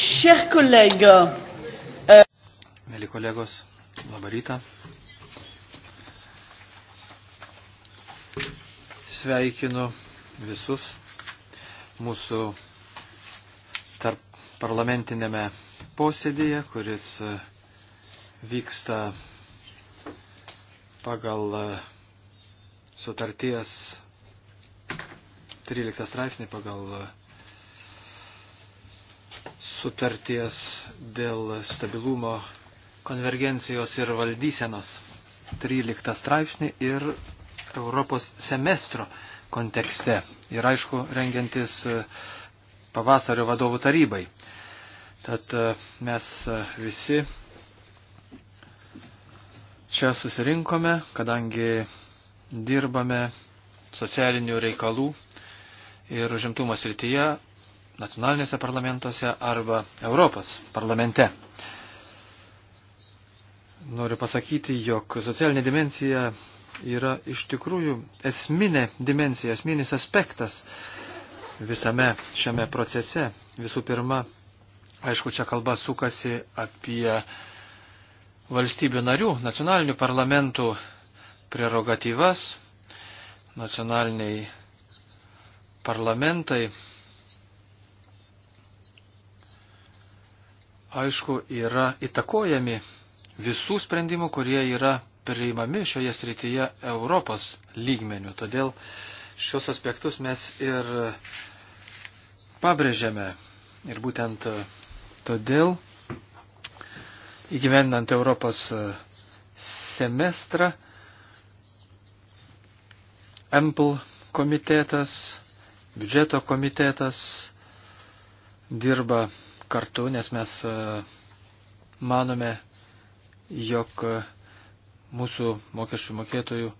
Chers collègues, euh, Mėly kolegos, labą rytą. Sveikinu visus mūsų tarp parlamentinėme posėdėje, kuris e, vyksta pagal e, sutarties 13 straipsnį pagal e, sutarties dėl stabilumo, konvergencijos ir valdysenos 13 straipsnį ir Europos semestro kontekste ir aišku rengiantis e, pavasario vadovų tarybai. Tad e, mes e, visi čia susirinkome, kadangi dirbame socialinių reikalų ir užimtumo srityje nacionaliniuose parlamentuose arba Europos parlamente. Noriu pasakyti, jog socialinė dimensija yra iš tikrųjų esminė dimensija, esminis aspektas visame šiame procese. Visų pirma, aišku, čia kalba sukasi apie valstybių narių, nacionalinių parlamentų prerogatyvas, nacionaliniai parlamentai aišku, yra įtakojami visų sprendimų, kurie yra priimami šioje srityje Europos lygmenių. Todėl šios aspektus mes ir pabrėžiame. Ir būtent todėl įgyvendant Europos semestrą EMPL komitetas, biudžeto komitetas dirba kartu, nes mes e, manome, jog e, mūsų mokesčių mokėtojų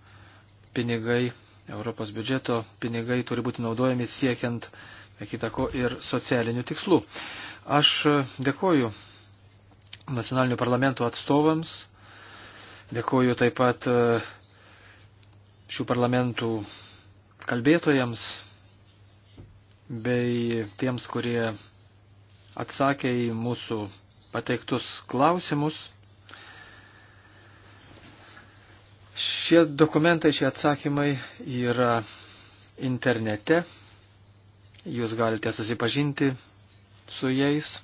pinigai, Europos biudžeto pinigai turi būti naudojami siekiant, kitako, ir socialinių tikslų. Aš e, dėkoju nacionalinių parlamentų atstovams, dėkoju taip pat šių parlamentų kalbėtojams bei tiems, kurie atsakė į mūsų pateiktus klausimus. Šie dokumentai, šie atsakymai yra internete. Jūs galite susipažinti su jais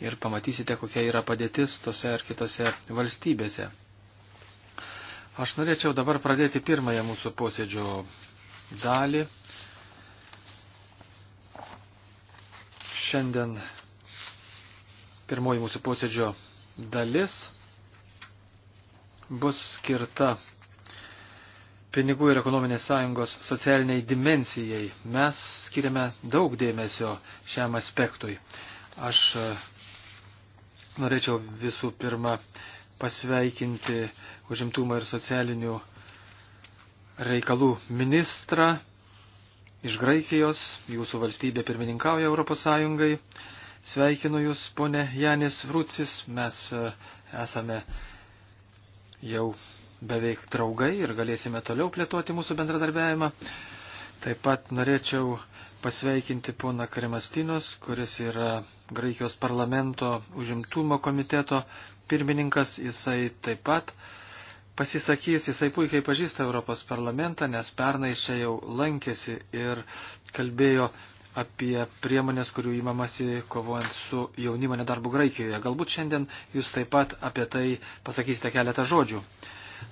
ir pamatysite, kokia yra padėtis tose ar kitose valstybėse. Aš norėčiau dabar pradėti pirmąją mūsų posėdžio dalį Šiandien pirmoji mūsų posėdžio dalis bus skirta pinigų ir ekonominės sąjungos socialiniai dimensijai. Mes skiriame daug dėmesio šiam aspektui. Aš e, norėčiau visų pirma pasveikinti užimtumą ir socialinių reikalų ministrą iš Graikijos, jūsų valstybė pirmininkauja Europos Sąjungai. Sveikinu Jūs, ponė Janis Vrūcis, mes e, esame jau beveik draugai ir galėsime toliau plėtoti mūsų bendradarbiavimą. Taip pat norėčiau pasveikinti poną Kremastinos, kuris yra Graikijos parlamento užimtumo komiteto pirmininkas. Jisai taip pat uh, pasisakys, jisai puikiai pažįsta Europos parlamentą, nes pernai čia jau lankėsi ir kalbėjo apie priemonės, kurių įmamasi kovojant su jaunimo nedarbu Graikijoje. Galbūt šiandien jūs taip pat apie tai pasakysite keletą žodžių.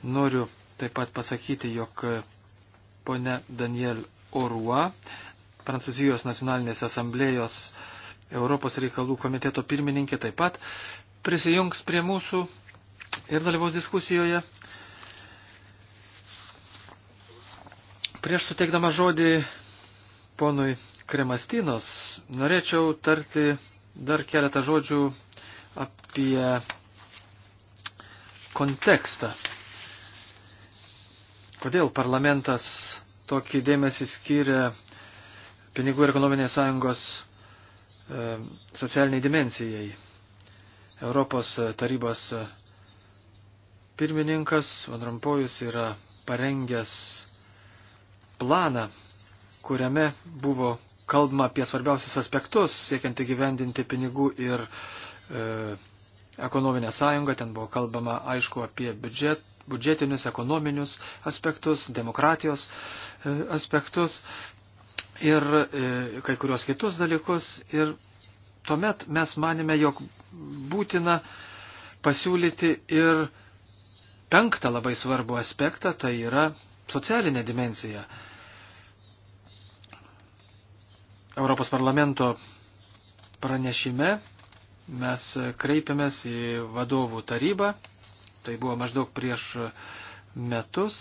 Noriu taip pat pasakyti, jog ponia Daniel Orua, Prancūzijos nacionalinės asamblėjos Europos reikalų komiteto pirmininkė, taip pat prisijungs prie mūsų ir dalyvaus diskusijoje. Prieš suteikdama žodį ponui Kremastinos, norėčiau tarti dar keletą žodžių apie kontekstą. Kodėl parlamentas tokį dėmesį skiria pinigų ir ekonominės sąjungos e, socialiniai dimencijai? Europos tarybos pirmininkas Van Rompojus yra parengęs planą, kuriame buvo kalbama apie svarbiausius aspektus, siekiant įgyvendinti pinigų ir e, ekonominę sąjungą. Ten buvo kalbama, aišku, apie biudžet, biudžetinius, ekonominius aspektus, demokratijos e, aspektus ir e, kai kurios kitus dalykus. Ir tuomet mes manėme, jog būtina pasiūlyti ir penktą labai svarbų aspektą, tai yra socialinė dimensija. E, Europos parlamento pranešime mes kreipiamės į vadovų tarybą, tai buvo maždaug prieš metus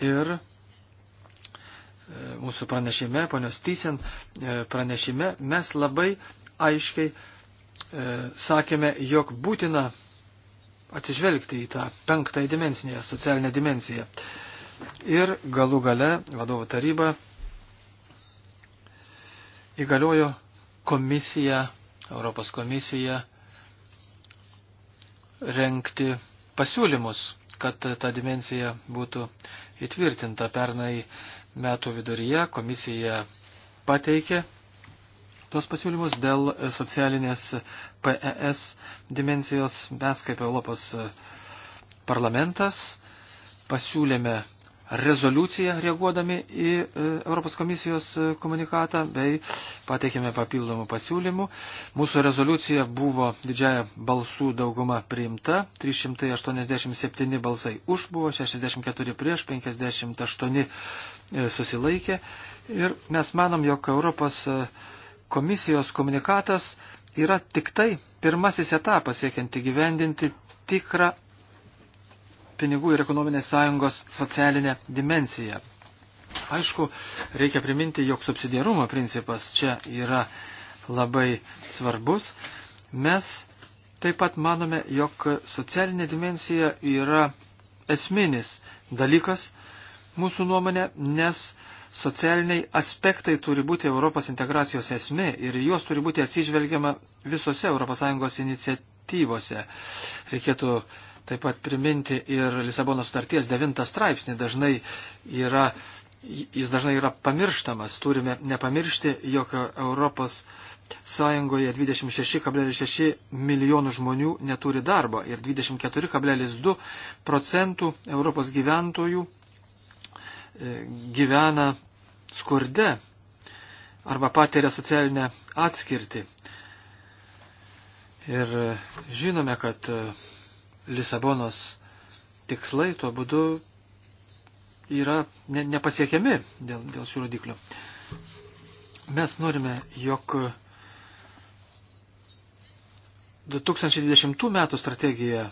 ir e, mūsų pranešime, ponios Tysen e, pranešime, mes labai aiškiai e, sakėme, jog būtina atsižvelgti į tą penktąją dimensiją, socialinę dimensiją. Ir galų gale vadovų taryba įgaliojo komisiją, Europos komisiją renkti pasiūlymus, kad ta dimensija būtų įtvirtinta. Pernai metų viduryje komisija pateikė tos pasiūlymus dėl socialinės PES dimensijos. Mes kaip Europos parlamentas pasiūlėme rezoliuciją reaguodami į e, Europos komisijos e, komunikatą bei pateikėme papildomų pasiūlymų. Mūsų rezoliucija buvo didžiaja balsų dauguma priimta, 387 balsai už buvo, 64 prieš, 58 e, susilaikė. Ir mes manom, jog Europos komisijos komunikatas yra tik tai pirmasis etapas siekiant įgyvendinti tikrą pinigų ir ekonominės sąjungos socialinę dimenciją. Aišku, reikia priminti, jog subsidiarumo principas čia yra labai svarbus. Mes taip pat manome, jog socialinė dimensija yra esminis dalykas mūsų nuomonė, nes socialiniai aspektai turi būti Europos integracijos esmė ir juos turi būti atsižvelgiama visose ES iniciatyvose. Reikėtų taip pat priminti ir Lisabono sutarties devintą straipsnį. Dažnai yra, jis dažnai yra pamirštamas. Turime nepamiršti, jog Europos Sąjungoje 26,6 milijonų žmonių neturi darbo ir 24,2 procentų Europos gyventojų e, gyvena skurde arba patiria socialinę atskirtį. Ir e, žinome, kad e, Lisabonos tikslai tuo būdu yra ne, nepasiekiami dėl, dėl šių rodiklių. Mes norime, jog 2020 metų strategija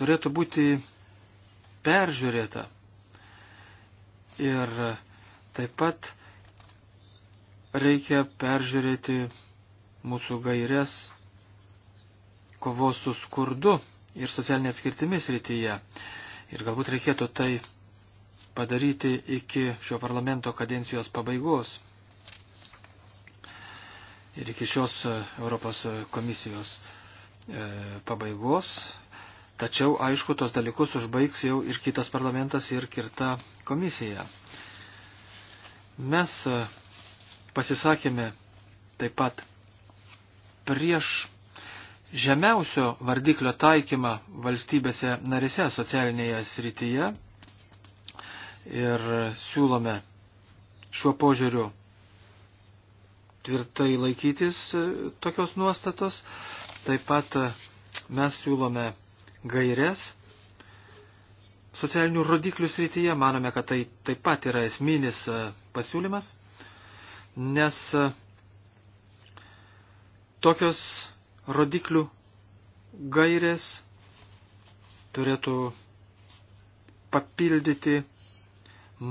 turėtų būti peržiūrėta ir taip pat reikia peržiūrėti mūsų gairias kovos su skurdu ir socialinė atskirtimis rytyje. Ir galbūt reikėtų tai padaryti iki šio parlamento kadencijos pabaigos ir iki šios e, Europos komisijos e, pabaigos. Tačiau, aišku, tos dalykus užbaigs jau ir kitas parlamentas, ir kita komisija. Mes e, pasisakėme taip pat prieš žemiausio vardiklio taikymą valstybėse narise socialinėje srityje ir siūlome šiuo požiūriu tvirtai laikytis e, tokios nuostatos. Taip pat e, mes siūlome gairias socialinių rodiklių srityje. Manome, kad tai taip pat yra esminis e, pasiūlymas, nes tokios rodiklių gairės turėtų papildyti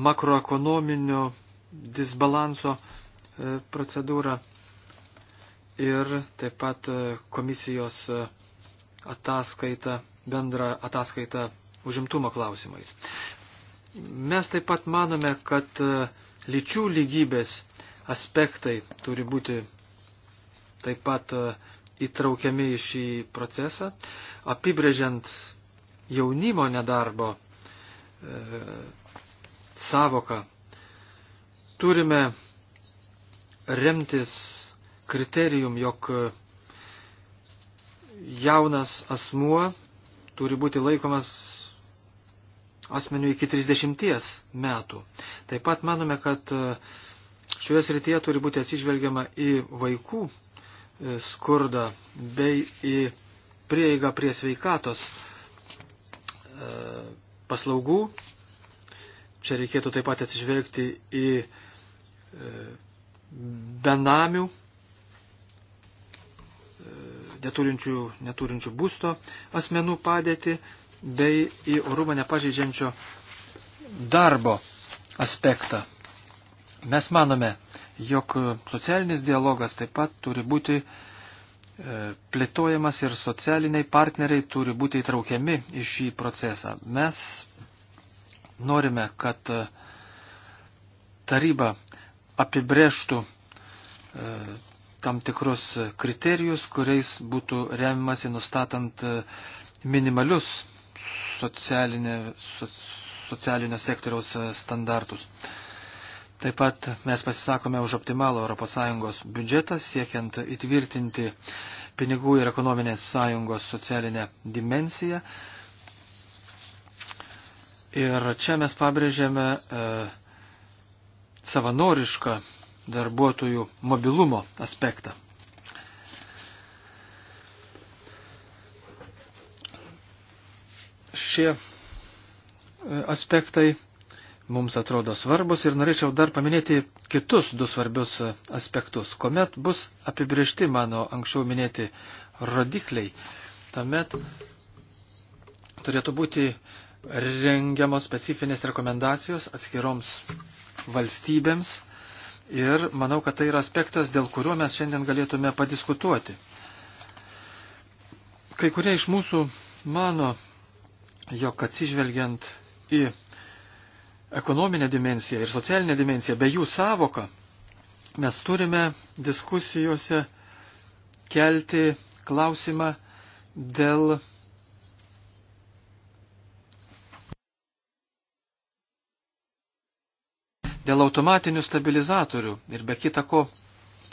makroekonominio disbalanso e, procedūrą ir taip pat e, komisijos e, ataskaita, bendra ataskaita užimtumo klausimais. Mes taip pat manome, kad lyčių lygybės aspektai turi būti taip pat įtraukiami į šį procesą, apibrėžiant jaunimo nedarbo e, savoką. Turime remtis kriterijum, jog jaunas asmuo turi būti laikomas asmeniu iki 30 metų. Taip pat manome, kad e, šioje srityje turi būti atsižvelgiama į vaikų skurdą bei į prieigą prie sveikatos e, paslaugų. Čia reikėtų taip pat atsižvelgti į e, benamių, e, neturinčių, neturinčių būsto asmenų padėti bei į orumą nepažeidžiančio darbo aspektą. Mes manome, jog socialinis dialogas taip pat turi būti e, plėtojamas ir socialiniai partneriai turi būti įtraukiami į šį procesą. Mes norime, kad e, taryba apibrėžtų e, tam tikrus kriterijus, kuriais būtų remiamasi nustatant minimalius socialinio, socialinio sektoriaus standartus. Taip pat mes pasisakome už optimalų ES biudžetą, siekiant įtvirtinti pinigų ir ekonominės sąjungos socialinę dimensiją. Ir čia mes pabrėžėme e, savanorišką darbuotojų mobilumo aspektą. Šie e, aspektai mums atrodo svarbus ir norėčiau dar paminėti kitus du svarbius aspektus. Komet bus apibriežti mano anksčiau minėti rodikliai, tuomet turėtų būti rengiamos specifinės rekomendacijos atskiroms valstybėms ir manau, kad tai yra aspektas, dėl kurio mes šiandien galėtume padiskutuoti. Kai kurie iš mūsų mano, jog atsižvelgiant į ekonominę dimenciją ir socialinę dimenciją, be jų savoką, mes turime diskusijose kelti klausimą dėl dėl automatinių stabilizatorių ir be kita ko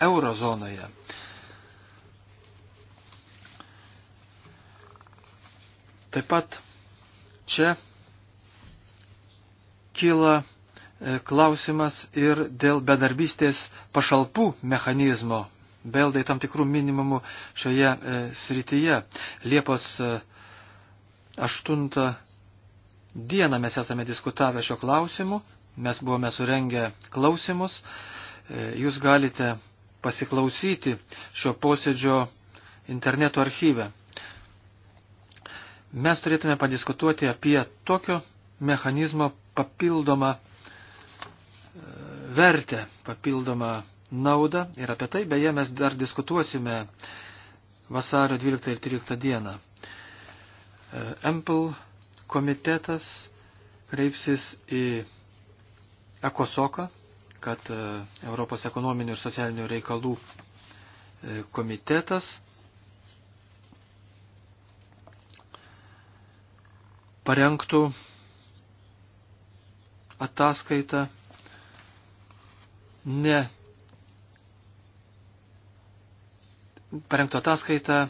eurozonoje. Taip pat čia kyla e, klausimas ir dėl bedarbystės pašalpų mechanizmo, beldai tam tikrų minimumų šioje e, srityje. Liepos 8 e, dieną mes esame diskutavę šio klausimu, mes buvome surengę klausimus, e, jūs galite pasiklausyti šio posėdžio interneto archyve. Mes turėtume padiskutuoti apie tokio mechanizmo papildomą e, vertę, papildomą naudą ir apie tai beje mes dar diskutuosime vasario 12 ir 13 dieną. Empel komitetas kreipsis į Ekosoką, kad e, Europos ekonominių ir socialinių reikalų e, komitetas parengtų ataskaita ne parengto ataskaitą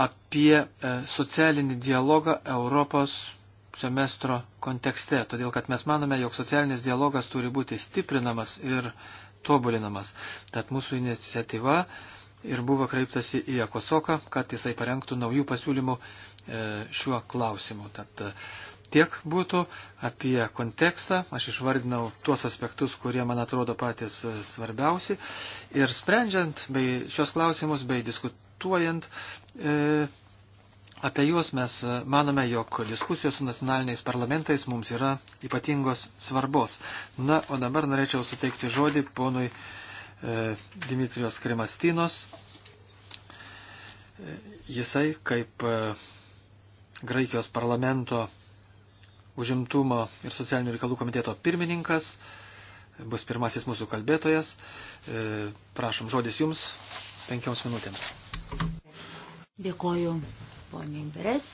apie e, socialinį dialogą Europos semestro kontekste, todėl kad mes manome, jog socialinis dialogas turi būti stiprinamas ir tobulinamas. Tad mūsų iniciatyva ir buvo kreiptasi į Ekosoką, kad jisai parengtų naujų pasiūlymų e, šiuo klausimu. Tad Tiek būtų apie kontekstą. Aš išvardinau tuos aspektus, kurie man atrodo patys svarbiausi. Ir sprendžiant bei šios klausimus, bei diskutuojant e, apie juos, mes manome, jog diskusijos su nacionaliniais parlamentais mums yra ypatingos svarbos. Na, o dabar norėčiau suteikti žodį ponui e, Dimitrijos Krimastinos. E, jisai kaip. E, Graikijos parlamento užimtumo ir socialinių reikalų komiteto pirmininkas, bus pirmasis mūsų kalbėtojas. E, prašom žodis jums penkioms minutėms. Dėkoju, poniai Beres.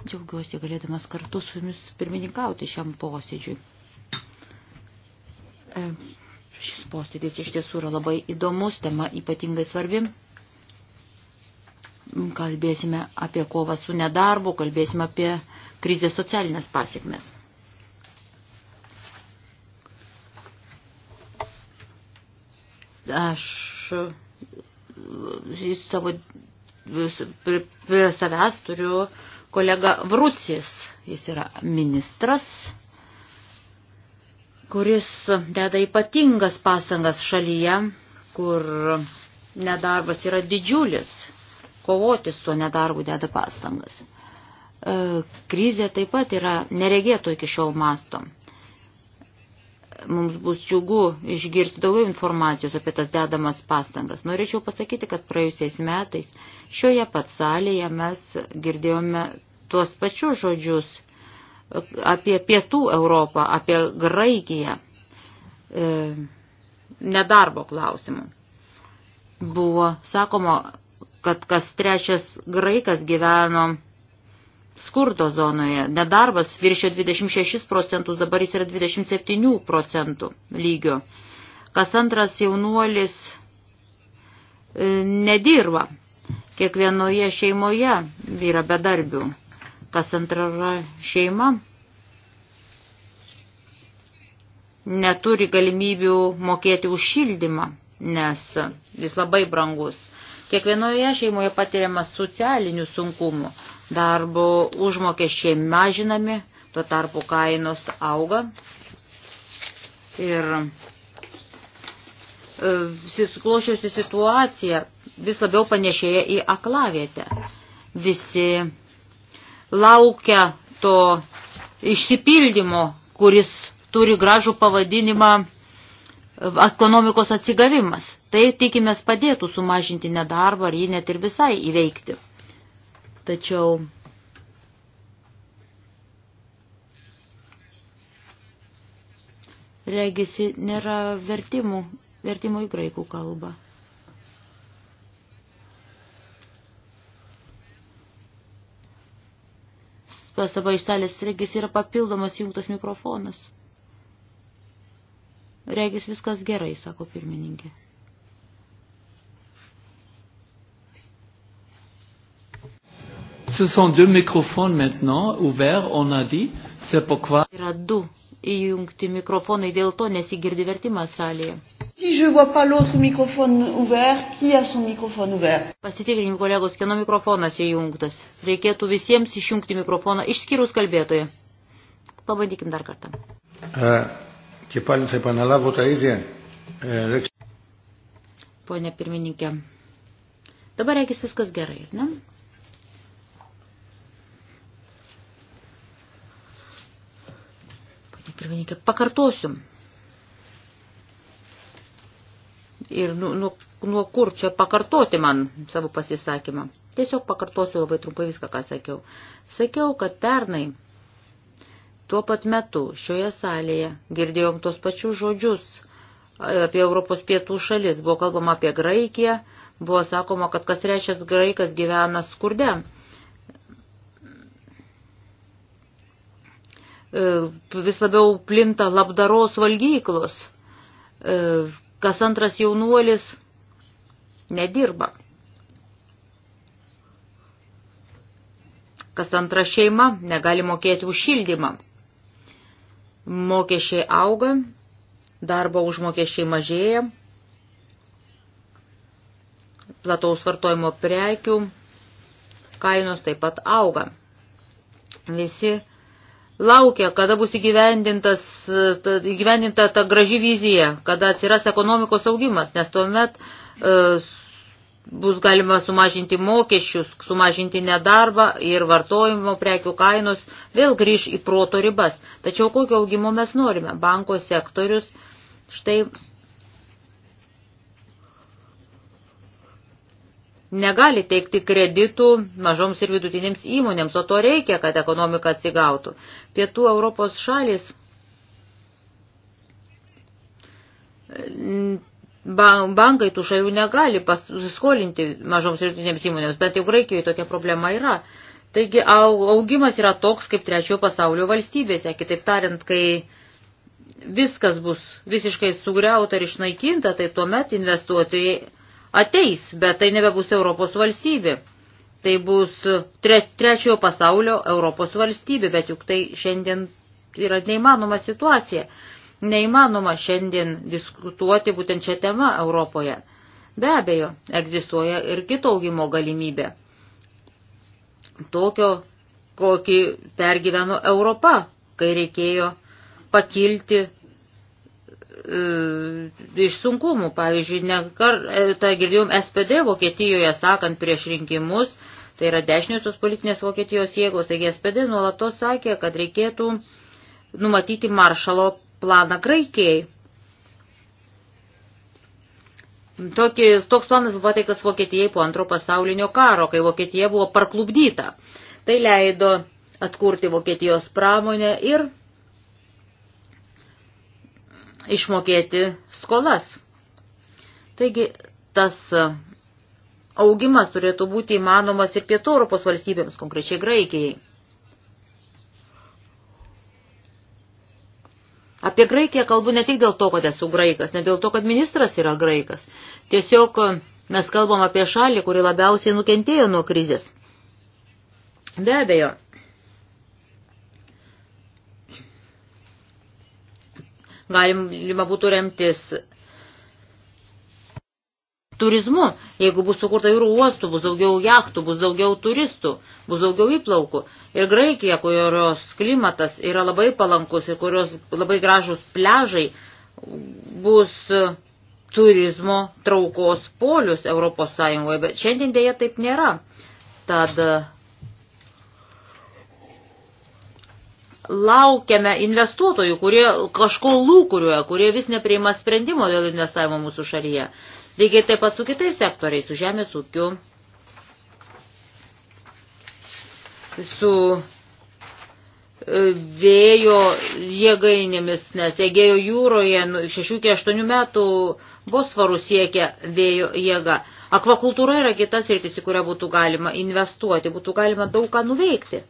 Džiaugiuosi galėdamas kartu su jumis pirmininkauti šiam posėdžiui. E, šis posėdis iš tiesų yra labai įdomus, tema ypatingai svarbi kalbėsime apie kovą su nedarbu, kalbėsime apie krizės socialinės pasiekmes. Aš e, savo prie savęs turiu kolega Vrucis, jis yra ministras, kuris deda ypatingas pasangas šalyje, kur nedarbas yra didžiulis kovoti su nedarbu deda pastangas. E, krizė taip pat yra neregėto iki šiol masto. Mums bus džiugu išgirsti daugiau informacijos apie tas dedamas pastangas. Norėčiau pasakyti, kad praėjusiais metais šioje pat salėje mes girdėjome tuos pačius žodžius apie pietų Europą, apie Graikiją e, nedarbo klausimų. Buvo sakoma, kad kas trečias graikas gyveno skurdo zonoje. Nedarbas viršio 26 procentus, dabar jis yra 27 procentų lygio. Kas antras jaunuolis e, nedirba. Kiekvienoje šeimoje yra bedarbių. Kas antra šeima neturi galimybių mokėti už šildymą, nes jis labai brangus. Kiekvienoje šeimoje patiriama socialinių sunkumų. Darbo užmokesčiai mažinami, tuo tarpu kainos auga. Ir e, susiklošiusi situacija vis labiau panešėja į aklavietę. Visi laukia to išsipildymo, kuris turi gražų pavadinimą ekonomikos atsigavimas. Tai tikimės padėtų sumažinti nedarbą ar jį net ir visai įveikti. Tačiau regisi nėra vertimų, vertimų į graikų kalbą. Pasaba iš salės regis yra papildomas jungtas mikrofonas. Regis viskas gerai, sako pirmininkė. Ce sont deux microphones maintenant ouverts, on a dit, c'est pourquoi... Yra du įjungti mikrofonai, dėl to nesigirdi vertimas salėje. Si je vois pas l'autre microphone ouvert, qui a son microphone ouvert? Pasitikrinim, kolegos, kieno mikrofonas įjungtas. Reikėtų visiems išjungti mikrofoną, išskyrus kalbėtoje. Pabandykim dar kartą. Uh. Και πάλι θα επαναλάβω τα ίδια. Ε, Pone pirmininkė, dabar reikės viskas gerai, ne? Pone pirmininkė, pakartosiu. Ir nuo nu, nu kur čia pakartoti man savo pasisakymą? Tiesiog pakartosiu labai trumpai viską, ką sakiau. Sakiau, kad pernai Tuo pat metu šioje salėje girdėjom tos pačius žodžius apie Europos pietų šalis. Buvo kalbama apie Graikiją, buvo sakoma, kad kas trečias graikas gyvena skurde. E, vis labiau plinta labdaros valgyklos. E, kas antras jaunuolis nedirba. Kas antra šeima negali mokėti už šildymą mokesčiai auga, darbo užmokesčiai mažėja, plataus vartojimo prekių kainos taip pat auga. Visi laukia, kada bus įgyvendintas, ta, įgyvendinta ta graži vizija, kada atsiras ekonomikos augimas, nes tuomet e, bus galima sumažinti mokesčius, sumažinti nedarbą ir vartojimo prekių kainos vėl grįž į proto ribas. Tačiau kokio augimo mes norime? Banko sektorius štai negali teikti kreditų mažoms ir vidutinėms įmonėms, o to reikia, kad ekonomika atsigautų. Pietų Europos šalis bankai tų šalių negali pasiskolinti mažoms ir vidutinėms įmonėms, bet jau Graikijoje tokia problema yra. Taigi augimas yra toks kaip trečiojo pasaulio valstybėse. Kitaip tariant, kai viskas bus visiškai sugriauta ir išnaikinta, tai tuomet investuotojai ateis, bet tai nebebus Europos valstybė. Tai bus tre, trečiojo pasaulio Europos valstybė, bet juk tai šiandien yra neįmanoma situacija neįmanoma šiandien diskutuoti būtent šią temą Europoje. Be abejo, egzistuoja ir kito augimo galimybė. Tokio, kokį pergyveno Europa, kai reikėjo pakilti e, iš sunkumų. Pavyzdžiui, ne kar, e, tą girdėjom SPD Vokietijoje sakant prieš rinkimus, tai yra dešiniosios politinės Vokietijos jėgos, taigi SPD nuolatos sakė, kad reikėtų numatyti maršalo planą Graikijai. Tokį, toks planas buvo pateiktas Vokietijai po antro pasaulinio karo, kai Vokietija buvo parklubdyta. Tai leido atkurti Vokietijos pramonę ir išmokėti skolas. Taigi tas augimas turėtų būti įmanomas ir pietų Europos valstybėms, konkrečiai Graikijai. Apie Graikiją kalbu ne tik dėl to, kad esu graikas, ne dėl to, kad ministras yra graikas. Tiesiog e, mes kalbam apie šalį, kuri labiausiai nukentėjo nuo krizės. Be abejo. Galima būtų remtis turizmu. Jeigu bus sukurta jūrų uostų, bus daugiau jachtų, bus daugiau turistų, bus daugiau įplaukų. Ir Graikija, kurios klimatas yra labai palankus ir kurios labai gražus pležai, bus e, turizmo traukos polius Europos Sąjungoje, bet šiandien dėja taip nėra. Tad e, laukiame investuotojų, kurie kažko lūkuriuoja, kurie vis nepriima sprendimo dėl investavimo mūsų šalyje. Lygiai taip pat su kitais sektoriais, su žemės ūkiu, su e, vėjo jėgainėmis, nes Egėjo jūroje 6-8 nu, metų bosvarų siekia vėjo jėga. Akvakultūra yra kitas rytis, į kurią būtų galima investuoti, būtų galima daug ką nuveikti.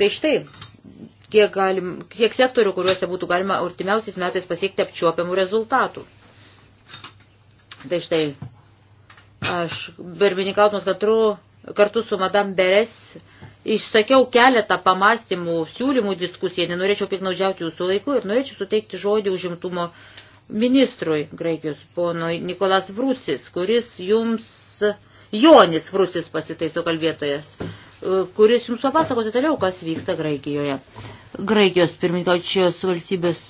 Tai štai, kiek, galim, kiek sektorių, kuriuose būtų galima artimiausiais metais pasiekti apčiuopiamų rezultatų. Tai štai, aš bermininkautumas katru, kartu su Madame Beres išsakiau keletą pamastymų, siūlymų diskusijai, nenorėčiau piknaudžiauti jūsų laiku ir norėčiau suteikti žodį užimtumo ministrui Graikijos, ponui Nikolas Vrūcis, kuris jums, Jonis Vrūcis pasitaiso kalbėtojas, E, kuris jums papasako detaliau, kas vyksta Graikijoje. Graikijos pirmininkaučios valstybės,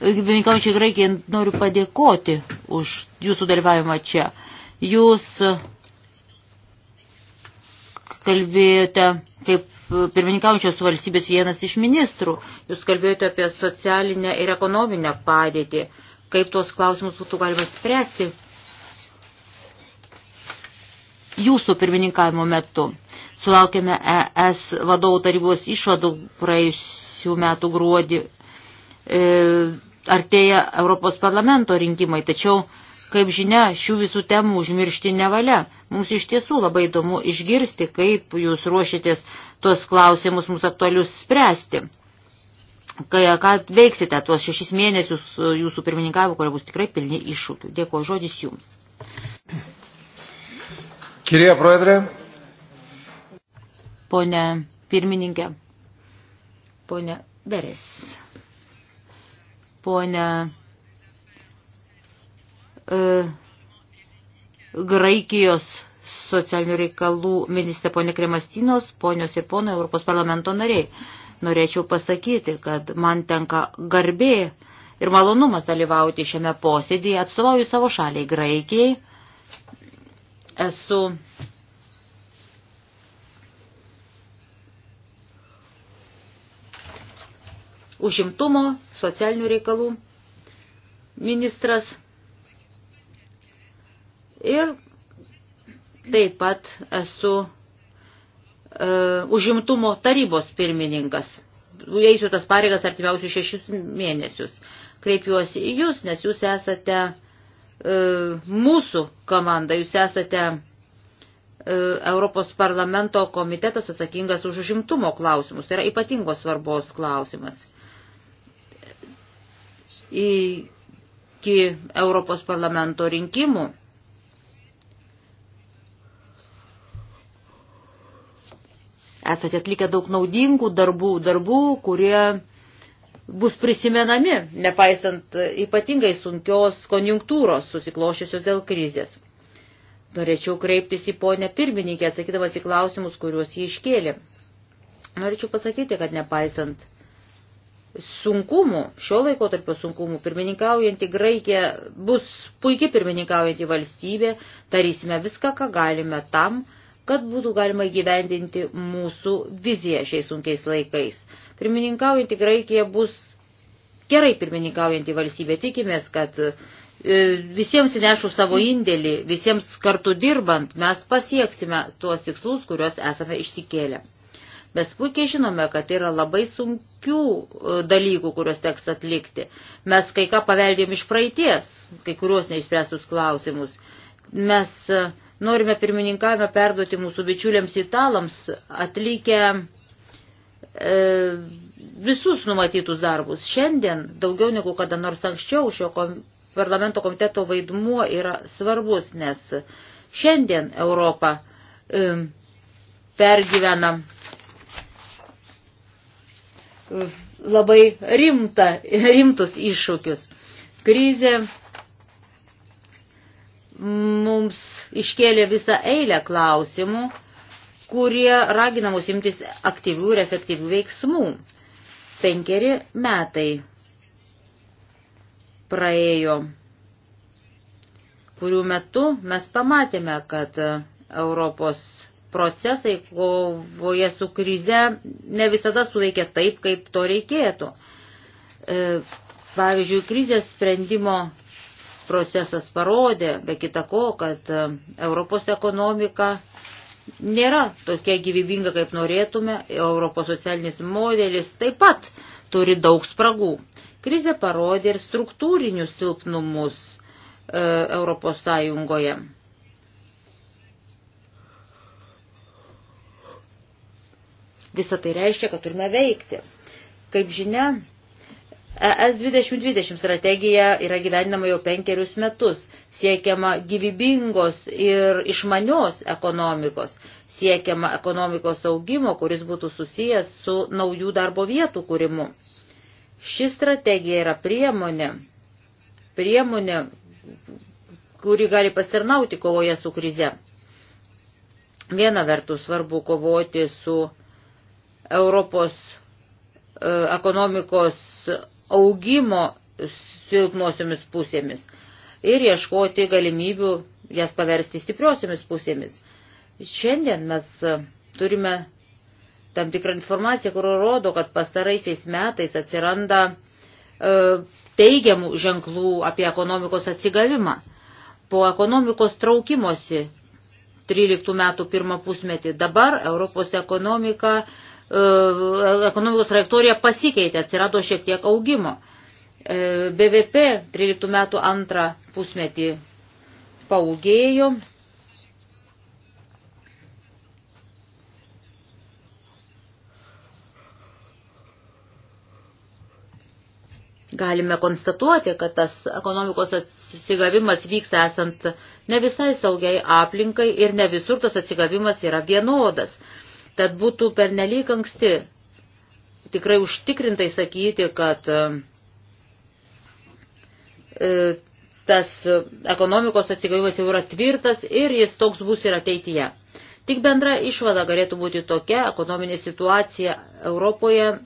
e, pirmininkaučiai Graikijai noriu padėkoti už jūsų dalyvavimą čia. Jūs kalbėjote kaip pirmininkaujančios valstybės vienas iš ministrų. Jūs kalbėjote apie socialinę ir ekonominę padėtį, kaip tuos klausimus būtų galima spręsti jūsų pirmininkavimo metu. Sulaukėme ES vadovų tarybos išvadų praėjusių metų gruodį. E, artėja Europos parlamento rinkimai, tačiau, kaip žinia, šių visų temų užmiršti nevalia. Mums iš tiesų labai įdomu išgirsti, kaip jūs ruošitės tuos klausimus mums aktualius spręsti. Kai, ką veiksite tuos šešis mėnesius jūsų pirmininkavimo, kurie bus tikrai pilni iššūkių. Dėkuoju žodis jums. Κυρία Πρόεδρε, ponė pirmininkė, ponė Beres, ponė e, Graikijos socialinių reikalų ministrė ponė Kremastinos, ponios ir ponai Europos parlamento nariai. Norėčiau pasakyti, kad man tenka garbė ir malonumas dalyvauti šiame posėdėje, atstovauju savo šaliai Graikijai. Esu užimtumo, socialinių reikalų ministras ir taip pat esu e, užimtumo tarybos pirmininkas. Eisiu tas pareigas artimiausius šešius mėnesius. Kreipiuosi į jūs, nes jūs esate e, mūsų komanda, jūs esate e, Europos parlamento komitetas atsakingas už užimtumo klausimus. Tai yra ypatingos svarbos klausimas iki Europos parlamento rinkimų. Esate atlikę daug naudingų darbų, darbų, kurie bus prisimenami, nepaisant ypatingai sunkios konjunktūros susiklošiusios dėl krizės. Norėčiau kreiptis į ponę pirmininkę, atsakydamas į klausimus, kuriuos jį iškėlė. Norėčiau pasakyti, kad nepaisant sunkumų, šio laiko tarp sunkumų, pirmininkaujantį Graikiją bus puikiai pirmininkaujantį valstybę, darysime viską, ką galime tam, kad būtų galima įgyvendinti mūsų viziją šiais sunkiais laikais. Pirmininkaujantį Graikiją bus gerai pirmininkaujantį valstybę, tikimės, kad e, visiems įnešų savo indėlį, visiems kartu dirbant, mes pasieksime tuos tikslus, kuriuos esame išsikėlę. Mes puikiai žinome, kad tai yra labai sunkių e, dalykų, kuriuos teks atlikti. Mes kai ką paveldėm iš praeities, kai kuriuos neišspręstus klausimus. Mes e, norime pirmininkavimą perduoti mūsų bičiuliams italams, atlikę e, visus numatytus darbus. Šiandien, daugiau negu kada nors anksčiau, šio kom, parlamento komiteto vaidmuo yra svarbus, nes šiandien Europa e, pergyvena labai rimta, rimtus iššūkius. Krizė mums iškėlė visą eilę klausimų, kurie ragina mus imtis aktyvių ir efektyvių veiksmų. Penkeri metai praėjo, kurių metu mes pamatėme, kad Europos procesai kovoje su krize ne visada suveikia taip, kaip to reikėtų. E, pavyzdžiui, krizės sprendimo procesas parodė, be kita ko, kad e, Europos ekonomika nėra tokia gyvybinga, kaip norėtume, Europos socialinis modelis taip pat turi daug spragų. Krizė parodė ir struktūrinius silpnumus e, Europos Sąjungoje Visą tai reiškia, kad turime veikti. Kaip žinia, ES 2020 strategija yra gyvenama jau penkerius metus. Siekiama gyvybingos ir išmanios ekonomikos. Siekiama ekonomikos augimo, kuris būtų susijęs su naujų darbo vietų kūrimu. Ši strategija yra priemonė, priemonė, kuri gali pasirnauti kovoje su krize. Viena vertus svarbu kovoti su Europos e, ekonomikos augimo silpnosiomis pusėmis ir ieškoti galimybių jas paversti stipriosiomis pusėmis. Šiandien mes e, turime tam tikrą informaciją, kur rodo, kad pastaraisiais metais atsiranda e, teigiamų ženklų apie ekonomikos atsigavimą. Po ekonomikos traukimosi 13 metų pirmą pusmetį dabar Europos ekonomika E, ekonomikos trajektorija pasikeitė, atsirado šiek tiek augimo. E, BVP 13 metų antrą pusmetį paugėjo. Galime konstatuoti, kad tas ekonomikos atsigavimas vyksta esant ne visai saugiai aplinkai ir ne visur tas atsigavimas yra vienodas. Tad būtų pernelyg anksti tikrai užtikrintai sakyti, kad e, e, tas ekonomikos atsigavimas jau yra tvirtas ir jis toks bus ir ateityje. Tik bendra išvada galėtų būti tokia, ekonominė situacija Europoje e,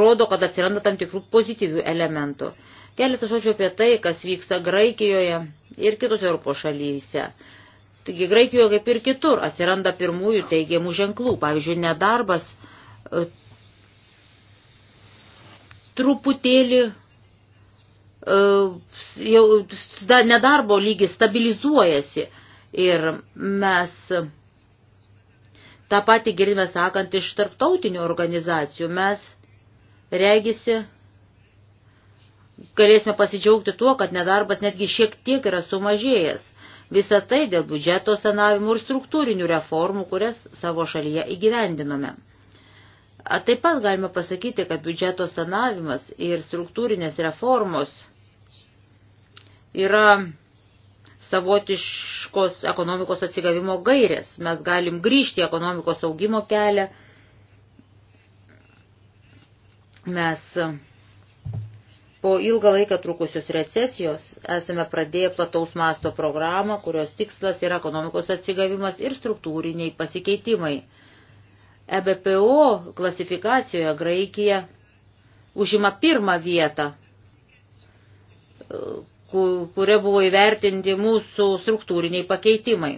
rodo, kad atsiranda tam tikrų pozityvių elementų. Keletas žodžių apie tai, kas vyksta Graikijoje ir kitos Europos šalyse. Taigi Graikijoje kaip ir kitur atsiranda pirmųjų teigiamų ženklų. Pavyzdžiui, nedarbas e, truputėlį e, jau nedarbo lygis stabilizuojasi ir mes tą patį girdime sakant iš tarptautinių organizacijų. Mes regisi galėsime pasidžiaugti tuo, kad nedarbas netgi šiek tiek yra sumažėjęs. Visą tai dėl biudžeto sanavimų ir struktūrinių reformų, kurias savo šalyje įgyvendinome. A, taip pat galima pasakyti, kad biudžeto sanavimas ir struktūrinės reformos yra savotiškos ekonomikos atsigavimo gairės. Mes galim grįžti į ekonomikos augimo kelią. Mes Po ilgą laiką trukusios recesijos esame pradėję plataus masto programą, kurios tikslas yra ekonomikos atsigavimas ir struktūriniai pasikeitimai. EBPO klasifikacijoje Graikija užima pirmą vietą, kuria buvo įvertinti mūsų struktūriniai pakeitimai.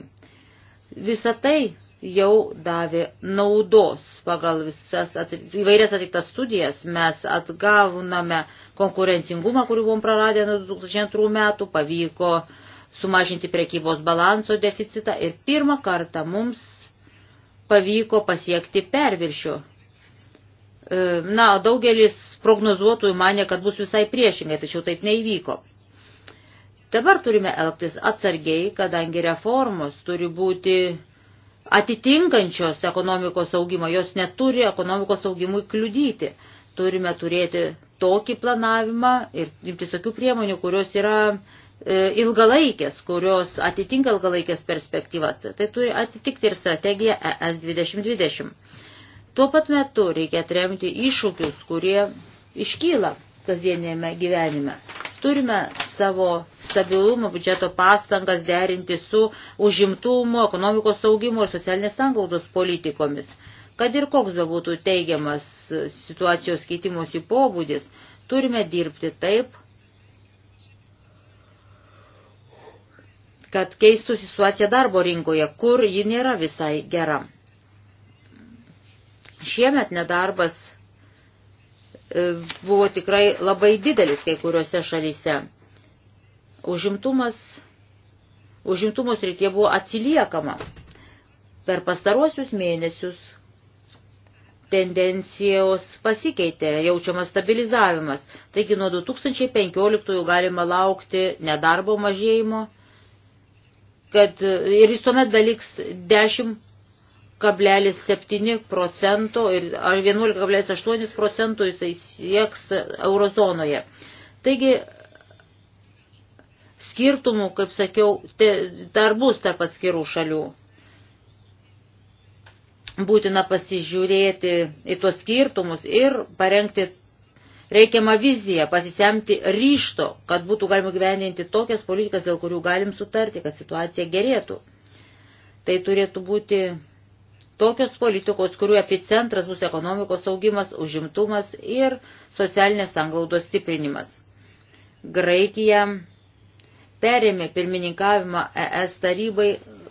Visa tai jau davė naudos. Pagal visas at, įvairias atliktas studijas mes atgauname konkurencingumą, kurį buvom praradę nuo 2002 metų, pavyko sumažinti prekybos balanso deficitą ir pirmą kartą mums pavyko pasiekti perviršio. E, na, daugelis prognozuotojų mane, kad bus visai priešingai, tačiau taip neįvyko. Dabar turime elgtis atsargiai, kadangi reformos turi būti atitinkančios ekonomikos augimą, jos neturi ekonomikos augimui kliudyti. Turime turėti tokį planavimą ir imtis tokių priemonių, kurios yra e, ilgalaikės, kurios atitinka ilgalaikės perspektyvas. Tai turi atitikti ir strategiją ES 2020. Tuo pat metu reikia atremti iššūkius, kurie iškyla kasdienėme gyvenime. Turime savo stabilumo biudžeto pastangas derinti su užimtumo, ekonomikos saugimo ir socialinės sangaudos politikomis. Kad ir koks bebūtų teigiamas situacijos keitimosi pobūdis, turime dirbti taip, kad keistųsi situacija darbo rinkoje, kur ji nėra visai gera. Šiemet nedarbas E, buvo tikrai labai didelis kai kuriuose šalyse. Užimtumas, užimtumos rytie buvo atsiliekama. Per pastaruosius mėnesius tendencijos pasikeitė, jaučiamas stabilizavimas. Taigi nuo 2015 galima laukti nedarbo mažėjimo kad ir jis tuomet beliks 10 11,7 procento ir 11,8 procentų jisai sieks eurozonoje. Taigi skirtumų, kaip sakiau, te, dar bus tarp atskirų šalių. Būtina pasižiūrėti į tuos skirtumus ir parengti reikiamą viziją, pasisemti ryšto, kad būtų galima gyvendinti tokias politikas, dėl kurių galim sutarti, kad situacija gerėtų. Tai turėtų būti tokios politikos, kurių epicentras bus ekonomikos augimas, užimtumas ir socialinės sanglaudos stiprinimas. Graikija perėmė pirmininkavimą ES tarybai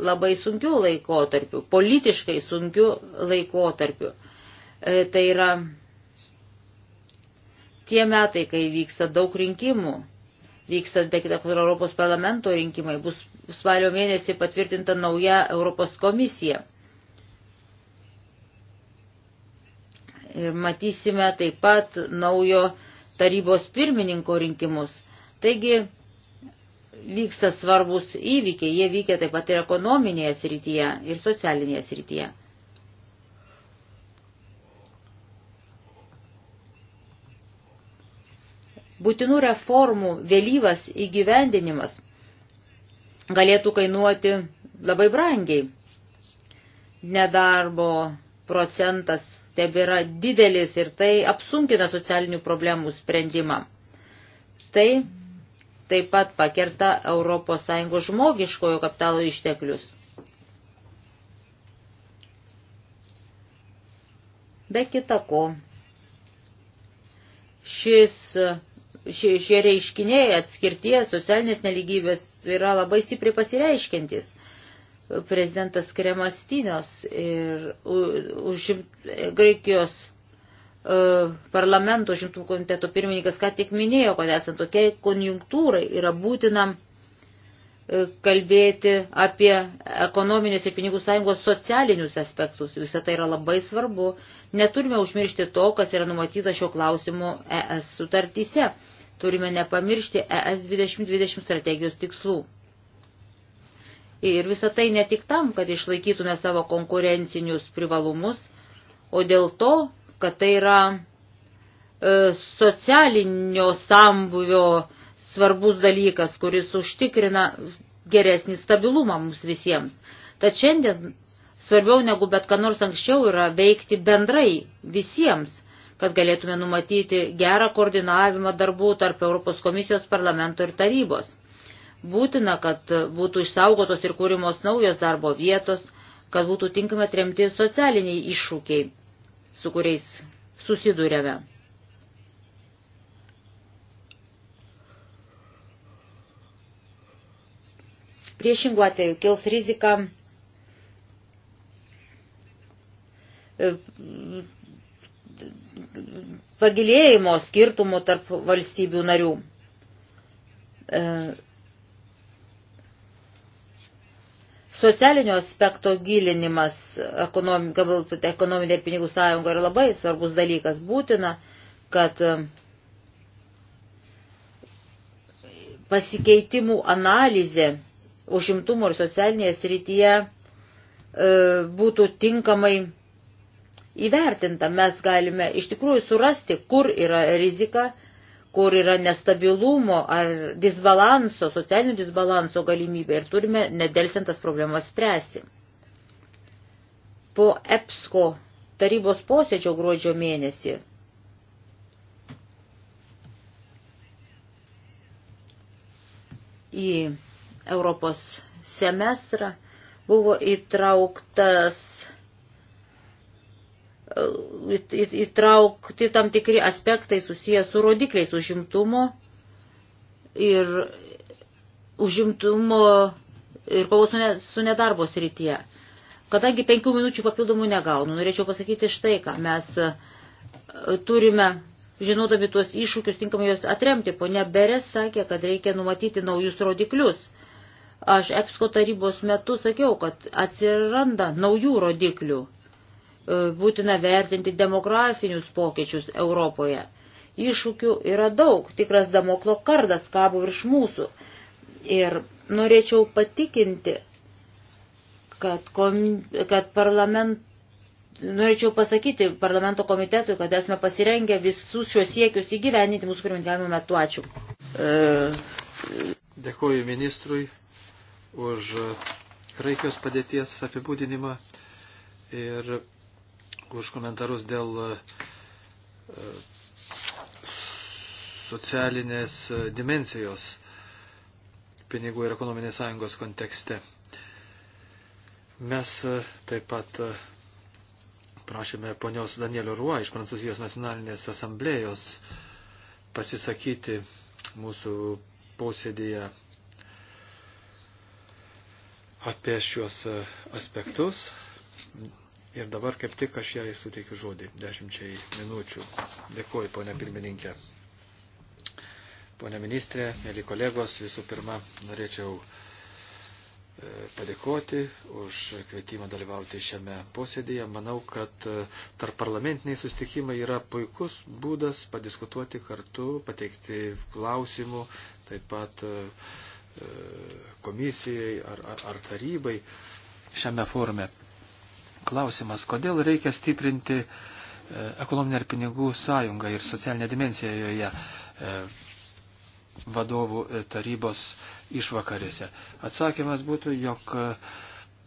labai sunkiu laikotarpiu, politiškai sunkiu laikotarpiu. E, tai yra tie metai, kai vyksta daug rinkimų, vyksta be kitą Europos parlamento rinkimai, bus spalio mėnesį patvirtinta nauja Europos komisija. matysime taip pat naujo tarybos pirmininko rinkimus. Taigi vyksta svarbus įvykiai, jie vykia taip pat ir ekonominėje srityje, ir socialinėje srityje. Būtinų reformų vėlyvas įgyvendinimas galėtų kainuoti labai brangiai. Nedarbo procentas tebėra didelis ir tai apsunkina socialinių problemų sprendimą. Tai taip pat pakerta ES žmogiškojo kapitalo išteklius. Be kita ko, šis, šie, šie reiškiniai atskirties socialinės neligybės yra labai stipriai pasireiškiantis prezidentas Kremastinos ir užim, Graikijos e, parlamento žimtų komiteto pirmininkas ką tik minėjo, kad esant tokiai konjunktūrai yra būtina e, kalbėti apie ekonominės ir pinigų sąjungos socialinius aspektus. Visą tai yra labai svarbu. Neturime užmiršti to, kas yra numatyta šio klausimu ES sutartyse. Turime nepamiršti ES 2020 strategijos tikslų. Ir visą tai ne tik tam, kad išlaikytume savo konkurencinius privalumus, o dėl to, kad tai yra e, socialinio sambuvio svarbus dalykas, kuris užtikrina geresnį stabilumą mums visiems. Tad šiandien svarbiau negu bet ką nors anksčiau yra veikti bendrai visiems, kad galėtume numatyti gerą koordinavimą darbų tarp Europos komisijos parlamento ir tarybos Būtina, kad būtų išsaugotos ir kūrimos naujos darbo vietos, kad būtų tinkamai atremti socialiniai iššūkiai, su kuriais susidūrėme. Priešingų atveju kils rizika e, pagilėjimo skirtumų tarp valstybių narių. E, Socialinio aspekto gilinimas ekonominė ir pinigų sąjunga yra labai svarbus dalykas. Būtina, kad e, pasikeitimų analizė užimtumo ir socialinėje srityje e, būtų tinkamai įvertinta. Mes galime iš tikrųjų surasti, kur yra rizika kur yra nestabilumo ar disbalanso, socialinio disbalanso galimybė ir turime nedelsiantas problemas spręsti. Po EPSCO tarybos posėdžio gruodžio mėnesį į Europos semestrą buvo įtrauktas įtraukti tam tikri aspektai susiję su rodikliais užimtumo ir užimtumo ir kovos su nedarbo srityje. Kadangi penkių minučių papildomų negaunu, norėčiau pasakyti štai ką. Mes e, turime, žinodami tuos iššūkius, tinkamai juos atremti. Pone Beres sakė, kad reikia numatyti naujus rodiklius. Aš EPSCO tarybos metu sakiau, kad atsiranda naujų rodiklių E, būtina vertinti demografinius pokyčius Europoje. Iššūkių yra daug, tikras damoklo kardas kabo virš mūsų. Ir norėčiau patikinti, kad, kom, kad parlament, norėčiau pasakyti parlamento komitetui, kad esame pasirengę visus šios siekius įgyveninti mūsų pirmininkavimo metu. Ačiū. E, Dėkuoju ministrui už Graikijos padėties apibūdinimą ir už komentarus dėl e, socialinės e, dimensijos pinigų ir ekonominės sąjungos kontekste. Mes e, taip pat prašėme ponios Danielio Ruo iš Prancūzijos nacionalinės asamblėjos pasisakyti mūsų posėdėje apie šiuos aspektus. Ir dabar kaip tik aš jai suteikiu žodį dešimčiai minučių. Dėkuoju, ponia pirmininkė. Pone ministrė, mėly kolegos, visų pirma, norėčiau e, padėkoti už kvietimą dalyvauti šiame posėdėje. Manau, kad e, tarp parlamentiniai sustikimai yra puikus būdas padiskutuoti kartu, pateikti klausimų, taip pat e, komisijai ar, ar, ar tarybai šiame forume klausimas, kodėl reikia stiprinti e, ekonominę ir pinigų sąjungą ir socialinę dimensiją joje e, vadovų e, tarybos išvakarėse. Atsakymas būtų, jog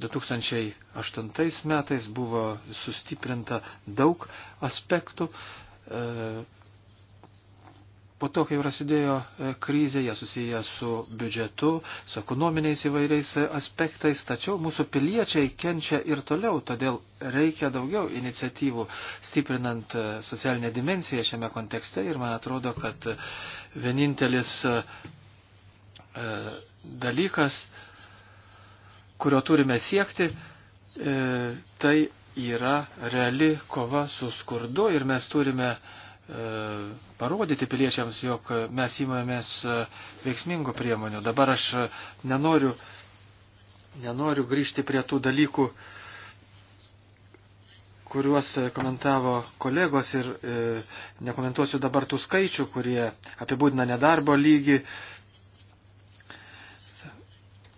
2008 metais buvo sustiprinta daug aspektų Po to, kai prasidėjo e, krizė, jie susiję su biudžetu, su ekonominiais įvairiais e, aspektais, tačiau mūsų piliečiai kenčia ir toliau, todėl reikia daugiau iniciatyvų stiprinant e, socialinę dimensiją šiame kontekste ir man atrodo, kad vienintelis dalykas, kurio turime siekti, tai yra reali kova su skurdu ir mes turime parodyti piliečiams, jog mes įmėmės e, veiksmingų priemonių. Dabar aš e, nenoriu, nenoriu grįžti prie tų dalykų, kuriuos e, komentavo kolegos ir e, nekomentuosiu dabar tų skaičių, kurie apibūdina nedarbo lygį.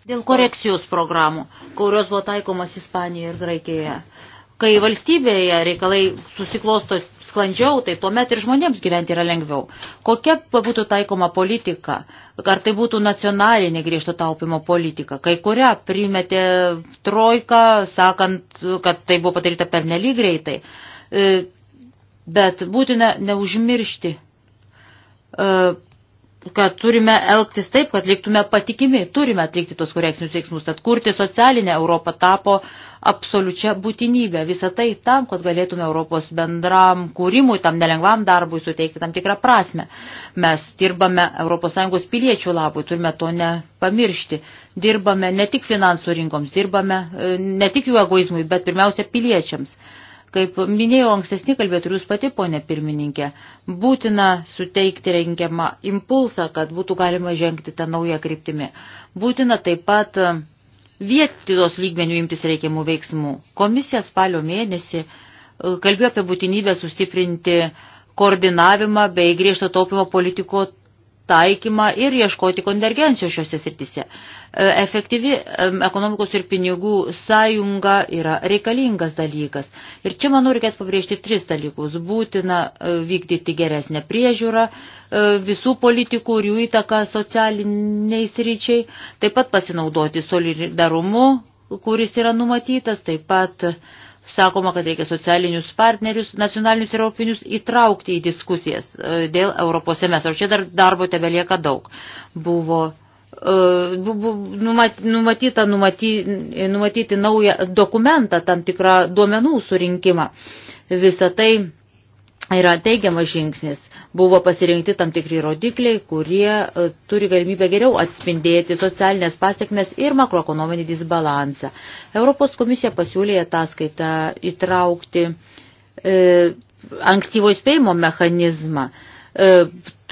Dėl korekcijos programų, kurios buvo taikomas Ispanijoje ir Graikijoje. Kai valstybėje reikalai susiklosto sklandžiau, tai tuomet ir žmonėms gyventi yra lengviau. Kokia būtų taikoma politika? Ar tai būtų nacionalinė griežto taupimo politika, kai kurią primetė trojka, sakant, kad tai buvo padaryta per nelyg greitai. E, bet būtina neužmiršti e, kad turime elgtis taip, kad liktume patikimi, turime atlikti tos korekcinius veiksmus, tad kurti socialinę Europą tapo absoliučia būtinybė. Visą tai tam, kad galėtume Europos bendram kūrimui, tam nelengvam darbui suteikti tam tikrą prasme. Mes dirbame ES piliečių labui, turime to nepamiršti. Dirbame ne tik finansų rinkoms, dirbame e, ne tik jų egoizmui, bet pirmiausia piliečiams. Kaip minėjau ankstesnį kalbėtų jūs pati, ponė pirmininkė, būtina suteikti rengiamą impulsą, kad būtų galima žengti tą naują kryptimį. Būtina taip pat vietos lygmenių imtis reikiamų veiksmų. Komisija spalio mėnesį e, kalbėjo apie būtinybę sustiprinti koordinavimą bei griežto taupimo politiko taikymą ir ieškoti konvergencijos šiuose sritise. E, efektyvi ekonomikos ir pinigų sąjunga yra reikalingas dalykas. Ir čia, manau, reikėtų pabrėžti tris dalykus. Būtina e, vykdyti geresnę priežiūrą e, visų politikų ir jų įtaką socialiniai sryčiai, taip pat pasinaudoti solidarumu, kuris yra numatytas, taip pat Sakoma, kad reikia socialinius partnerius, nacionalinius ir europinius įtraukti į diskusijas dėl Europos semestro. Čia dar darbo tebelieka daug. Buvo numatyta numatyti, numatyti naują dokumentą, tam tikrą duomenų surinkimą. Visą tai yra teigiamas žingsnis. Buvo pasirinkti tam tikri rodikliai, kurie e, turi galimybę geriau atspindėti socialinės pasiekmes ir makroekonominį disbalansą. Europos komisija pasiūlė ataskaitą įtraukti e, ankstyvo įspėjimo mechanizmą. E,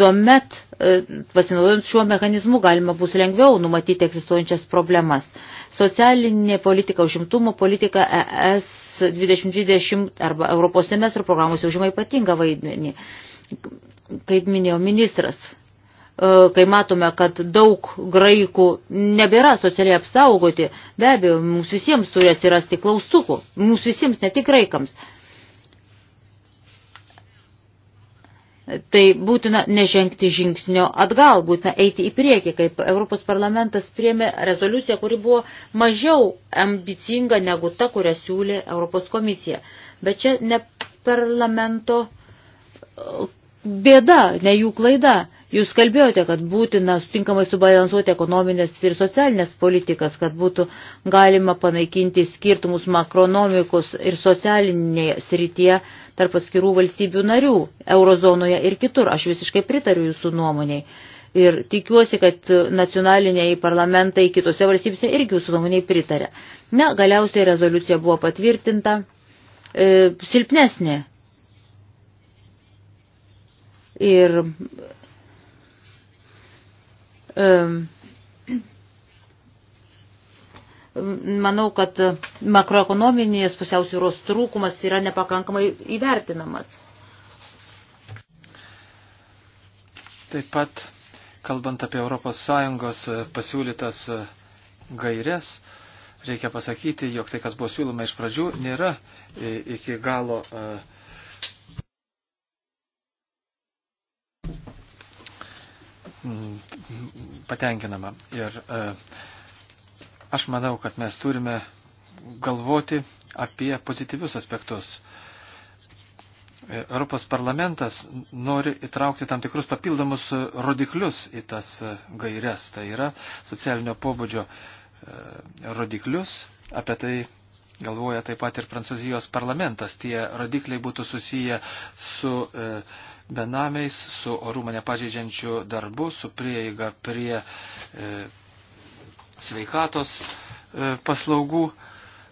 Tuomet, e, pasinaudojant šiuo mechanizmu, galima bus lengviau numatyti egzistuojančias problemas. Socialinė politika, užimtumo politika ES 2020 arba Europos semestro programos užima ypatingą vaidmenį. Kaip minėjo ministras, e, kai matome, kad daug graikų nebėra socialiai apsaugoti, be abejo, mums visiems turi atsirasti klaustukų, mums visiems, ne tik graikams. Tai būtina nežengti žingsnio atgal, būtina eiti į priekį, kaip Europos parlamentas priemė rezoliuciją, kuri buvo mažiau ambicinga negu ta, kurią siūlė Europos komisija. Bet čia ne parlamento e, bėda, ne jų klaida. Jūs kalbėjote, kad būtina sutinkamai subalansuoti ekonominės ir socialinės politikas, kad būtų galima panaikinti skirtumus makronomikos ir socialinėje srityje tarp atskirų valstybių narių, eurozonoje ir kitur. Aš visiškai pritariu jūsų nuomoniai. Ir tikiuosi, kad nacionaliniai parlamentai kitose valstybėse irgi jūsų nuomoniai pritarė. Na, galiausiai rezoliucija buvo patvirtinta e, silpnesnė. Ir e, manau, kad makroekonominės pusiausvyros trūkumas yra nepakankamai įvertinamas. Taip pat, kalbant apie ES e, pasiūlytas e, gairias, reikia pasakyti, jog tai, kas buvo siūloma iš pradžių, nėra e, iki galo patenkinama. Ir uh, Aš manau, kad mes turime galvoti apie pozityvius aspektus. Europos parlamentas nori įtraukti tam tikrus papildomus rodiklius į tas gairias, tai yra socialinio pobūdžio e, rodiklius, apie tai galvoja taip pat ir Prancūzijos parlamentas. Tie rodikliai būtų susiję su e, benamiais, su orumą nepažeidžiančiu darbu, su prieiga prie e, sveikatos e, paslaugų.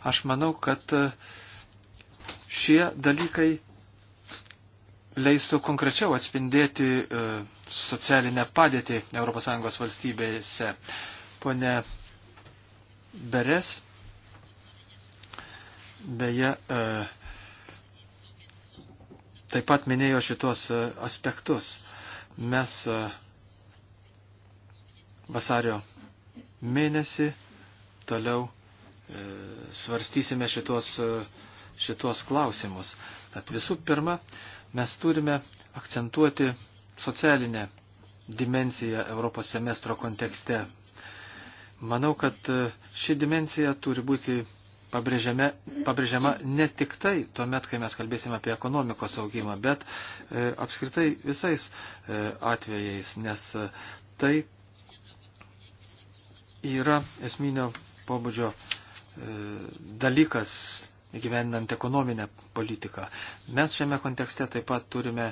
Aš manau, kad e, šie dalykai leistų konkrečiau atspindėti e, socialinę padėtį ES valstybėse. Pone Beres, beje, taip pat minėjo šitos aspektus. Mes vasario mėnesį toliau e, svarstysime šitos, e, šitos klausimus. Tad visų pirma, mes turime akcentuoti socialinę dimensiją Europos semestro kontekste. Manau, kad e, ši dimensija turi būti pabrėžiama ne tik tai tuomet, kai mes kalbėsime apie ekonomikos augimą, bet e, apskritai visais e, atvejais, nes e, tai yra esminio pobūdžio e, dalykas įgyvendinant ekonominę politiką. Mes šiame kontekste taip pat turime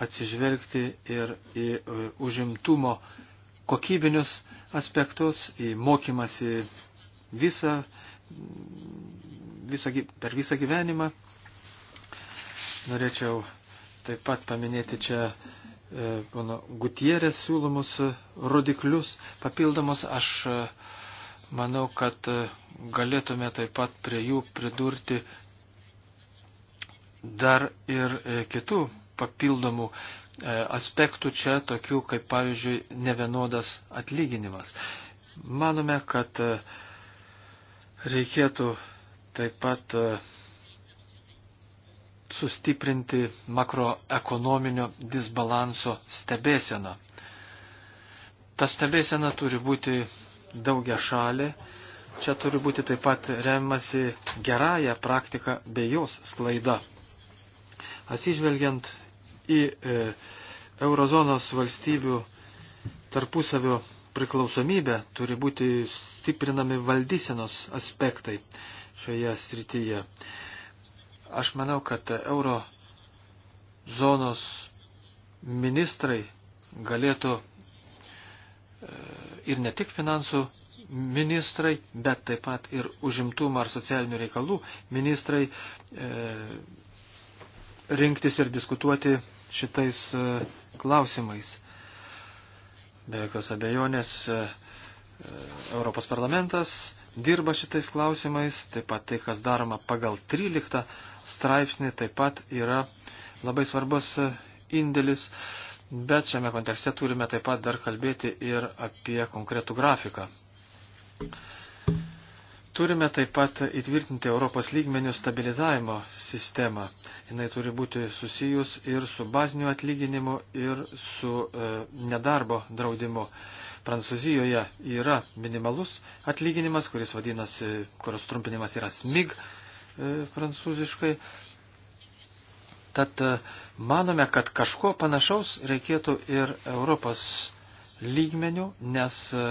atsižvelgti ir į e, užimtumo kokybinius aspektus, į mokymasi visą, visą, per visą gyvenimą. Norėčiau taip pat paminėti čia E, mano Gutierės siūlomus rodiklius papildomus. Aš e, manau, kad e, galėtume taip pat prie jų pridurti dar ir kitų papildomų aspektų čia, tokių kaip pavyzdžiui nevienodas atlyginimas. Manome, kad reikėtų taip pat sustiprinti makroekonominio disbalanso stebėseną. Ta stebėsena turi būti daugia šalė, čia turi būti taip pat remiasi gerąją praktiką bei jos sklaida. Atsižvelgiant į e, eurozonos valstybių tarpusavio priklausomybę, turi būti stiprinami valdysenos aspektai šioje srityje. Aš manau, kad euro zonos ministrai galėtų e, ir ne tik finansų ministrai, bet taip pat ir užimtumo ar socialinių reikalų ministrai e, rinktis ir diskutuoti šitais e, klausimais. Be jokios abejonės. E, Europos parlamentas dirba šitais klausimais, taip pat tai, kas daroma pagal 13 straipsnį, taip pat yra labai svarbus indėlis, bet šiame kontekste turime taip pat dar kalbėti ir apie konkretų grafiką. Turime taip pat įtvirtinti Europos lygmenių stabilizavimo sistemą. Jis turi būti susijus ir su baziniu atlyginimu, ir su e, nedarbo draudimu. E, Prancūzijoje yra minimalus atlyginimas, kuris vadinasi, kurios trumpinimas yra SMIG e, prancūziškai. Tad e, manome, kad kažko panašaus reikėtų ir Europos lygmenių, nes e,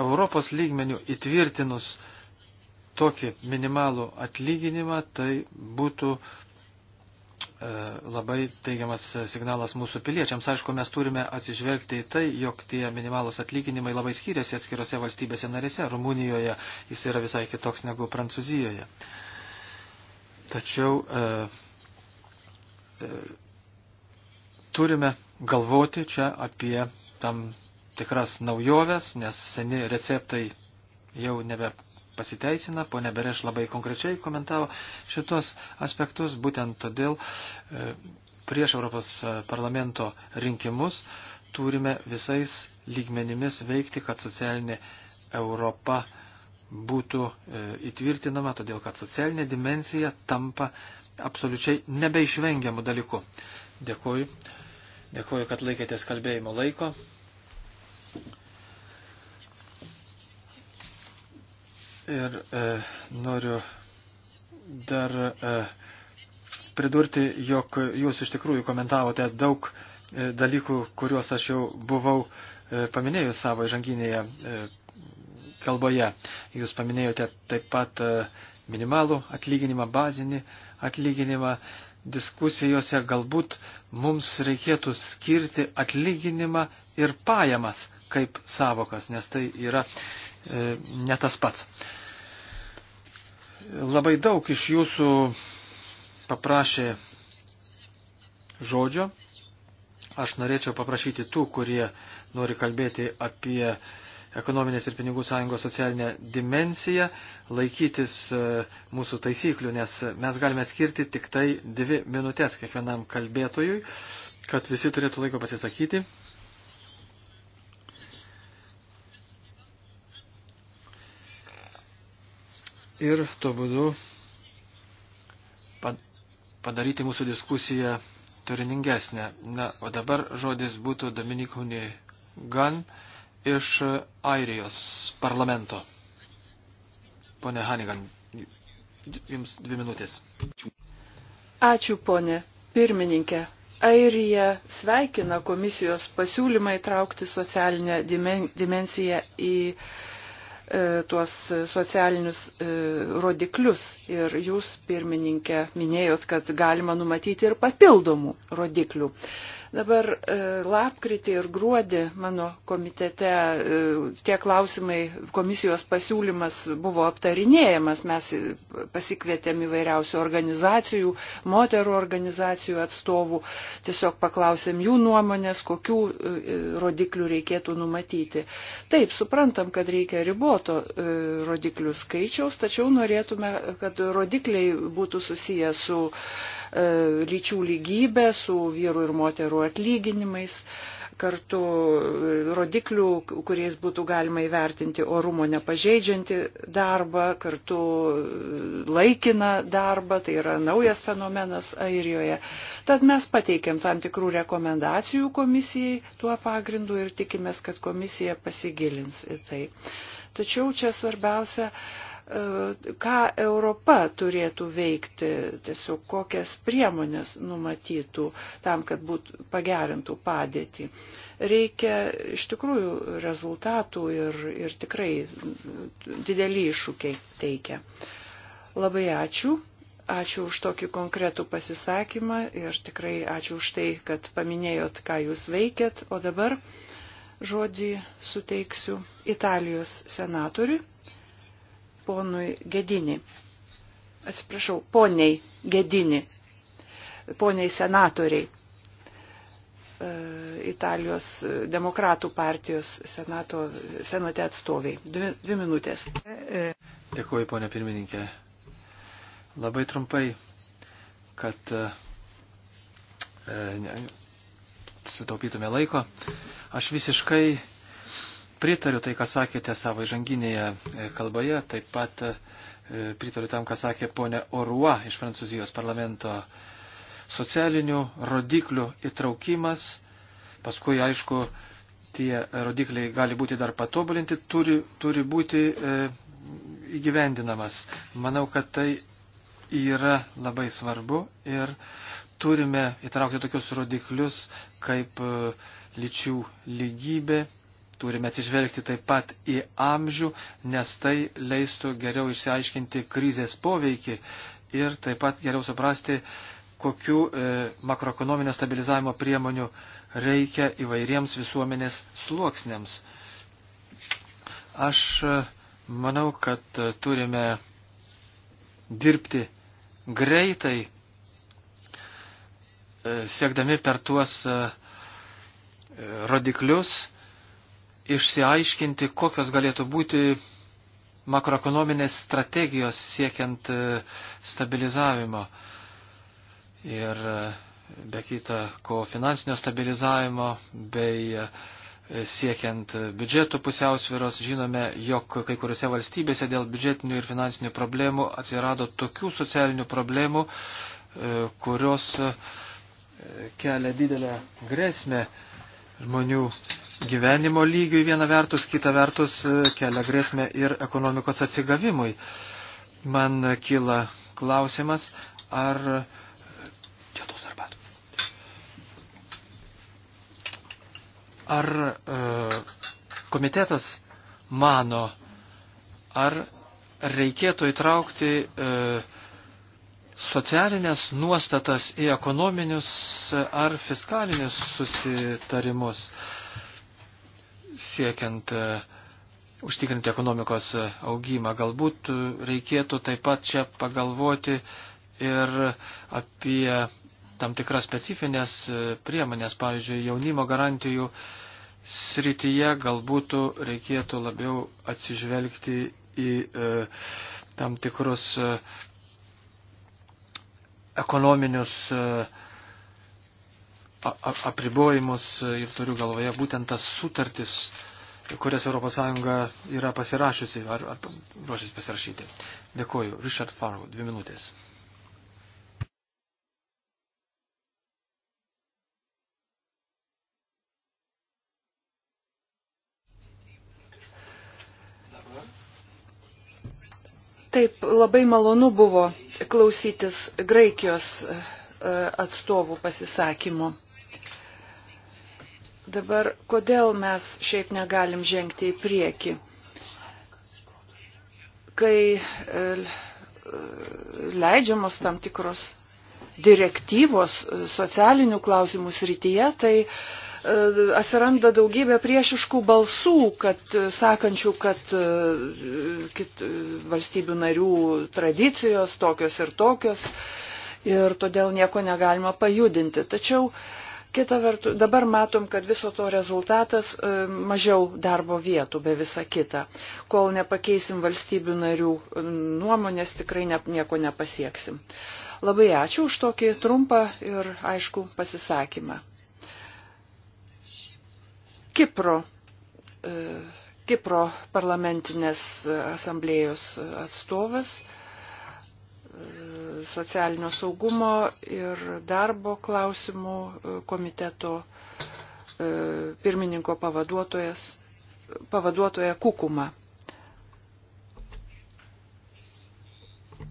Europos lygmenių įtvirtinus tokį minimalų atlyginimą, tai būtų uh, E, labai teigiamas signalas mūsų piliečiams. Aišku, mes turime atsižvelgti į tai, jog tie minimalus atlyginimai labai skiriasi atskirose valstybėse narėse. Rumunijoje jis yra visai kitoks negu Prancūzijoje. Tačiau e, e, turime galvoti čia apie tam tikras naujoves, nes seni receptai jau nebe pasiteisina, ponė Bereš labai konkrečiai komentavo šitos aspektus, būtent todėl e, prieš Europos e, parlamento rinkimus turime visais lygmenimis veikti, kad socialinė Europa būtų e, įtvirtinama, todėl kad socialinė dimensija tampa absoliučiai nebeišvengiamų dalykų. Dėkuoju. Dėkuoju, kad laikėtės kalbėjimo laiko. Ir e, noriu dar e, pridurti, jog jūs iš tikrųjų komentavote daug e, dalykų, kuriuos aš jau buvau e, paminėjus savo žanginėje e, kalboje. Jūs paminėjote taip pat e, minimalų atlyginimą, bazinį atlyginimą. Diskusijose galbūt mums reikėtų skirti atlyginimą ir pajamas kaip savokas, nes tai yra e, ne tas pats. Labai daug iš jūsų paprašė žodžio. Aš norėčiau paprašyti tų, kurie nori kalbėti apie ekonominės ir pinigų sąjungos socialinę dimensiją, laikytis e, mūsų taisyklių, nes mes galime skirti tik tai dvi minutės kiekvienam kalbėtojui, kad visi turėtų laiko pasisakyti. ir to būdu padaryti mūsų diskusiją turiningesnė. Na, o dabar žodis būtų Dominikūnė Gan iš Airijos parlamento. Pone Hanigan, jums dvi minutės. Ačiū, ponė pirmininkė. Airija sveikina komisijos pasiūlymą įtraukti socialinę dimensiją į E, tuos socialinius e, rodiklius ir jūs, pirmininkė, minėjot, kad galima numatyti ir papildomų rodiklių. Dabar e, lapkritį ir gruodį mano komitete e, tie klausimai, komisijos pasiūlymas buvo aptarinėjamas. Mes pasikvietėm įvairiausių organizacijų, moterų organizacijų atstovų, tiesiog paklausėm jų nuomonės, kokių e, rodiklių reikėtų numatyti. Taip, suprantam, kad reikia riboto rodiklių skaičiaus, tačiau norėtume, kad rodikliai būtų susiję su lyčių lygybė, su vyrų ir moterų atlyginimais, kartu rodiklių, kuriais būtų galima įvertinti orumo nepažeidžianti darbą, kartu laikiną darbą, tai yra naujas fenomenas Airijoje. Tad mes pateikėm tam tikrų rekomendacijų komisijai tuo pagrindu ir tikimės, kad komisija pasigilins į tai. Tačiau čia svarbiausia, E, ką Europa turėtų veikti, tiesiog kokias priemonės numatytų tam, kad būtų pagerintų padėtį. Reikia iš tikrųjų rezultatų ir, ir tikrai dideli iššūkiai teikia. Labai ačiū. Ačiū už tokį konkretų pasisakymą ir tikrai ačiū už tai, kad paminėjot, ką jūs veikėt. O dabar žodį suteiksiu Italijos senatoriui ponui Gedinį. Atsiprašau, poniai Gedinį, poniai senatoriai. E, Italijos demokratų partijos senato, senate atstoviai. Dvi, dvi minutės. Dėkuoju, ponė pirmininkė. Labai trumpai, kad e, ne, sutaupytume laiko. Aš visiškai Pritariu tai, ką sakėte savo žanginėje e, kalboje, taip pat e, pritariu tam, ką sakė ponė Orua iš Prancūzijos parlamento socialinių rodiklių įtraukimas, paskui, aišku, tie rodikliai gali būti dar patobulinti, turi, turi būti e, įgyvendinamas. Manau, kad tai yra labai svarbu ir turime įtraukti tokius rodiklius kaip e, lyčių lygybė Turime atsižvelgti taip pat į amžių, nes tai leistų geriau išsiaiškinti krizės poveikį ir taip pat geriau suprasti, kokiu e, makroekonominio stabilizavimo priemonių reikia įvairiems visuomenės sluoksniams. Aš e, manau, kad e, turime dirbti greitai, e, siekdami per tuos rodiklius išsiaiškinti, kokios galėtų būti makroekonominės strategijos siekiant e, stabilizavimo. Ir e, be kita ko finansinio stabilizavimo bei e, siekiant biudžeto pusiausviros, žinome, jog kai kuriuose valstybėse dėl biudžetinių ir finansinių problemų atsirado tokių socialinių problemų, kurios kelia didelę grėsmę žmonių gyvenimo lygiui viena vertus, kita vertus e, kelia grėsmę ir ekonomikos atsigavimui. Man kyla klausimas, ar. Ar e, komitetas mano, ar reikėtų įtraukti e, socialinės nuostatas į ekonominius ar fiskalinius susitarimus. E, siekiant e, užtikrinti ekonomikos e, augimą. Galbūt e, reikėtų taip pat čia pagalvoti ir apie tam tikras specifines priemonės, pavyzdžiui, jaunimo garantijų srityje galbūt reikėtų labiau atsižvelgti į e, tam tikrus e, ekonominius e, apribojimus ir turiu galvoje būtent tas sutartis, kurias ES yra pasirašiusi ar, ar ruošiasi pasirašyti. Dėkuoju. Richard Fargo, dvi minutės. Taip, labai malonu buvo klausytis Graikijos e, atstovų pasisakymų. Dabar, kodėl mes šiaip negalim žengti į priekį? Kai e, e, leidžiamos tam tikros direktyvos e, socialinių klausimų srityje, tai atsiranda daugybė priešiškų balsų, kad sakančių, kad kit, valstybių narių tradicijos tokios ir tokios ir todėl nieko negalima pajudinti. Tačiau uh, Kita vertu, dabar matom, kad viso to rezultatas e, mažiau darbo vietų be visa kita. Kol nepakeisim valstybių narių e, nuomonės, tikrai ne, nieko nepasieksim. Labai ačiū už tokį trumpą ir aišku pasisakymą. Kipro, e, Kipro parlamentinės asamblėjos atstovas socialinio saugumo ir darbo klausimų e, komiteto e, pirmininko pavaduotoja Kukuma.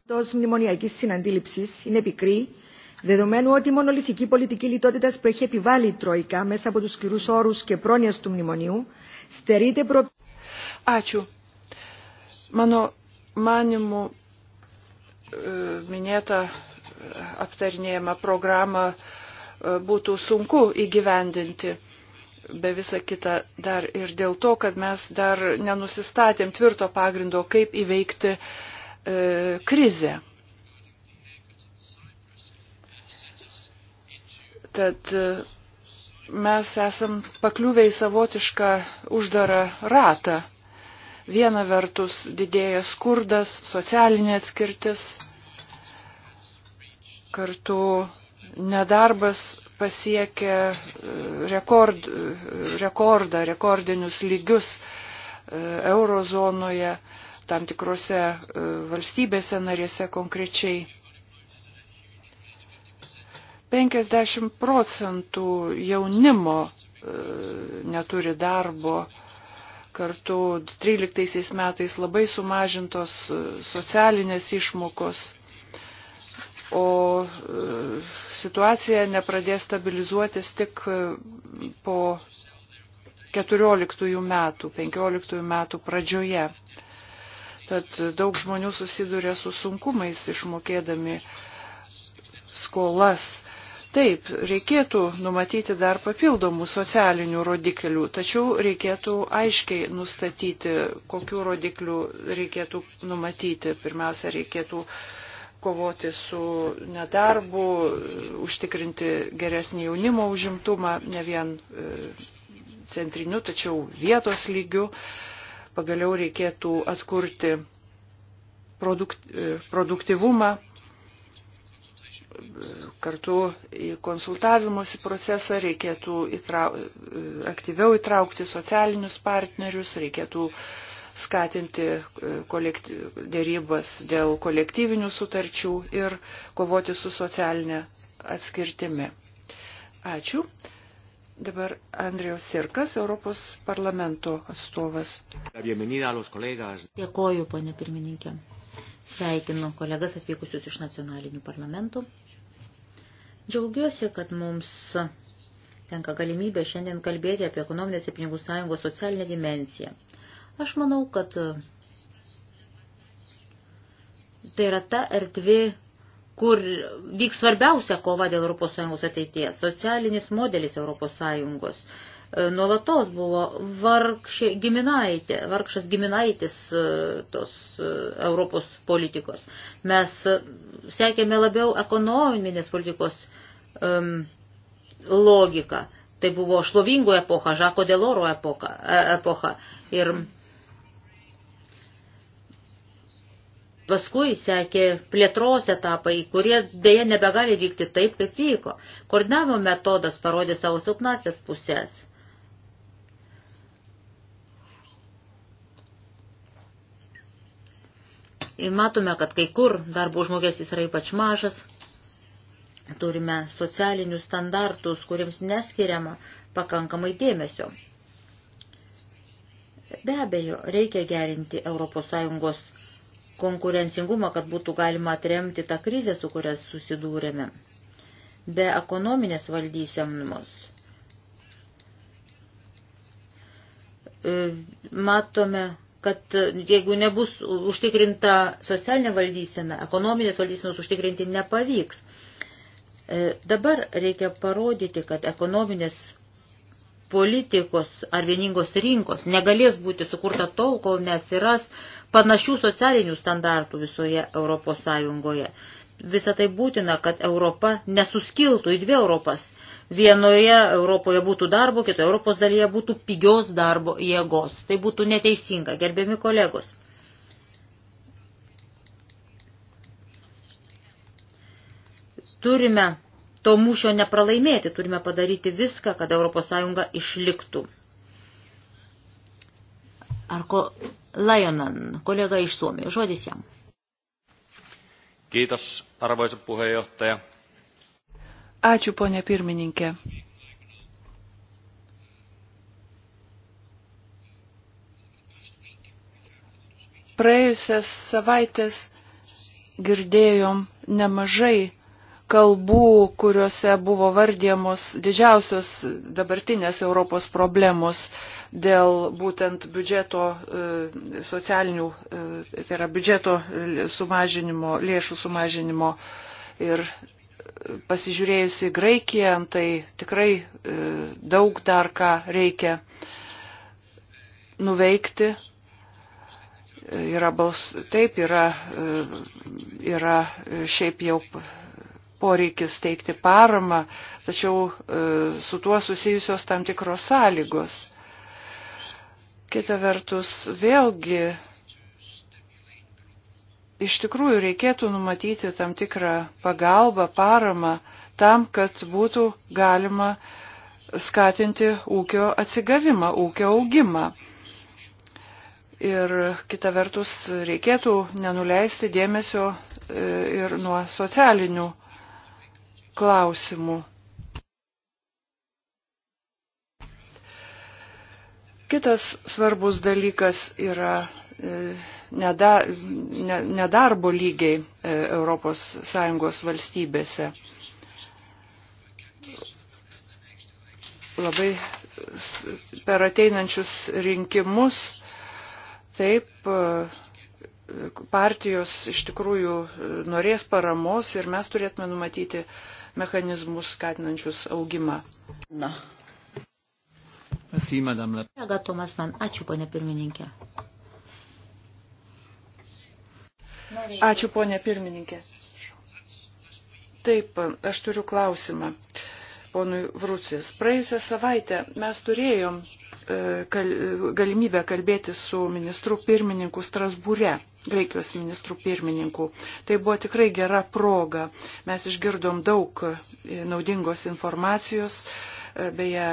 Εντό μνημονιακή συναντήληψη είναι πικρή, δεδομένου ότι η μονολυθική πολιτική λιτότητα που έχει επιβάλει η Τρόικα μέσα από του σκληρού όρου και πρόνοιε του μνημονίου στερείται προ. Ačiū. Mano manimų minėtą aptarinėjimą programą e, būtų sunku įgyvendinti. Be visa kita dar ir dėl to, kad mes dar nenusistatėm tvirto pagrindo, kaip įveikti e, krizę. Tad e, mes esam pakliuvę į savotišką uždarą ratą Viena vertus didėja skurdas, socialinė atskirtis, kartu nedarbas pasiekia e, rekord, e, rekordą, rekordinius lygius e, eurozonoje, tam tikrose valstybėse narėse konkrečiai. 50 procentų jaunimo neturi darbo, Kartu 13 metais labai sumažintos e, socialinės išmokos, o e, situacija nepradės stabilizuotis tik e, po 14 metų, 15 metų pradžioje. Tad daug žmonių susiduria su sunkumais išmokėdami skolas Taip, reikėtų numatyti dar papildomų socialinių rodiklių, tačiau reikėtų aiškiai nustatyti, kokiu rodikliu reikėtų numatyti. Pirmiausia, reikėtų kovoti su nedarbu, užtikrinti geresnį jaunimo užimtumą, ne vien e, centriniu, tačiau vietos lygiu. Pagaliau reikėtų atkurti produkt, e, produktivumą kartu į konsultavimosi procesą reikėtų įtrau, aktyviau įtraukti socialinius partnerius, reikėtų skatinti e, kolekty, dėrybas dėl kolektyvinių sutarčių ir kovoti su socialinė atskirtimi. Ačiū. Dabar Andrijos Sirkas, Europos parlamento atstovas. Dėkoju, ponė pirmininkė. Sveikinu kolegas atvykusius iš nacionalinių parlamentų. Džiaugiuosi, kad mums tenka galimybė šiandien kalbėti apie ekonominės ir pinigų sąjungos socialinę dimenciją. Aš manau, kad tai yra ta erdvė, kur vyks svarbiausia kova dėl ES ateities, socialinis modelis ES, E, nuolatos buvo vargšė giminaitė, vargšas giminaitis e, tos e, Europos politikos. Mes sekėme labiau ekonominės politikos um, logiką. Tai buvo šlovingo epocha, Žako Deloro epocha. epocha. Ir Paskui sekė plėtros etapai, kurie dėja nebegali vykti taip, kaip vyko. Koordinavimo metodas parodė savo silpnasias pusės. Matome, kad kai kur darbo užmokestis yra ypač mažas, turime socialinius standartus, kuriems neskiriama pakankamai dėmesio. Be abejo, reikia gerinti ES konkurencingumą, kad būtų galima atremti tą krizę, su kuria susidūrėme. Be ekonominės valdysenos e, matome kad e, jeigu nebus užtikrinta socialinė valdysena, ekonominės valdysenos užtikrinti nepavyks. E, dabar reikia parodyti, kad ekonominės politikos ar vieningos rinkos negalės būti sukurta tol, kol neatsiras panašių socialinių standartų visoje Europos Sąjungoje visą tai būtina, kad Europa nesuskiltų į dvi Europas. Vienoje Europoje būtų darbo, kitoje Europos dalyje būtų pigios darbo jėgos. Tai būtų neteisinga, gerbiami kolegos. Turime to mūšio nepralaimėti, turime padaryti viską, kad ES išliktų. Ar ko, Lajonan, kolega iš Suomijos, žodis jam. Kiitos, arvoisa puheenjohtaja. Ačiū, ponė pirmininkė. Praėjusias savaitės girdėjom nemažai kalbų, kuriuose buvo vardėmos didžiausios dabartinės Europos problemos dėl būtent biudžeto e, socialinių, e, tai yra biudžeto sumažinimo, lėšų sumažinimo. Ir pasižiūrėjusi Graikiją, tai tikrai e, daug dar ką reikia nuveikti, yra bals, taip, yra, yra šiaip jau poreikis teikti paramą, tačiau e, su tuo susijusios tam tikros sąlygos. Kita vertus, vėlgi iš tikrųjų reikėtų numatyti tam tikrą pagalbą, paramą tam, kad būtų galima skatinti ūkio atsigavimą, ūkio augimą. Ir kita vertus, reikėtų nenuleisti dėmesio e, ir nuo socialinių klausimų. Kitas svarbus dalykas yra e, neda, ne, nedarbo lygiai ES valstybėse. Labai per ateinančius rinkimus taip e, partijos iš tikrųjų e, norės paramos ir mes turėtume numatyti uh, mechanizmus skatinančius augimą. Na. Merci, madame la. Kolega Tomas man, ačiū, ponė pirmininkė. Ačiū, ponė pirmininkė. Taip, aš turiu klausimą ponui Vrūcis. Praėjusią savaitę mes turėjom E, kal, galimybę kalbėti su ministru pirmininku Strasbūre, Graikijos ministru pirmininku. Tai buvo tikrai gera proga. Mes išgirdom daug e, naudingos informacijos. E, beje,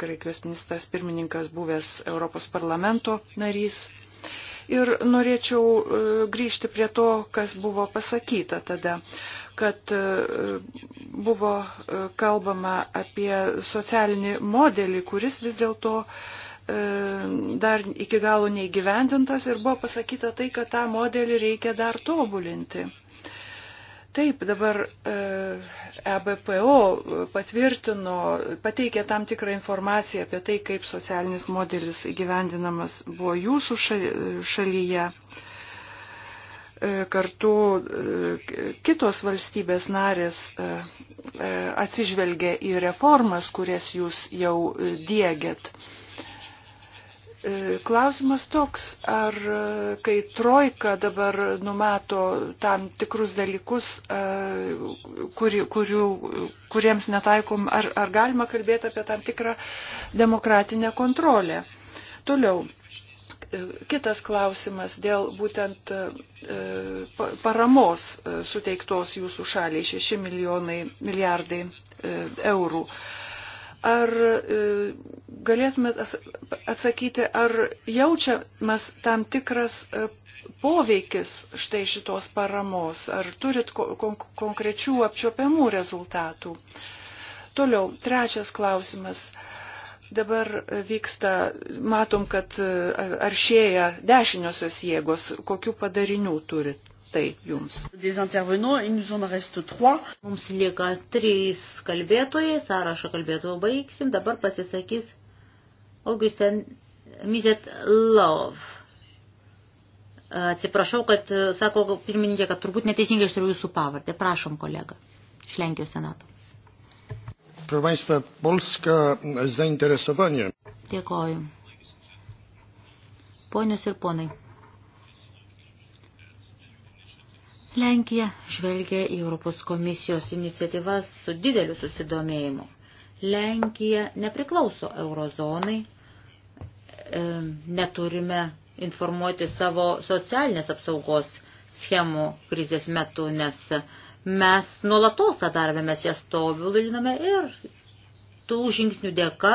Graikijos ministras pirmininkas buvęs Europos parlamento narys. Ir norėčiau grįžti prie to, kas buvo pasakyta tada kad e, buvo e, kalbama apie socialinį modelį, kuris vis dėlto e, dar iki galo neįgyvendintas ir buvo pasakyta tai, kad tą modelį reikia dar tobulinti. Taip, dabar EBPO patvirtino, pateikė tam tikrą informaciją apie tai, kaip socialinis modelis įgyvendinamas buvo jūsų šalyje. E, kartu e, kitos valstybės narės e, atsižvelgia į reformas, kurias jūs jau dėgiat. Klausimas toks, ar kai trojka dabar numato tam tikrus dalykus, kuri, kurių, kuriems netaikom, ar, ar galima kalbėti apie tam tikrą demokratinę kontrolę. Toliau, Kitas klausimas dėl būtent e, paramos e, suteiktos jūsų šaliai 6 milijonai milijardai e, eurų. Ar galėtumėt atsakyti, ar jaučiamas tam tikras poveikis štai šitos paramos, ar turit konkrečių apčiopiamų rezultatų? Toliau, trečias klausimas. Dabar vyksta, matom, kad e, aršėja dešiniosios jėgos. Kokių padarinių turi tai jums? Mums lieka trys kalbėtojai, sąrašą kalbėtojų baigsim. Dabar pasisakys Augustin Mizet Love. Atsiprašau, kad sako pirmininkė, kad turbūt neteisingai ištariu jūsų pavardę. Prašom, kolega, iš Lenkijos senato. Proszę Państwa, Polska z zainteresowaniem. Dėkoju. Ponios ir ponai. Lenkija žvelgia į Europos komisijos iniciatyvas su dideliu susidomėjimu. Lenkija nepriklauso eurozonai, e, neturime informuoti savo socialinės apsaugos schemų krizės metu, nes Mes nuolatos tą darbę, mes jas tobuliname ir tų žingsnių dėka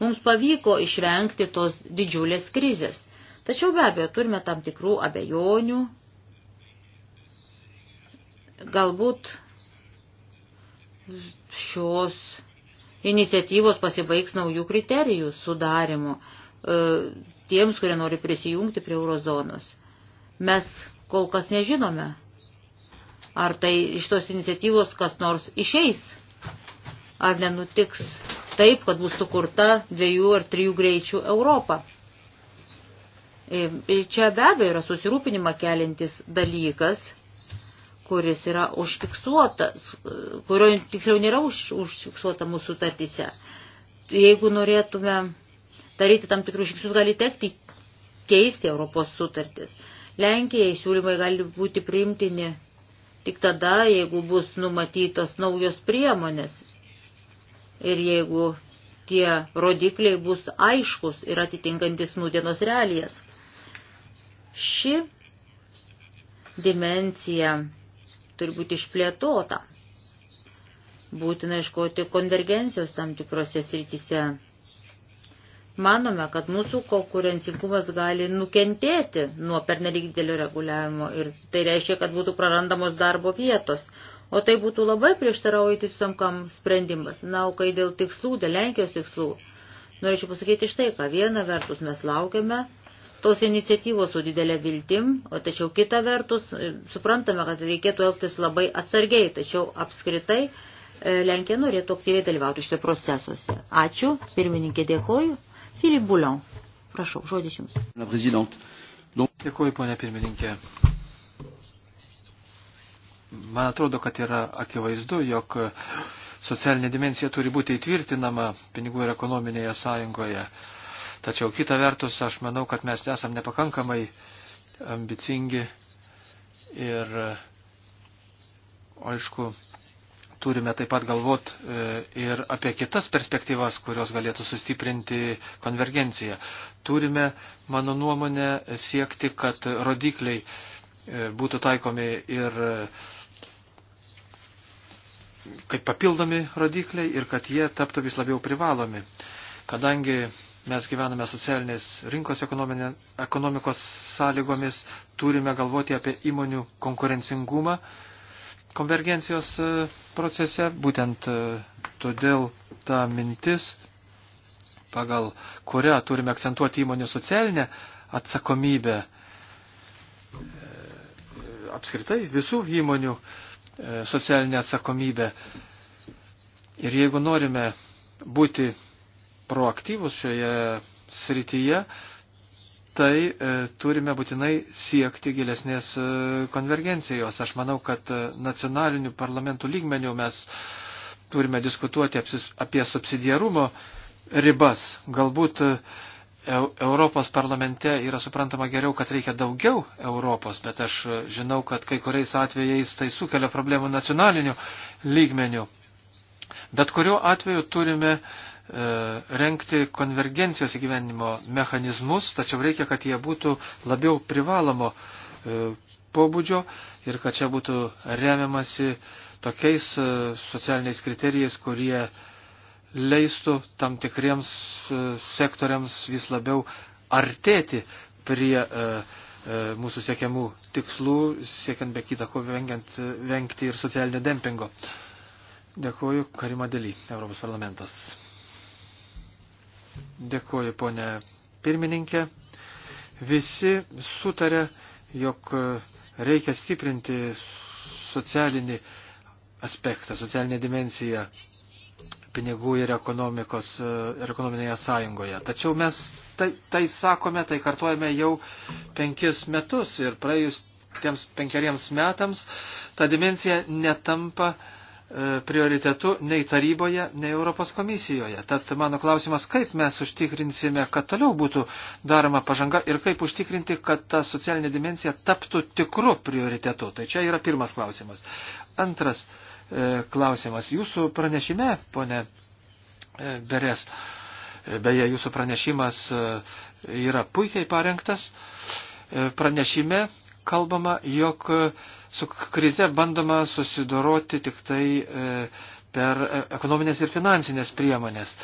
mums pavyko išvengti tos didžiulės krizės. Tačiau be abejo turime tam tikrų abejonių, galbūt šios iniciatyvos pasibaigs naujų kriterijų sudarimu e, tiems, kurie nori prisijungti prie eurozonos. Mes kol kas nežinome, Ar tai iš tos iniciatyvos kas nors išeis? Ar nenutiks taip, kad bus sukurta dviejų ar trijų greičių Europą? Ir e, čia be abejo yra susirūpinimą kelintis dalykas, kuris yra užfiksuotas, kurio tiksliau nėra už, užfiksuota mūsų sutartyse. Jeigu norėtume daryti tam tikrus žingsnius, gali tekti keisti Europos sutartis. Lenkijai siūlymai gali būti priimtini tik tada, jeigu bus numatytos naujos priemonės ir jeigu tie rodikliai bus aiškus ir atitinkantis nudienos realijas. Ši dimencija turi būti išplėtota. Būtina iškoti konvergencijos tam tikrose srityse Manome, kad mūsų konkurencingumas gali nukentėti nuo pernelyg didelio reguliavimo ir tai reiškia, kad būtų prarandamos darbo vietos. O tai būtų labai prieštaraujantis samkam sprendimas. Na, o kai dėl tikslų, dėl Lenkijos tikslų, norėčiau pasakyti štai, ką viena vertus mes laukiame tos iniciatyvos su didelė viltim, o tačiau kita vertus e, suprantame, kad reikėtų elgtis labai atsargiai, tačiau apskritai e, Lenkija norėtų aktyviai dalyvauti šitą procesuose. Ačiū, pirmininkė dėkoju. Filip Buliau. Prašau, žodis jums. Dėkuoju, ponia pirmininkė. Man atrodo, kad yra akivaizdu, jog socialinė dimensija turi būti įtvirtinama pinigų ir ekonominėje sąjungoje. Tačiau kita vertus, aš manau, kad mes esam nepakankamai ambicingi ir, aišku, turime taip pat galvot e, ir apie kitas perspektyvas, kurios galėtų sustiprinti konvergenciją. Turime, mano nuomonė, siekti, kad rodikliai e, būtų taikomi ir kaip papildomi rodikliai ir kad jie taptų vis labiau privalomi. Kadangi mes gyvename socialinės rinkos ekonomikos sąlygomis, turime galvoti apie įmonių konkurencingumą konvergencijos e, procese, būtent e, todėl ta mintis, pagal kurią turime akcentuoti įmonių socialinę atsakomybę e, apskritai visų įmonių socialinę atsakomybę. Ir jeigu norime būti proaktyvus šioje srityje, tai e, turime būtinai siekti gilesnės e, konvergencijos. Aš manau, kad e, nacionalinių parlamentų lygmenių mes turime diskutuoti apsis, apie subsidiarumo ribas. Galbūt e, Europos parlamente yra suprantama geriau, kad reikia daugiau Europos, bet aš e, žinau, kad kai kuriais atvejais tai sukelia problemų nacionalinių lygmenių. Bet kuriuo atveju turime E, renkti konvergencijos įgyvenimo mechanizmus, tačiau reikia, kad jie būtų labiau privalomo e, pobūdžio ir kad čia būtų remiamasi tokiais e, socialiniais kriterijais, kurie leistų tam tikriems sektoriams vis labiau artėti prie mūsų siekiamų tikslų, siekiant be kita ko vengti ir socialinio dempingo. Dėkuoju, Karima Dėly, Europos parlamentas. Dėkuoju, ponė pirmininkė. Visi sutarė, jog reikia stiprinti socialinį aspektą, socialinę dimensiją pinigų ir, ekonomikos, ir ekonominėje sąjungoje. Tačiau mes tai, tai sakome, tai kartuojame jau penkis metus ir praėjus tiems penkeriems metams ta dimensija netampa uh, E, prioritetu nei taryboje, nei Europos komisijoje. Tad mano klausimas, kaip mes užtikrinsime, kad toliau būtų daroma pažanga ir kaip užtikrinti, kad ta socialinė dimensija taptų tikru prioritetu. Tai čia yra pirmas klausimas. Antras e, klausimas. Jūsų pranešime, ponė e, Beres, e, beje, jūsų pranešimas e, yra puikiai parengtas. E, pranešime kalbama, jog e, su krize bandoma susidoroti tik tai e, per e, ekonominės ir finansinės priemonės.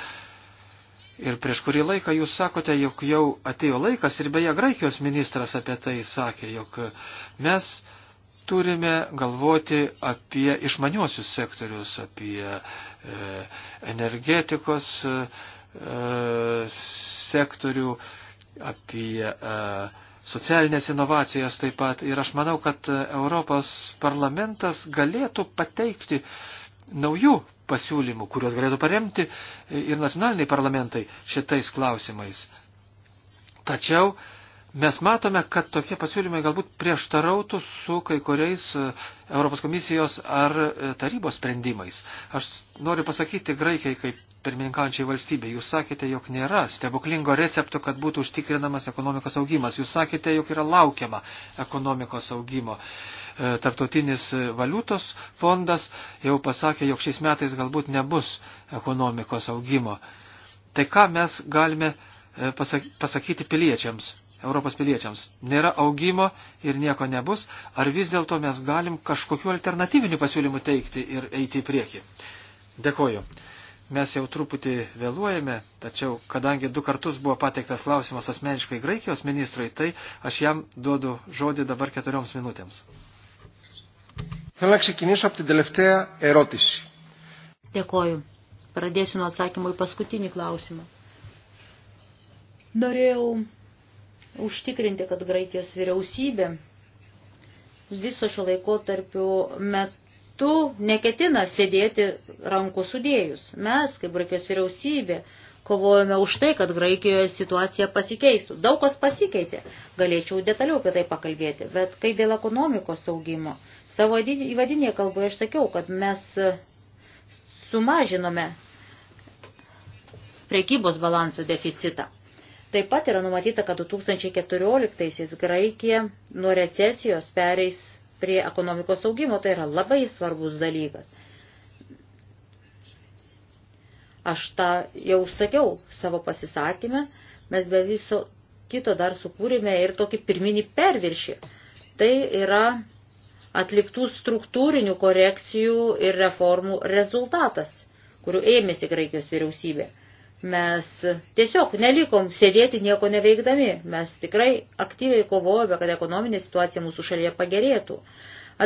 Ir prieš kurį laiką jūs sakote, jog jau atėjo laikas, ir beje, Graikijos ministras apie tai sakė, jog mes turime galvoti apie išmaniosius sektorius, apie e, energetikos e, sektorių, apie e, socialinės inovacijas taip pat. Ir aš manau, kad Europos parlamentas galėtų pateikti naujų pasiūlymų, kuriuos galėtų paremti ir nacionaliniai parlamentai šitais klausimais. Tačiau mes matome, kad tokie pasiūlymai galbūt prieštarautų su kai kuriais Europos komisijos ar tarybos sprendimais. Aš noriu pasakyti Graikijai kaip pirmininkaujančiai valstybei. Jūs sakėte, jog nėra stebuklingo recepto, kad būtų užtikrinamas ekonomikos augimas. Jūs sakėte, jog yra laukiama ekonomikos augimo. E, Tartautinis valiutos fondas jau pasakė, jog šiais metais galbūt nebus ekonomikos augimo. Tai ką mes galime e, pasakyti piliečiams, Europos piliečiams? Nėra augimo ir nieko nebus, ar vis dėlto mes galim kažkokiu alternatyviniu pasiūlymu teikti ir eiti į priekį? Dėkoju mes jau truputį vėluojame, tačiau kadangi du kartus buvo pateiktas klausimas asmeniškai Graikijos ministrui, tai aš jam duodu žodį dabar keturioms minutėms. Dėkoju. Pradėsiu nuo atsakymų į paskutinį klausimą. Norėjau užtikrinti, kad Graikijos vyriausybė viso šio laiko tarpiu metu metu neketina sėdėti rankų sudėjus. Mes, kaip Graikijos vyriausybė, kovojame už tai, kad Graikijoje situacija pasikeistų. Daug kas pasikeitė. Galėčiau detaliau apie tai pakalbėti. Bet kai dėl ekonomikos saugimo, savo įvadinėje kalboje aš sakiau, kad mes sumažinome prekybos balansų deficitą. Taip pat yra numatyta, kad 2014-aisiais Graikija nuo recesijos pereis prie ekonomikos augimo. Tai yra labai svarbus dalykas. Aš tą jau sakiau savo pasisakymę, mes be viso kito dar sukūrėme ir tokį pirminį perviršį. Tai yra atliktų struktūrinių korekcijų ir reformų rezultatas, kurių ėmėsi Graikijos vyriausybė. Mes tiesiog nelikom sėdėti nieko neveikdami. Mes tikrai aktyviai kovojame, kad ekonominė situacija mūsų šalyje pagerėtų.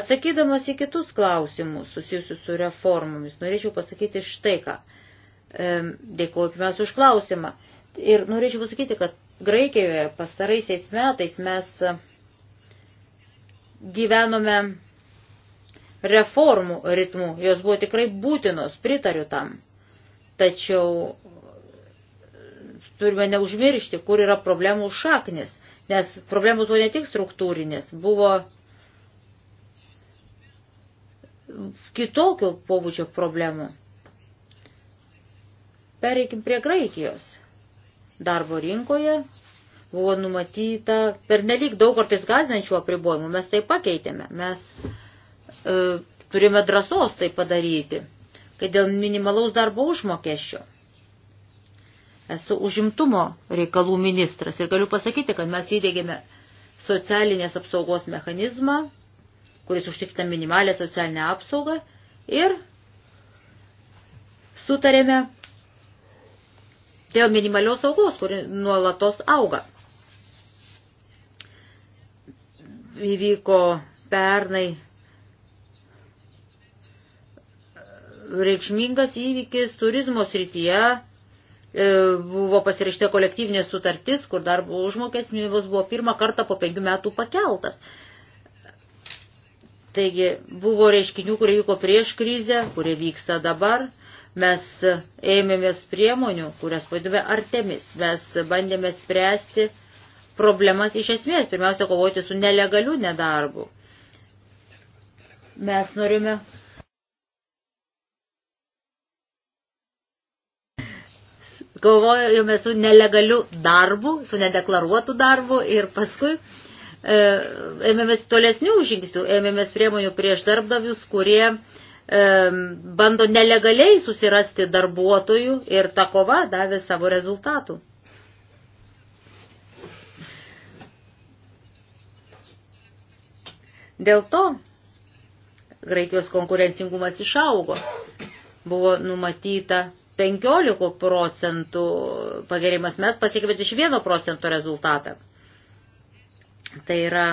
Atsakydamas į kitus klausimus susijusius su reformomis, norėčiau pasakyti štai ką. Dėkuoju pirmiausia už klausimą. Ir norėčiau pasakyti, kad Graikijoje pastaraisiais metais mes gyvenome reformų ritmu. Jos buvo tikrai būtinos, pritariu tam. Tačiau turime neužmiršti, kur yra problemų šaknis, nes problemų buvo ne tik struktūrinės, buvo kitokio pobūdžio problemų. Pereikim prie Graikijos. Darbo rinkoje buvo numatyta per nelik daug kartais gazinančių apribojimų. Mes tai pakeitėme. Mes e, turime drąsos tai padaryti, kai dėl minimalaus darbo užmokesčio Esu užimtumo reikalų ministras ir galiu pasakyti, kad mes įdėgėme socialinės apsaugos mechanizmą, kuris užtikrina minimalę socialinę apsaugą ir sutarėme dėl minimalios saugos, kuri nuolatos auga. Įvyko pernai reikšmingas įvykis turizmo srityje E, buvo pasirašyta kolektyvinė sutartis, kur darbo užmokės minimus buvo pirmą kartą po penkių metų pakeltas. Taigi buvo reiškinių, kurie vyko prieš krizę, kurie vyksta dabar. Mes ėmėmės priemonių, kurias vadiname artemis. Mes bandėme spręsti problemas iš esmės, pirmiausia, kovoti su nelegaliu nedarbu. Mes norime kovojome su nelegaliu darbu, su nedeklaruotu darbu ir paskui e, ėmėmės tolesnių žingsnių, ėmėmės priemonių prieš darbdavius, kurie e, bando nelegaliai susirasti darbuotojų ir ta kova davė savo rezultatų. Dėl to Graikijos konkurencingumas išaugo. Buvo numatyta 15 procentų pagerimas, mes pasiekėme 21 procento rezultatą. Tai yra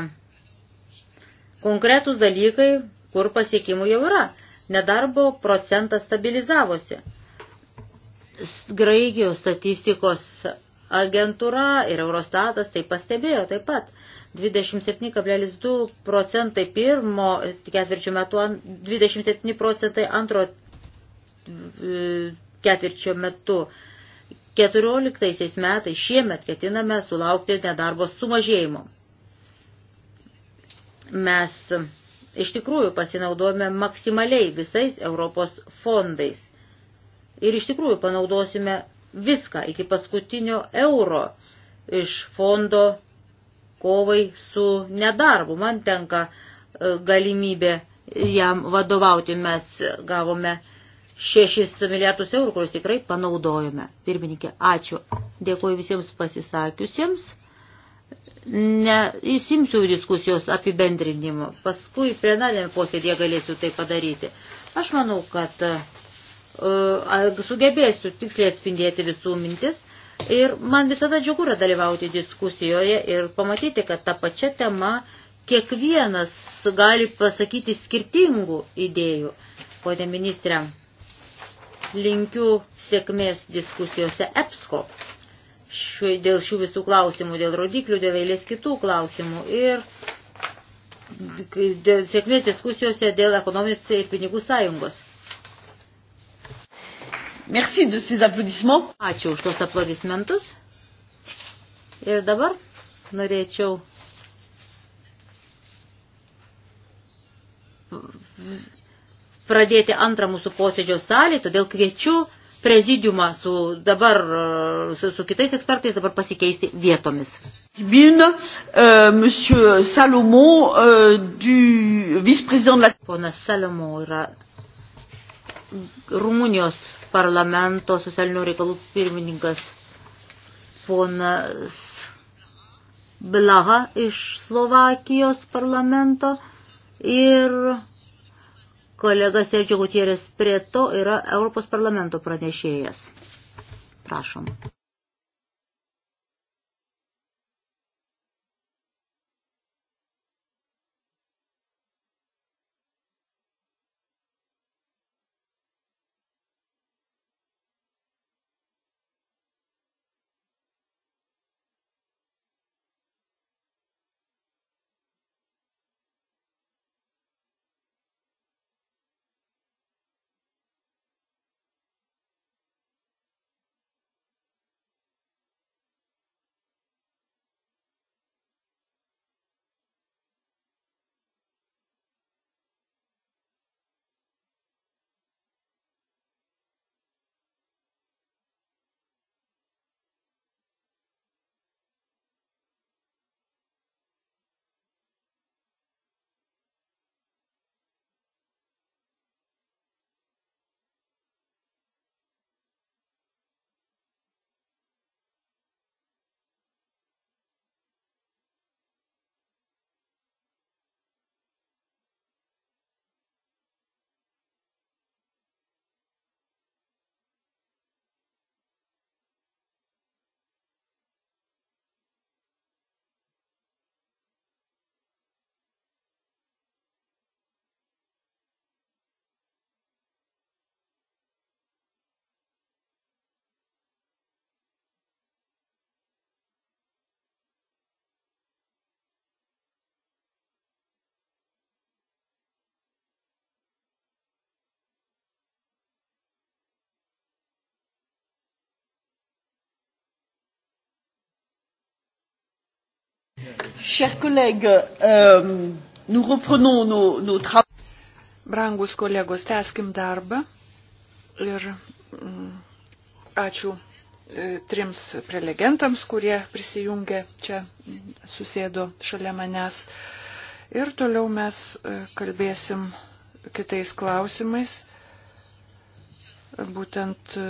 konkretūs dalykai, kur pasiekimų jau yra. Nedarbo procentas stabilizavosi. Graikijos statistikos agentūra ir Eurostatas tai pastebėjo taip pat. 27,2 procentai pirmo ketvirčio metu, 27 procentai antro ketvirčio metu. 14 metais šiemet ketiname sulaukti nedarbo sumažėjimo. Mes iš tikrųjų pasinaudojame maksimaliai visais Europos fondais. Ir iš tikrųjų panaudosime viską iki paskutinio euro iš fondo kovai su nedarbu. Man tenka e, galimybė jam vadovauti. Mes gavome 6 milijardus eurų, kuriuos tikrai panaudojome. Pirmininkė, ačiū. Dėkuoju visiems pasisakiusiems. Ne, įsimsiu diskusijos apibendrinimo. Paskui plenarėme posėdėje galėsiu tai padaryti. Aš manau, kad uh, sugebėsiu tiksliai atspindėti visų mintis. Ir man visada džiugu yra dalyvauti diskusijoje ir pamatyti, kad tą pačią temą kiekvienas gali pasakyti skirtingų idėjų. Pone ministrė, linkiu sėkmės diskusijose EPSCO šiuo, dėl šių visų klausimų, dėl rodiklių, dėl eilės kitų klausimų ir dėl sėkmės diskusijose dėl ekonominės ir pinigų sąjungos. Merci de ces applaudissements. Ačiū už tos aplaudismentus. Ir dabar norėčiau pradėti antrą mūsų posėdžio salį, todėl kviečiu prezidiumą su dabar, su, su kitais ekspertais dabar pasikeisti vietomis. Tribune, euh, monsieur Salomon, euh, du vice-président de la... Ponas Salomon yra Rumunijos parlamento socialinių reikalų pirmininkas. Ponas Blaha iš Slovakijos parlamento ir Kolega Sergio Gutierrez prie to yra Europos parlamento pranešėjas. Prašom. Chers collègues, euh, nous reprenons nos, nos travaux. Brangus kolegos, teskim darbą ir mm, ačiū e, trims prelegentams, kurie prisijungė čia, mm, susėdo šalia manęs. Ir toliau mes e, kalbėsim kitais klausimais, būtent e,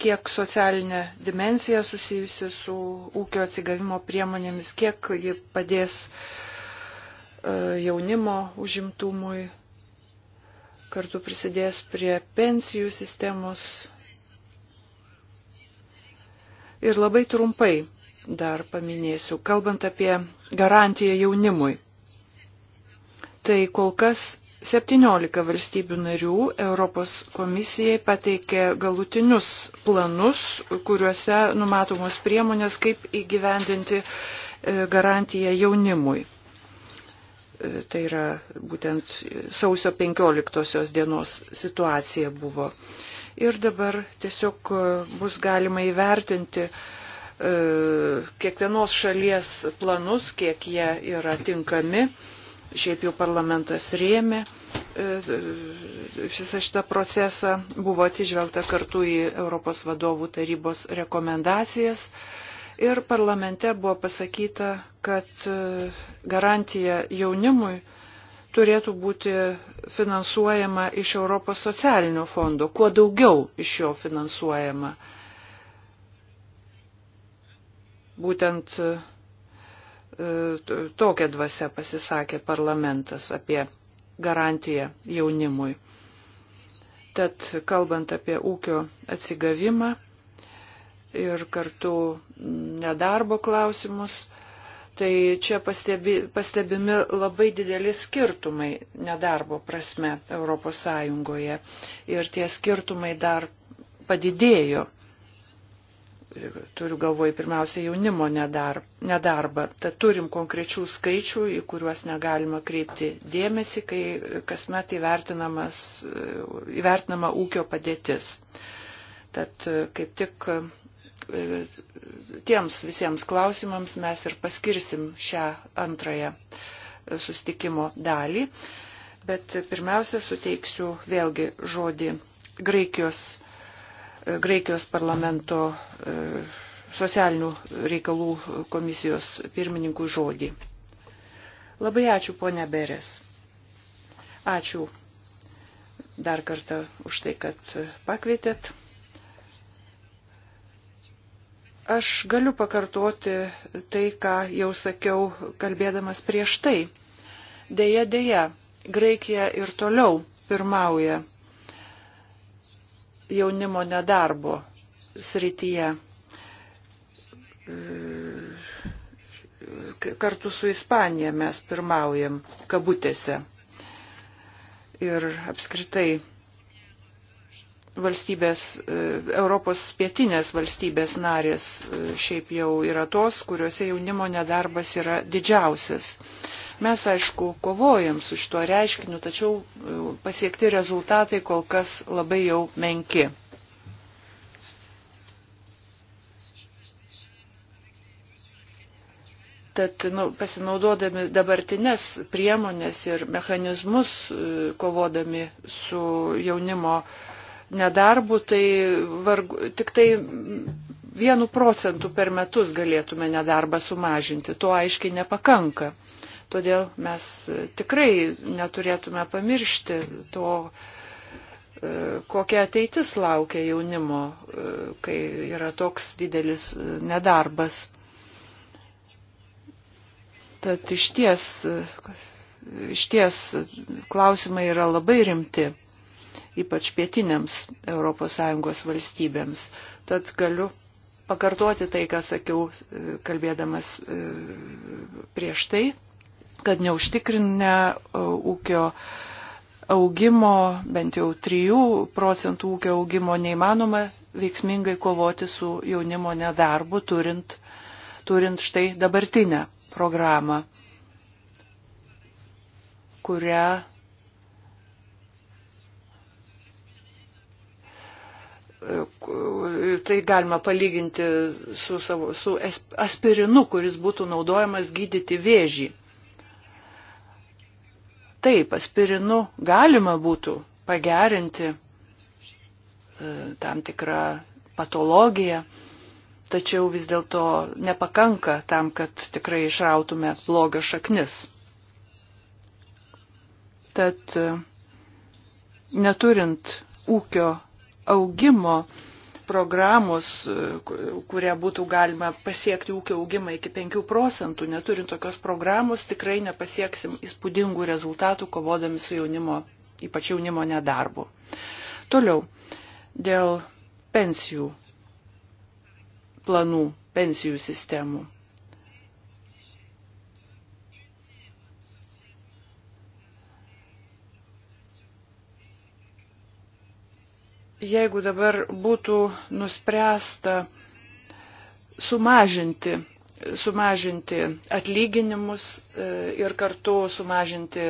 kiek socialinė dimensija susijusi su ūkio atsigavimo priemonėmis, kiek ji padės e, jaunimo užimtumui, kartu prisidės prie pensijų sistemos. Ir labai trumpai dar paminėsiu, kalbant apie garantiją jaunimui. Tai kol kas 17 valstybių narių Europos komisijai pateikė galutinius planus, kuriuose numatomos priemonės, kaip įgyvendinti e, garantiją jaunimui. E, tai yra būtent sausio 15 dienos situacija buvo. Ir dabar tiesiog e, bus galima įvertinti kiekvienos šalies planus, kiek jie yra tinkami Šiaip jau parlamentas rėmė e, visą šitą procesą, buvo atsižvelgta kartu į Europos vadovų tarybos rekomendacijas ir parlamente buvo pasakyta, kad e, garantija jaunimui turėtų būti finansuojama iš Europos socialinio fondo, kuo daugiau iš jo finansuojama. Būtent e, E, tokia dvasia pasisakė parlamentas apie garantiją jaunimui. Tad kalbant apie ūkio atsigavimą ir kartu nedarbo klausimus, tai čia pastebi, pastebimi labai dideli skirtumai nedarbo prasme ES ir tie skirtumai dar padidėjo turiu galvoj pirmiausia jaunimo nedarbą. Tad turim konkrečių skaičių, į kuriuos negalima kreipti dėmesį, kai kasmet įvertinama ūkio padėtis. Tad e, kaip tik e, tiems visiems klausimams mes ir paskirsim šią antrąją e, sustikimo dalį. Bet pirmiausia, suteiksiu vėlgi žodį Graikijos Graikijos parlamento e, socialinių reikalų komisijos pirmininkų žodį. Labai ačiū, ponia Beres. Ačiū dar kartą už tai, kad pakvietėt. Aš galiu pakartoti tai, ką jau sakiau, kalbėdamas prieš tai. Deja, deja, Graikija ir toliau pirmauja jaunimo nedarbo srityje kartu su Ispanija mes pirmaujam kabutėse. Ir apskritai valstybės, e, Europos pietinės valstybės narės e, šiaip jau yra tos, kuriuose jaunimo nedarbas yra didžiausias. Mes, aišku, kovojam su šituo reiškiniu, tačiau e, pasiekti rezultatai kol kas labai jau menki. Tad nu, pasinaudodami dabartinės priemonės ir mechanizmus e, kovodami su jaunimo nedarbu, tai vargu, tik tai vienu procentu per metus galėtume nedarbą sumažinti. To aiškiai nepakanka. Todėl mes e, tikrai neturėtume pamiršti to, e, kokia ateitis laukia jaunimo, e, kai yra toks didelis nedarbas. Tad iš ties, iš ties klausimai yra labai rimti, ypač pietinėms ES valstybėms. Tad galiu pakartoti tai, ką sakiau, kalbėdamas prieš tai, kad neužtikrinę e, ūkio augimo, bent jau 3 procentų ūkio augimo neįmanoma veiksmingai kovoti su jaunimo nedarbu, turint, turint štai dabartinę programą, kurią e, tai galima palyginti su, savo, su aspirinu, kuris būtų naudojamas gydyti vėžį taip, aspirinu galima būtų pagerinti e, tam tikrą patologiją, tačiau vis dėlto nepakanka tam, kad tikrai išrautume blogą šaknis. Tad e, neturint ūkio augimo, programos, e, kurią būtų galima pasiekti ūkio augimą iki 5 procentų. Neturint tokios programos tikrai nepasieksim įspūdingų rezultatų kovodami su jaunimo, ypač jaunimo nedarbu. Toliau, dėl pensijų planų, pensijų sistemų. jeigu dabar būtų nuspręsta sumažinti, sumažinti atlyginimus e, ir kartu sumažinti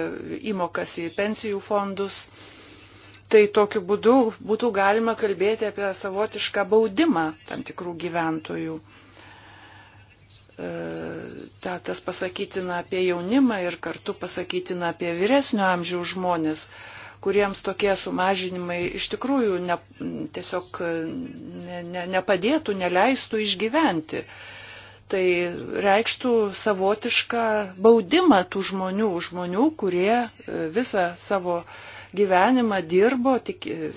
įmokas į pensijų fondus, tai tokiu būdu būtų galima kalbėti apie savotišką baudimą tam tikrų gyventojų. E, ta, tas pasakytina apie jaunimą ir kartu pasakytina apie vyresnio amžiaus žmonės, kuriems tokie sumažinimai iš tikrųjų ne, tiesiog ne, ne, nepadėtų, neleistų išgyventi. Tai reikštų savotišką baudimą tų žmonių, žmonių, kurie e, visą savo gyvenimą dirbo, tik, e,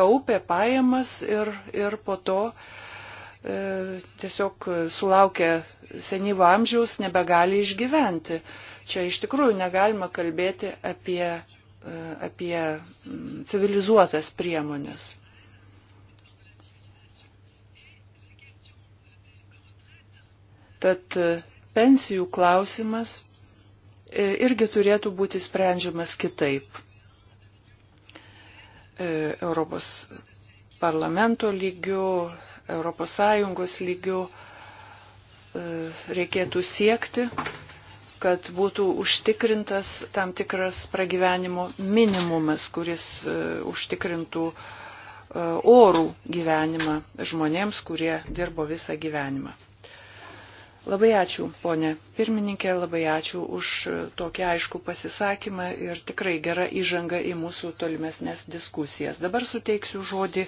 kaupė pajamas ir, ir po to e, tiesiog sulaukė senyvo amžiaus, nebegali išgyventi. Čia iš tikrųjų negalima kalbėti apie apie mm, civilizuotas priemonės. Tad e, pensijų klausimas e, irgi turėtų būti sprendžiamas kitaip. E, Europos parlamento lygių, Europos Sąjungos lygių reikėtų siekti, kad būtų užtikrintas tam tikras pragyvenimo minimumas, kuris e, užtikrintų e, orų gyvenimą žmonėms, kurie dirbo visą gyvenimą. Labai ačiū, ponė pirmininkė, labai ačiū už tokį aišku pasisakymą ir tikrai gera įžanga į mūsų tolimesnės diskusijas. Dabar suteiksiu žodį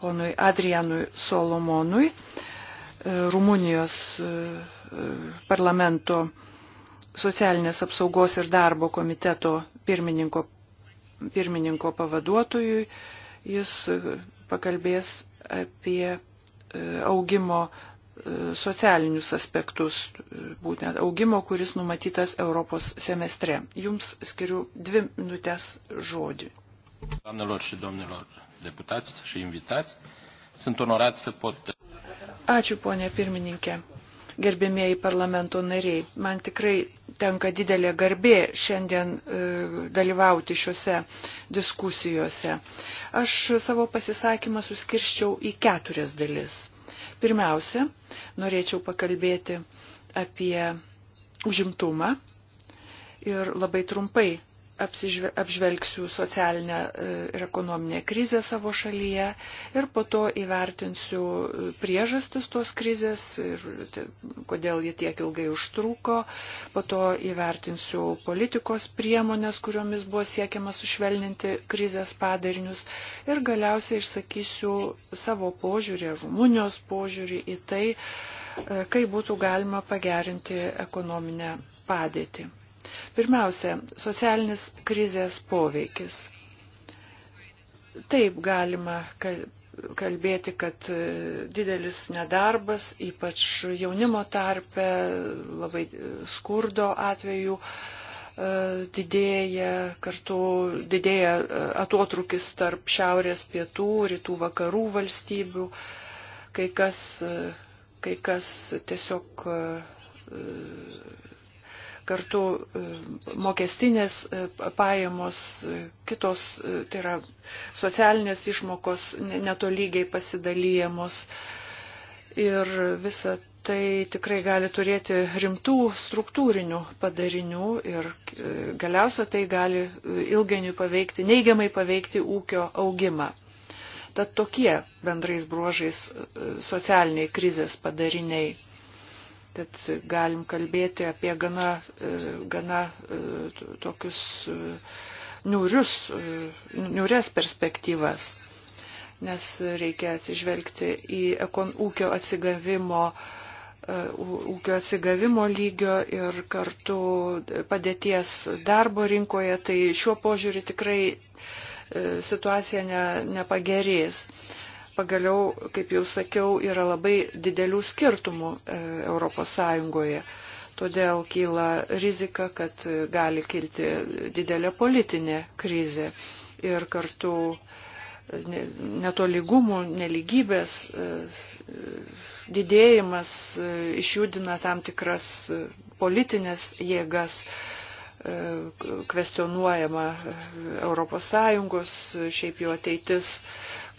ponui Adrianui Solomonui, e, Rumunijos parlamento socialinės apsaugos ir darbo komiteto pirmininko, pirmininko pavaduotojui. Jis e, pakalbės apie e, augimo e, socialinius aspektus, būtent augimo, kuris numatytas Europos semestre. Jums skiriu dvi minutės žodį. Doamnelor și domnilor deputați și invitați, sunt onorat să pot... Ačiū, ponė pirmininkė. Gerbėmieji parlamento nariai, man tikrai tenka didelė garbė šiandien e, dalyvauti šiuose diskusijose. Aš savo pasisakymą suskirščiau į keturias dalis. Pirmiausia, norėčiau pakalbėti apie užimtumą ir labai trumpai apžvelgsiu socialinę e, ir ekonominę krizę savo šalyje ir po to įvertinsiu e, priežastis tos krizės ir kodėl ji tiek ilgai užtruko, po to įvertinsiu politikos priemonės, kuriomis buvo siekiama sušvelninti krizės padarinius ir galiausiai išsakysiu savo požiūrį, Rumunijos požiūrį į tai, e, kaip būtų galima pagerinti ekonominę padėtį. Pirmiausia, socialinis krizės poveikis. Taip galima kalbėti, kad e, didelis nedarbas, ypač jaunimo tarpe, labai e, skurdo atveju e, didėja, kartu didėja atotrukis tarp šiaurės pietų, rytų vakarų valstybių, kai kas, kai kas tiesiog kartu e, mokestinės e, pajamos, e, kitos, tai yra socialinės išmokos netolygiai pasidalyjamos. Ir visa tai tikrai gali turėti rimtų struktūrinių padarinių ir galiausia tai gali ilgainiui paveikti, neigiamai paveikti ūkio augimą. Tad tokie bendrais bruožais socialiniai krizės padariniai. Tad galim kalbėti apie gana, e, gana e, tokius e, niūrius, niūres perspektyvas, nes reikia atsižvelgti į ekon, ūkio atsigavimo ūkio atsigavimo lygio ir kartu padėties darbo rinkoje, tai šiuo požiūriu tikrai situacija ne, nepagerės pagaliau, kaip jau sakiau, yra labai didelių skirtumų ES. Todėl kyla rizika, kad gali kilti didelė politinė krizė ir kartu e, netolygumų, neligybės e, didėjimas e, išjudina tam tikras politinės jėgas, kvestionuojama ES, šiaip jų ateitis,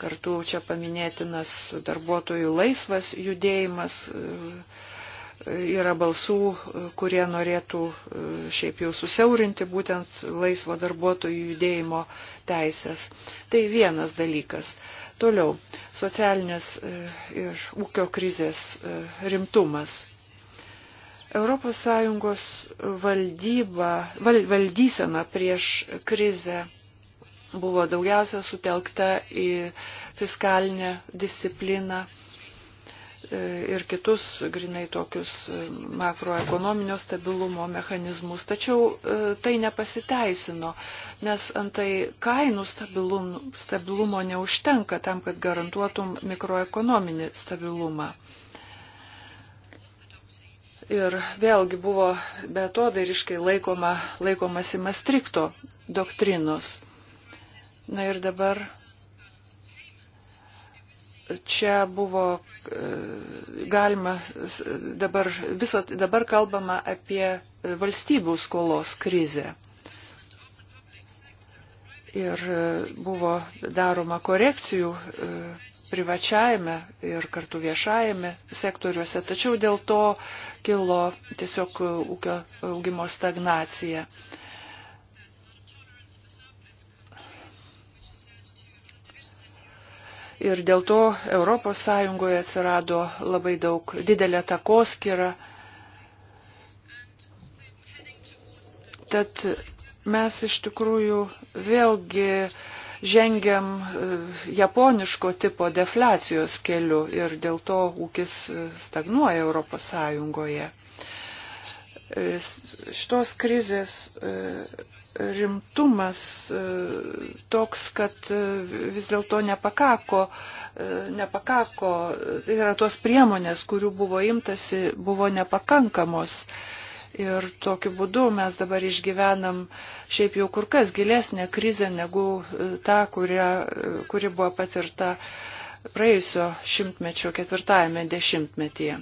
Kartu čia paminėtinas darbuotojų laisvas judėjimas. E, yra balsų, e, kurie norėtų e, šiaip jau susiaurinti būtent laisvo darbuotojų judėjimo teisės. Tai vienas dalykas. Toliau, socialinės ir ūkio krizės rimtumas. ES valdyba, val, valdysena prieš krizę buvo daugiausia sutelkta į fiskalinę discipliną e, ir kitus grinai tokius e, makroekonominio stabilumo mechanizmus. Tačiau e, tai nepasiteisino, nes antai kainų stabilum, stabilumo neužtenka tam, kad garantuotum mikroekonominį stabilumą. Ir vėlgi buvo betodairiškai laikoma, laikomasi Mastrikto doktrinos. Na ir dabar čia buvo e, galima, dabar, viso, dabar kalbama apie valstybių skolos krizę. Ir e, buvo daroma korekcijų e, privačiajame ir kartu viešajame sektoriuose, tačiau dėl to kilo tiesiog ūkio augimo stagnacija. Ir dėl to ES atsirado labai daug didelė takoskira. Tad mes iš tikrųjų vėlgi žengiam e, japoniško tipo defliacijos keliu ir dėl to ūkis stagnuoja Europos Sąjungoje šitos krizės e, rimtumas e, toks, kad e, vis dėlto nepakako, nepakako, tai yra tos priemonės, kurių buvo imtasi, buvo nepakankamos. Ir tokiu būdu mes dabar išgyvenam šiaip jau kur kas gilesnę krizę negu ta, kuria, kuri buvo patirta praėjusio šimtmečio ketvirtajame dešimtmetyje.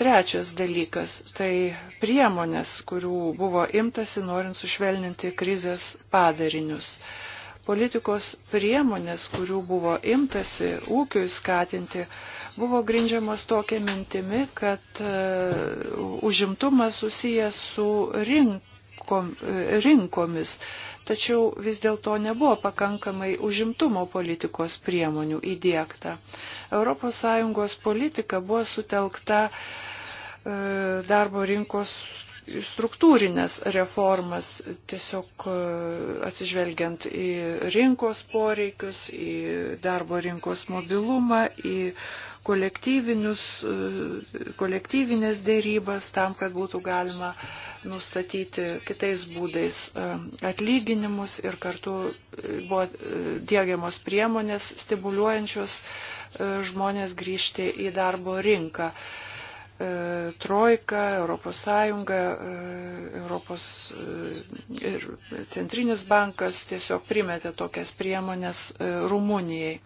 Trečias dalykas - tai priemonės, kurių buvo imtasi norint sušvelninti krizės padarinius. Politikos priemonės, kurių buvo imtasi ūkiui skatinti, buvo grindžiamos tokia mintimi, kad e, užimtumas susijęs su rink rinkomis, tačiau vis dėlto nebuvo pakankamai užimtumo politikos priemonių įdėkta. ES politika buvo sutelkta e, darbo rinkos struktūrinės reformas, tiesiog e, atsižvelgiant į rinkos poreikius, į darbo rinkos mobilumą, į e, kolektyvinės dėrybas tam, kad būtų galima nustatyti kitais būdais e, atlyginimus ir kartu buvo dėgiamos priemonės stimuliuojančios žmonės grįžti į darbo rinką. E, trojka, Europos Sąjunga, e, Europos e, ir Centrinis bankas tiesiog primetė tokias priemonės Rumunijai.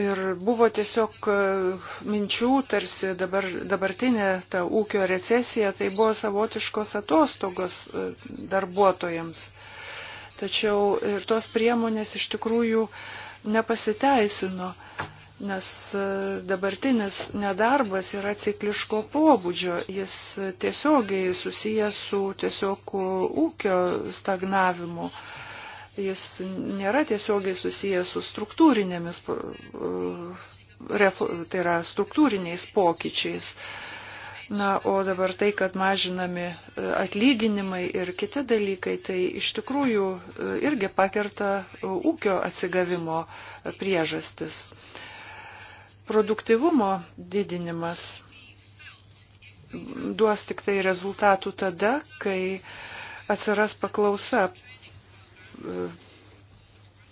Ir buvo tiesiog minčių, tarsi dabar, dabartinė ta ūkio recesija, tai buvo savotiškos atostogos darbuotojams. Tačiau ir tos priemonės iš tikrųjų uh, nepasiteisino, nes e, dabartinis nedarbas yra cikliško pobūdžio, jis tiesiogiai susijęs su tiesiog ūkio stagnavimu jis nėra tiesiogiai susijęs su struktūrinėmis, e, tai yra struktūriniais pokyčiais. Na, o dabar tai, kad mažinami e, atlyginimai ir kiti dalykai, tai iš tikrųjų e, irgi pakerta e, ūkio atsigavimo priežastis. Produktivumo didinimas duos tik tai rezultatų tada, kai atsiras paklausa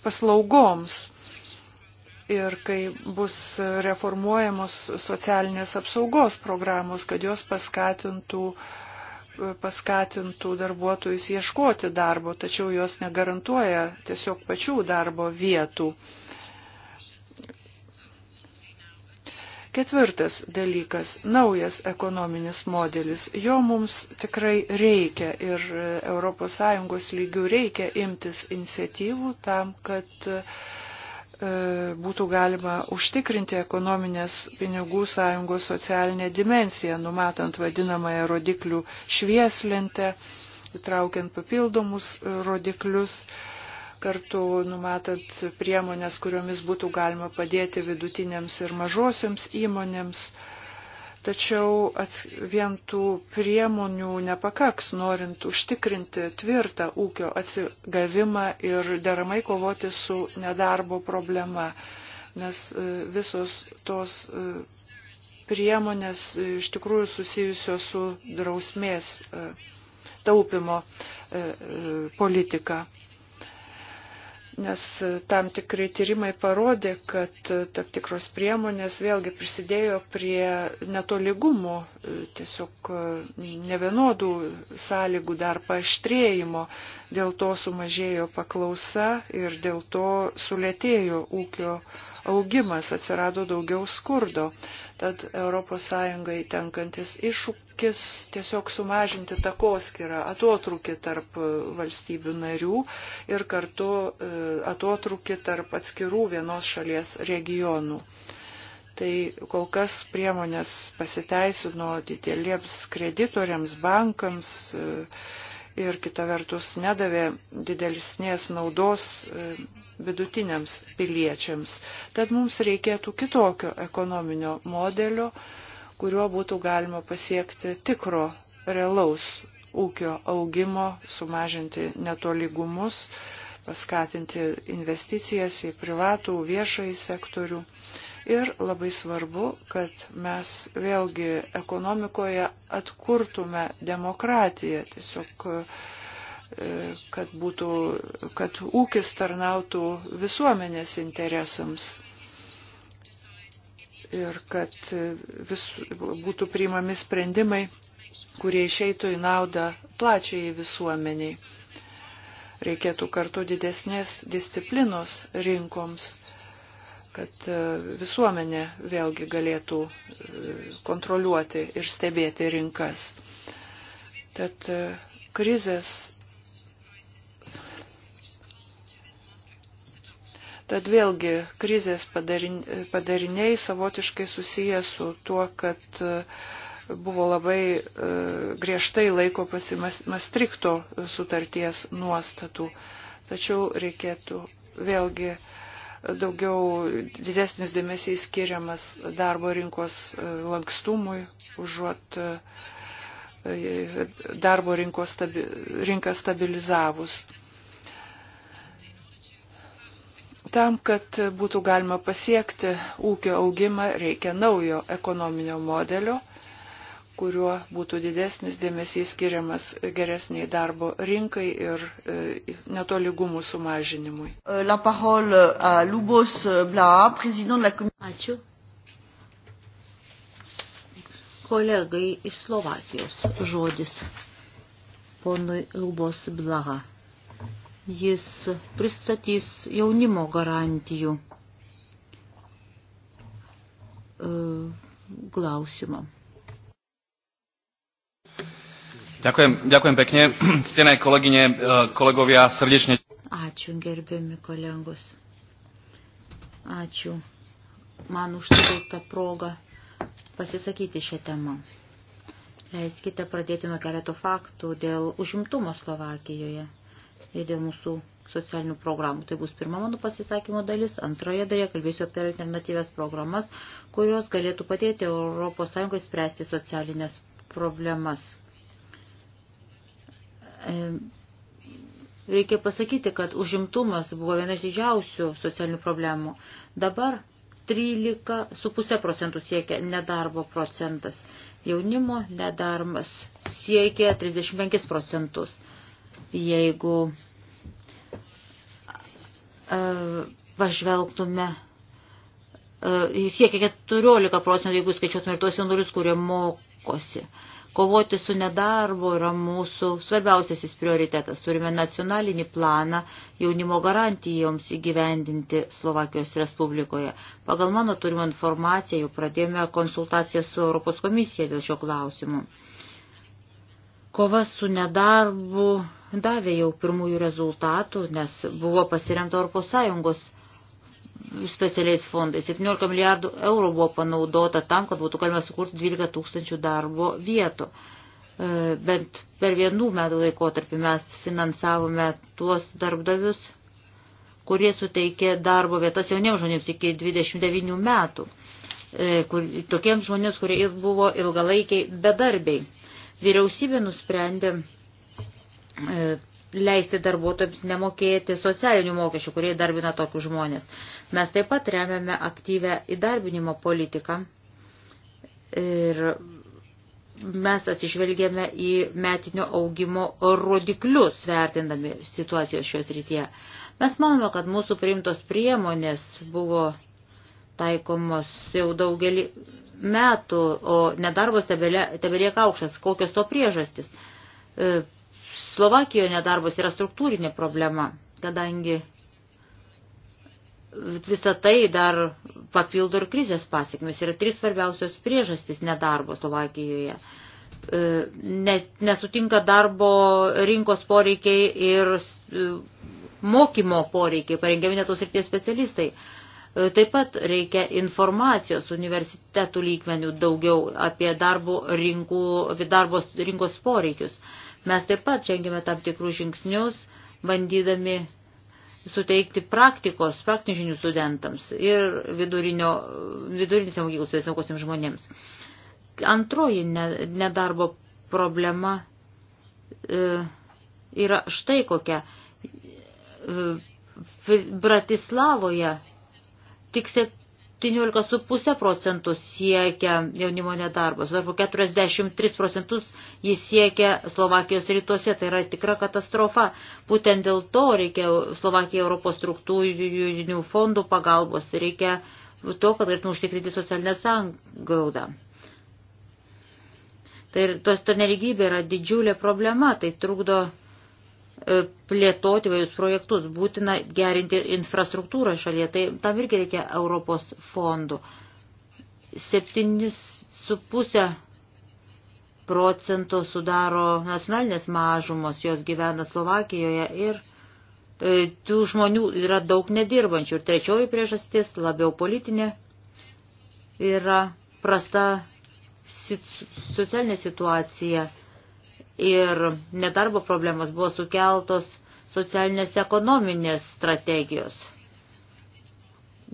paslaugoms ir kai bus reformuojamos socialinės apsaugos programos, kad jos paskatintų, paskatintų darbuotojus ieškoti darbo, tačiau jos negarantuoja tiesiog pačių darbo vietų. Ketvirtas dalykas - naujas ekonominis modelis. Jo mums tikrai reikia ir ES lygių reikia imtis iniciatyvų tam, kad uh, E, būtų galima užtikrinti ekonominės pinigų sąjungos socialinę dimensiją, numatant vadinamąją rodiklių švieslentę, įtraukiant papildomus rodiklius, kartu numatant priemonės, kuriomis būtų galima padėti vidutinėms ir mažosioms įmonėms. Uh, Tačiau vien tų priemonių nepakaks, norint užtikrinti tvirtą ūkio atsigavimą ir deramai kovoti su nedarbo problema, nes e, visos tos e, priemonės e, iš tikrųjų susijusios su drausmės taupimo politika nes e, tam tikrai tyrimai parodė, kad e, tam tikros priemonės vėlgi prisidėjo prie netoligumo, e, tiesiog nevienodų sąlygų dar paaštrėjimo, dėl to sumažėjo paklausa ir dėl to sulėtėjo ūkio augimas, atsirado daugiau skurdo. Tad ES tenkantis iššūkis tiesiog sumažinti takoskirą, atotrukį tarp e, valstybių narių ir kartu e, atotrukį tarp atskirų vienos šalies regionų. Tai kol kas priemonės pasiteisino dideliems kreditoriams, bankams, e, ir kita vertus nedavė didelisnės naudos e, vidutiniams piliečiams. Tad mums reikėtų kitokio ekonominio modelio, kuriuo būtų galima pasiekti tikro, realaus ūkio augimo, sumažinti netolygumus, paskatinti investicijas į privatų viešąjį sektorių. Ir labai svarbu, kad mes vėlgi ekonomikoje atkurtume demokratiją, tiesiog e, kad, būtų, kad ūkis tarnautų visuomenės interesams ir kad vis, būtų priimami sprendimai, kurie išeitų į naudą plačiai visuomeniai. Reikėtų kartu didesnės disciplinos rinkoms kad e, visuomenė vėlgi galėtų e, kontroliuoti ir stebėti rinkas. Tad e, krizės. Tad vėlgi krizės padariniai savotiškai susiję su tuo, kad buvo labai griežtai laikopasi Mastrikto sutarties nuostatų. Tačiau reikėtų vėlgi uh, daugiau didesnis dėmesys skiriamas darbo rinkos e, lankstumui, užuot e, darbo rinkos stabi, rinką stabilizavus. Tam, kad būtų galima pasiekti ūkio augimą, reikia naujo ekonominio modelio, kuriuo būtų didesnis dėmesys skiriamas geresniai darbo rinkai ir e, netoligumų sumažinimui. Euh, la parole à Lubos euh, Blaha, président de la Ačiū. Kolegai iš Slovakijos žodis ponui Lubos Blaha. Jis pristatys jaunimo garantijų e, klausimą. E, Ďakujem, ďakujem pekne. Ctené kolegyne, eh, kolegovia, srdečne. Ačiū, gerbiami kolegos. Ačiū. Man užtikėta proga pasisakyti šią temą. Leiskite pradėti nuo keletų faktų dėl užimtumo Slovakijoje ir dėl mūsų socialinių programų. Tai bus pirma mano pasisakymo dalis. Antroje dalyje kalbėsiu apie alternatyvias programas, kurios galėtų padėti ES spręsti socialinės problemas. E, reikia pasakyti, kad užimtumas buvo viena iš didžiausių socialinių problemų. Dabar 13,5 procentų siekia nedarbo procentas. Jaunimo nedarbas siekia 35 procentus. Jeigu e, pažvelgtume, e, jis siekia 14 procentų, jeigu skaičiuotume ir tuos jaunuolius, kurie mokosi. E, Kovoti su nedarbu yra mūsų svarbiausiasis prioritetas. Turime nacionalinį planą jaunimo garantijoms įgyvendinti Slovakijos Respublikoje. Pagal mano turimą informaciją jau pradėjome konsultaciją su Europos komisija dėl šio klausimų. Kova su nedarbu davė jau pirmųjų rezultatų, nes buvo pasiremta Europos Sąjungos specialiais fondais. 17 milijardų eurų buvo panaudota tam, kad būtų galima sukurti 12 tūkstančių darbo vietų. E, Bet per vienų metų laikotarpį mes finansavome tuos darbdavius, kurie suteikė darbo vietas jauniems žmonėms iki 29 metų. E, kur, tokiems žmonėms, kurie ir buvo ilgalaikiai bedarbiai. Vyriausybė nusprendė e, leisti darbuotojams nemokėti socialinių mokesčių, kurie įdarbina tokius žmonės. Mes taip pat remiame aktyvę įdarbinimo politiką ir mes atsižvelgėme į metinio augimo rodiklius, vertindami situacijos šios rytyje. Mes manome, kad mūsų priimtos priemonės buvo taikomos jau daugelį metų, o nedarbas tebelieka aukštas. Kokios to priežastis? E, Slovakijoje nedarbas yra struktūrinė problema, kadangi visą tai dar papildo ir krizės pasiekmes. Yra trys svarbiausios priežastys nedarbo Slovakijoje. E, nesutinka darbo rinkos poreikiai ir e, mokymo poreikiai, parengiami netos ryties specialistai. E, taip pat reikia informacijos universitetų lygmenių daugiau apie darbo, rinkų, apie darbo rinkos poreikius. Mes taip pat žengėme tam tikrus žingsnius, bandydami suteikti praktikos, praktinių žinių studentams ir vidurinio, vidurinėse mokyklose vėsiaukosiems žmonėms. Antroji nedarbo problema e, yra štai kokia. E, Bratislavoje tik 17,5 procentų siekia jaunimo nedarbas, arba 43 procentus jis siekia Slovakijos rytuose, tai yra tikra katastrofa. Būtent dėl to reikia Slovakijai Europos struktūrinių fondų pagalbos, reikia to, kad galėtume užtikrinti socialinę sanglaudą. Tai tos ta neligybė yra didžiulė problema, tai trukdo E, plėtoti vairius projektus, būtina gerinti infrastruktūrą šalyje, tai tam irgi reikia Europos fondų. 7,5 procentų sudaro nacionalinės mažumos, jos gyvena Slovakijoje ir e, tų žmonių yra daug nedirbančių. Ir trečioji priežastis, labiau politinė, yra prasta socialinė situacija ir nedarbo problemas buvo sukeltos socialinės ekonominės strategijos.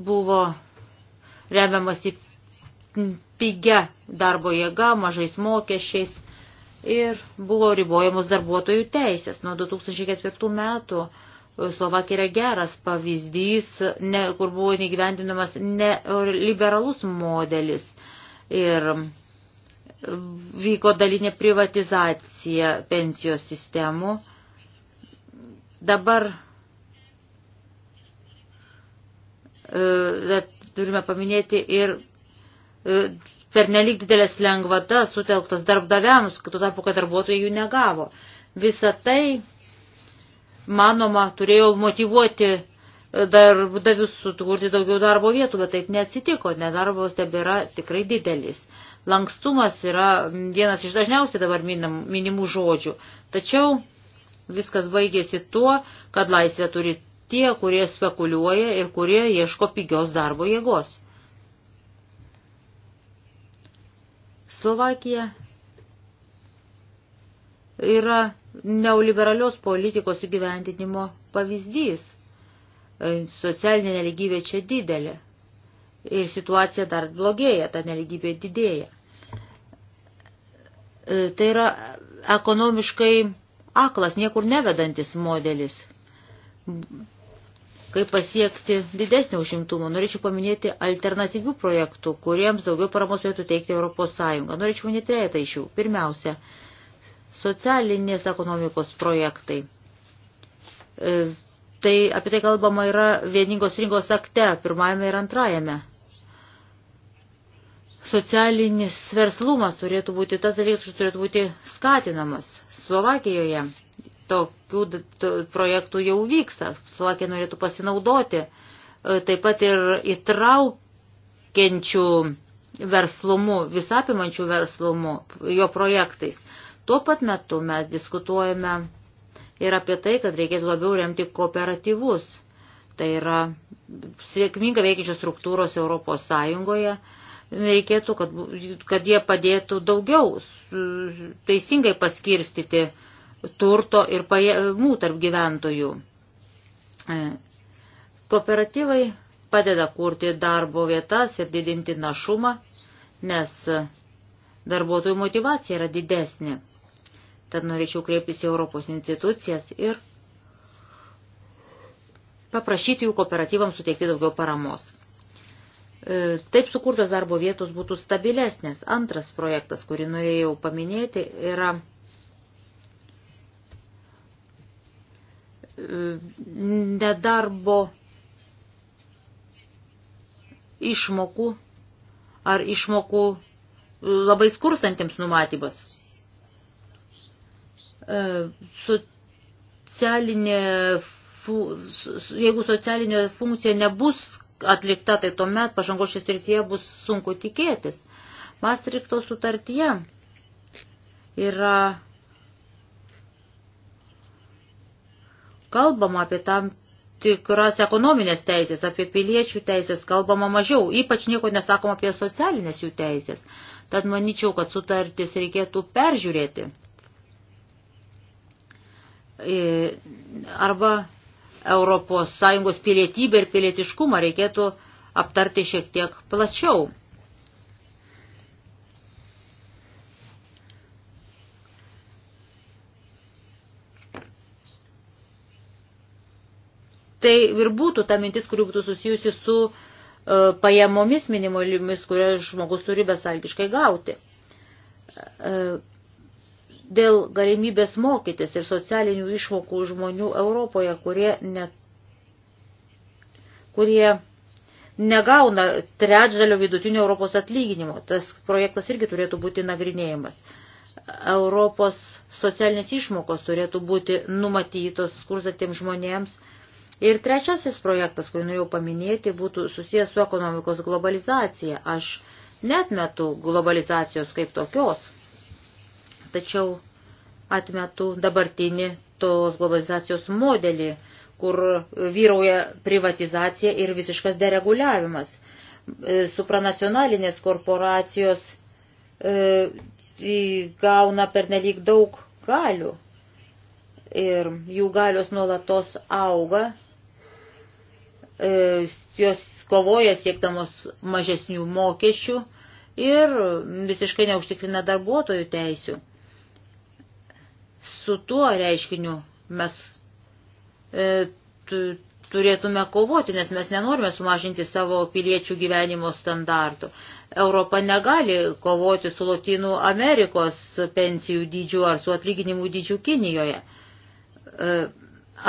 Buvo remiamasi pigia darbo jėga, mažais mokesčiais ir buvo ribojamos darbuotojų teisės. Nuo 2004 metų Slovakija yra geras pavyzdys, ne, kur buvo negyvendinamas neoliberalus modelis. Ir vyko dalinė privatizacija pensijos sistemų. Dabar e, turime paminėti ir e, per nelik didelės lengvatas sutelktas darbdaviams, tuo tarpu, kad darbuotojai jų negavo. Visa tai, manoma, turėjo motivuoti e, darbdavius sukurti daugiau darbo vietų, bet taip neatsitiko, nedarbos tebėra tikrai didelis. Lankstumas yra vienas iš dažniausiai dabar minam, minimų žodžių. Tačiau viskas baigėsi tuo, kad laisvę turi tie, kurie spekuliuoja ir kurie ieško pigios darbo jėgos. Slovakija yra neoliberalios politikos įgyvendinimo pavyzdys. Socialinė neligybė čia didelė ir situacija dar blogėja, ta neligybė didėja. E, tai yra ekonomiškai aklas, niekur nevedantis modelis. Kaip pasiekti didesnį užimtumą, norėčiau paminėti alternatyvių projektų, kuriems daugiau paramos turėtų teikti Europos Sąjunga. Norėčiau minėti trejata iš jų. Pirmiausia, socialinės ekonomikos projektai. E, tai apie tai kalbama yra vieningos rinkos akte, pirmajame ir antrajame Socialinis verslumas turėtų būti tas dalykas, kuris turėtų būti skatinamas. Slovakijoje tokių projektų jau vyksta. Slovakija norėtų pasinaudoti e, taip pat ir įtraukiančių verslumų, visapimančių verslumų, jo projektais. Tuo pat metu mes diskutuojame ir apie tai, kad reikėtų labiau remti kooperatyvus. Tai yra sėkminga veikiančios struktūros Europos Sąjungoje, reikėtų, kad, kad jie padėtų daugiau teisingai paskirstyti turto ir pajamų tarp gyventojų. E, kooperatyvai padeda kurti darbo vietas ir didinti našumą, nes darbuotojų motivacija yra didesnė. Tad norėčiau kreiptis į Europos institucijas ir paprašyti jų kooperatyvams suteikti daugiau paramos. E, taip sukurtos darbo vietos būtų stabilesnės. Antras projektas, kurį norėjau paminėti, yra e, nedarbo išmokų ar išmokų labai skursantiems numatybas. E, socialinė, jeigu socialinė funkcija nebus atlikta, tai tuomet pažangos šis rytyje bus sunku tikėtis. Mastrikto sutartyje yra kalbama apie tam tikras ekonominės teisės, apie piliečių teisės kalbama mažiau, ypač nieko nesakoma apie socialinės jų teisės. Tad manyčiau, kad sutartis reikėtų peržiūrėti. E, arba ES pilietybę ir pilietiškumą reikėtų aptarti šiek tiek plačiau. Tai ir būtų ta mintis, kuri būtų susijusi su e, pajamomis minimaliomis, kurias žmogus turi besalgiškai gauti. E, dėl galimybės mokytis ir socialinių išmokų žmonių Europoje, kurie, ne, kurie negauna trečdalio vidutinio Europos atlyginimo. Tas projektas irgi turėtų būti nagrinėjimas. Europos socialinės išmokos turėtų būti numatytos skursatiems žmonėms. Ir trečiasis projektas, kurį norėjau paminėti, būtų susijęs su ekonomikos globalizacija. Aš netmetu globalizacijos kaip tokios tačiau atmetu dabartinį tos globalizacijos modelį, kur vyrauja privatizacija ir visiškas dereguliavimas. E, supranacionalinės korporacijos e, gauna pernelyg daug galių ir jų galios nuolatos auga, e, jos kovoja siektamos mažesnių mokesčių ir visiškai neužtikrina darbuotojų teisių su tuo reiškiniu mes e, turėtume kovoti, nes mes nenorime sumažinti savo piliečių gyvenimo standartų. Europa negali kovoti su Latinų Amerikos pensijų dydžiu ar su atlyginimų dydžiu Kinijoje. E,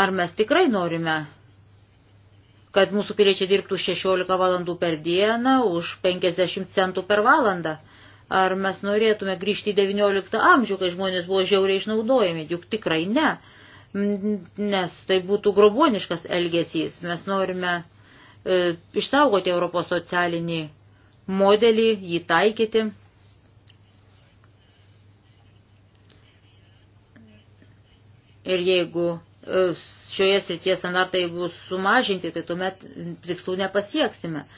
ar mes tikrai norime, kad mūsų piliečiai dirbtų 16 valandų per dieną už 50 centų per valandą? Ar mes norėtume grįžti į XIX amžių, kai žmonės buvo žiauriai išnaudojami? Juk tikrai ne, nes tai būtų groboniškas elgesys. Mes norime e, išsaugoti Europos socialinį modelį, jį taikyti. Ir jeigu e, šioje srityje standartai bus sumažinti, tai tuomet tikslų nepasieksime.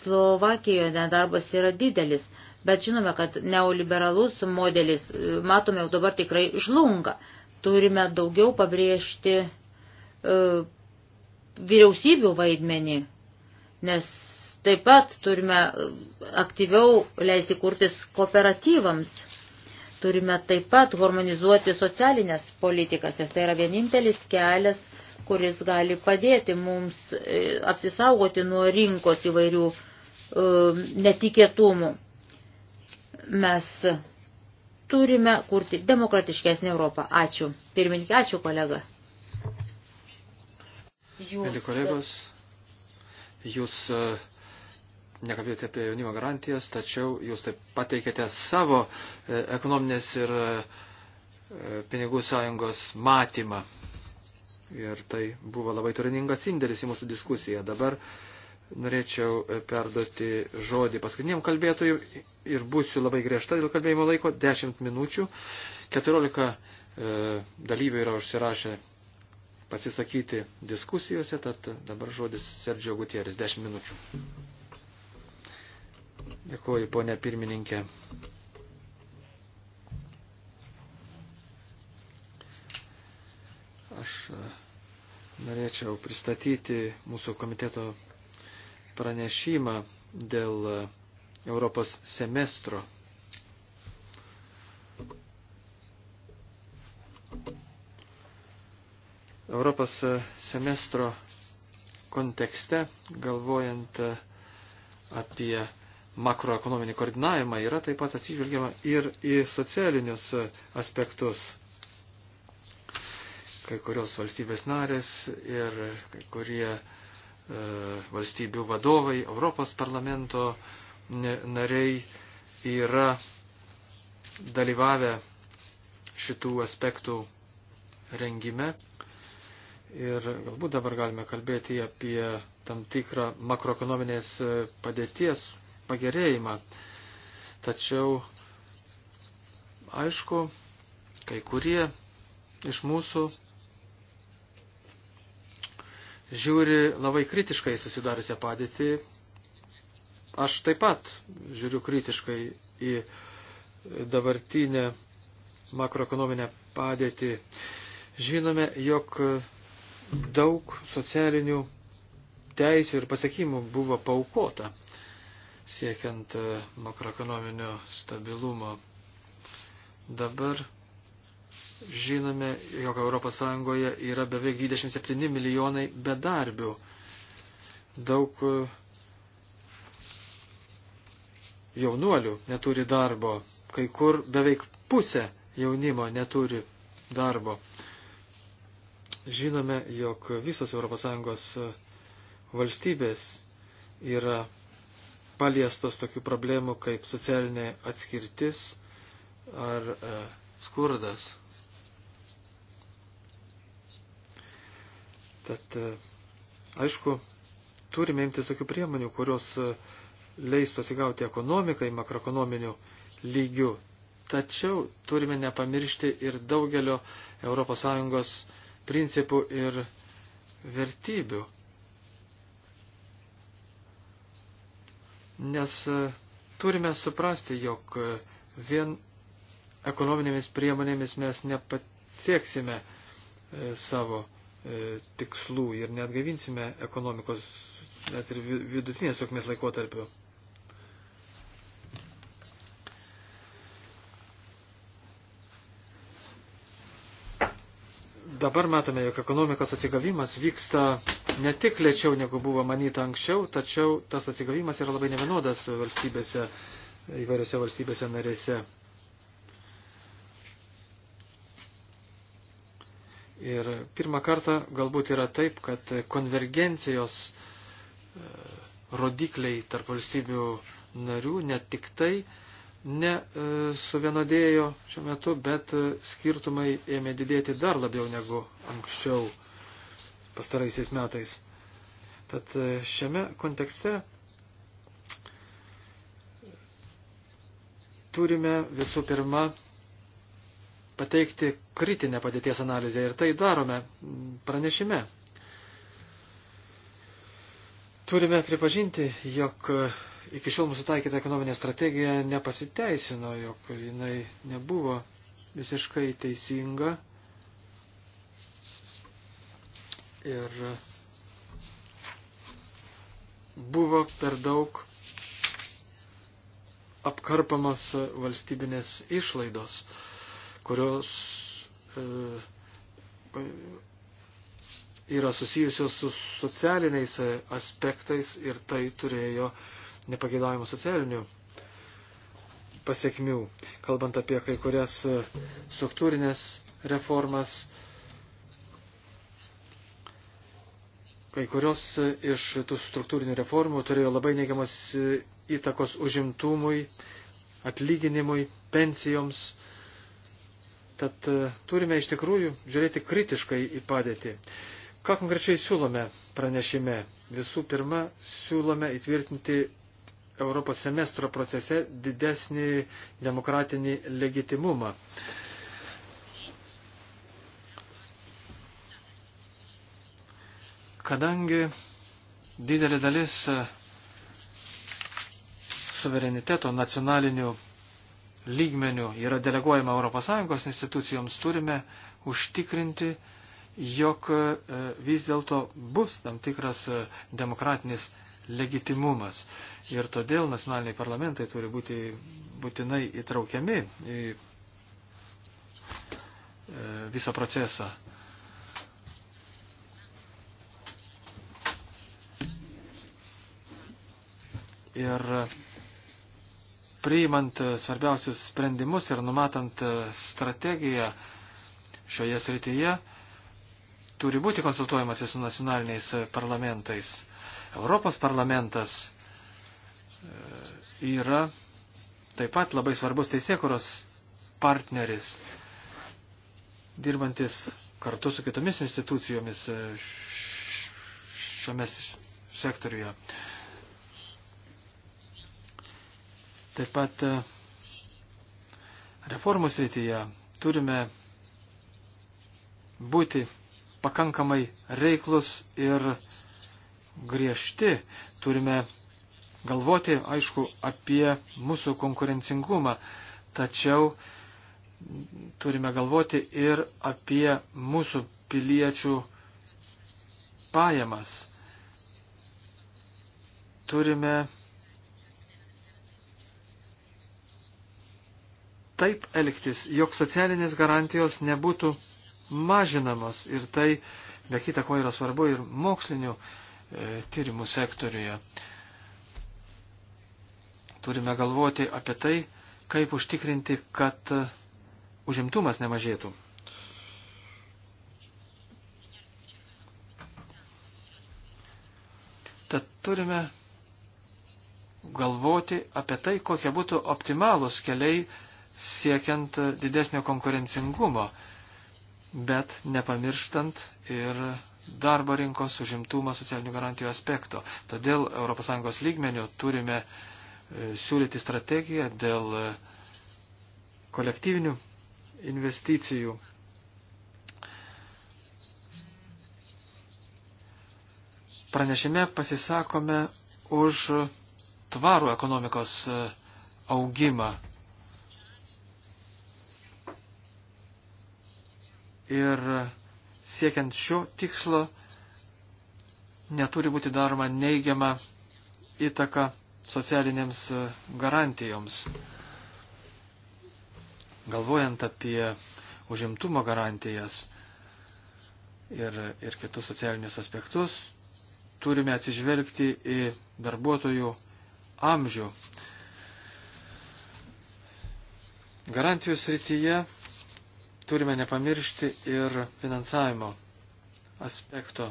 Slovakijoje nedarbas yra didelis. Bet žinome, kad neoliberalus modelis, e, matome, jau dabar tikrai žlunga. Turime daugiau pabrėžti e, vyriausybių vaidmenį, nes taip pat turime aktyviau leisti kurtis kooperatyvams. Turime taip pat harmonizuoti socialinės politikas, nes tai yra vienintelis kelias, kuris gali padėti mums e, apsisaugoti nuo rinkos įvairių e, netikėtumų. Mes turime kurti demokratiškesnį Europą. Ačiū. Pirmininkė, ačiū kolega. Jūs... Mėly kolegos, jūs e, nekalbėjote apie jaunimo garantijas, tačiau jūs taip pateikėte savo e, ekonominės ir e, pinigų sąjungos matymą. Ir tai buvo labai turiningas indėlis į mūsų diskusiją. Dabar norėčiau perduoti žodį paskutiniam kalbėtojui ir būsiu labai griežta dėl kalbėjimo laiko, 10 minučių, 14 e, dalyvių yra užsirašę pasisakyti diskusijose, tad dabar žodis Sergio Gutieris, 10 minučių. Dėkuoju, ponė pirmininkė. Aš e, norėčiau pristatyti mūsų komiteto pranešimą dėl Europos semestro. Europos semestro kontekste, galvojant apie makroekonominį koordinavimą, yra taip pat atsižvelgiama ir į socialinius aspektus. Kai kurios valstybės narės ir kai kurie uh, E, valstybių vadovai, Europos parlamento nariai yra dalyvavę šitų aspektų rengime. Ir galbūt dabar galime kalbėti apie tam tikrą makroekonominės e, padėties pagerėjimą. Tačiau, aišku, kai kurie iš mūsų žiūri labai kritiškai susidariusią padėtį. Aš taip pat žiūriu kritiškai į dabartinę makroekonominę padėtį. Žinome, jog daug socialinių teisių ir pasiekimų buvo paukota siekiant makroekonominio stabilumo. Dabar žinome, jog ES yra beveik 27 milijonai bedarbių. Daug e, jaunuolių neturi darbo, kai kur beveik pusė jaunimo neturi darbo. Žinome, jog visos ES e, valstybės yra paliestos tokių problemų kaip socialinė atskirtis ar e, skurdas. Tad e, aišku, turime imtis tokių priemonių, kurios e, leistų atsigauti ekonomikai makroekonominių lygių. Tačiau turime nepamiršti ir daugelio ES principų ir vertybių. Nes e, turime suprasti, jog vien ekonominėmis priemonėmis mes nepasieksime savo E, tikslų ir neatgaivinsime ekonomikos net ir vidutinės sėkmės laikotarpiu. Dabar matome, jog ekonomikos atsigavimas vyksta ne tik lėčiau, negu buvo manyta anksčiau, tačiau tas atsigavimas yra labai nevienodas valstybėse, įvairiose valstybėse narėse. Ir pirmą kartą galbūt yra taip, kad konvergencijos e, rodikliai tarp valstybių narių ne tik tai ne e, suvienodėjo šiuo metu, bet e, skirtumai ėmė didėti dar labiau negu anksčiau pastaraisiais metais. Tad šiame kontekste turime visų pirma pateikti kritinę padėties analizę ir tai darome pranešime. Turime pripažinti, jog iki šiol mūsų taikyta ekonominė strategija nepasiteisino, jog jinai nebuvo visiškai teisinga. Ir buvo per daug apkarpamos valstybinės išlaidos kurios e, yra susijusios su socialiniais e, aspektais ir tai turėjo nepagėdavimų socialinių pasiekmių. Kalbant apie kai kurias e, struktūrinės reformas, kai kurios iš tų struktūrinių reformų turėjo labai neigiamas įtakos užimtumui, atlyginimui, pensijoms Tad e, turime iš tikrųjų žiūrėti kritiškai į padėtį. Ką konkrečiai siūlome pranešime? Visų pirma, siūlome įtvirtinti Europos semestro procese didesnį demokratinį legitimumą. Kadangi didelė dalis e, suvereniteto nacionalinių lygmenių yra deleguojama ES institucijoms, turime užtikrinti, jog e, vis dėlto bus tam tikras e, demokratinis legitimumas. Ir todėl nacionaliniai parlamentai turi būti būtinai įtraukiami į e, visą procesą. Ir priimant e, svarbiausius sprendimus ir numatant e, strategiją šioje srityje, turi būti konsultuojamasi su nacionaliniais e, parlamentais. Europos parlamentas yra taip pat labai svarbus teisėkuros partneris, dirbantis kartu su kitomis institucijomis šiame sektoriuje. Taip pat e, reformų srityje turime būti pakankamai reiklus ir griežti. Turime galvoti, aišku, apie mūsų konkurencingumą, tačiau turime galvoti ir apie mūsų piliečių pajamas. Turime taip elgtis, jog socialinės garantijos nebūtų mažinamos ir tai be kita ko yra svarbu ir mokslinių e, tyrimų sektoriuje. Turime galvoti apie tai, kaip užtikrinti, kad e, užimtumas nemažėtų. Tad turime galvoti apie tai, kokie būtų optimalūs keliai siekiant didesnio konkurencingumo, bet nepamirštant ir darbo rinkos užimtumo socialinių garantijų aspekto. Todėl ES lygmenių turime e, siūlyti strategiją dėl e, kolektyvinių investicijų. Pranešime pasisakome už tvarų ekonomikos e, augimą Ir siekiant šio tikslo neturi būti daroma neigiama įtaka socialinėms e, garantijoms. Galvojant apie užimtumo garantijas ir, ir kitus socialinius aspektus, turime atsižvelgti į darbuotojų amžių. Garantijų srityje turime nepamiršti ir finansavimo aspekto.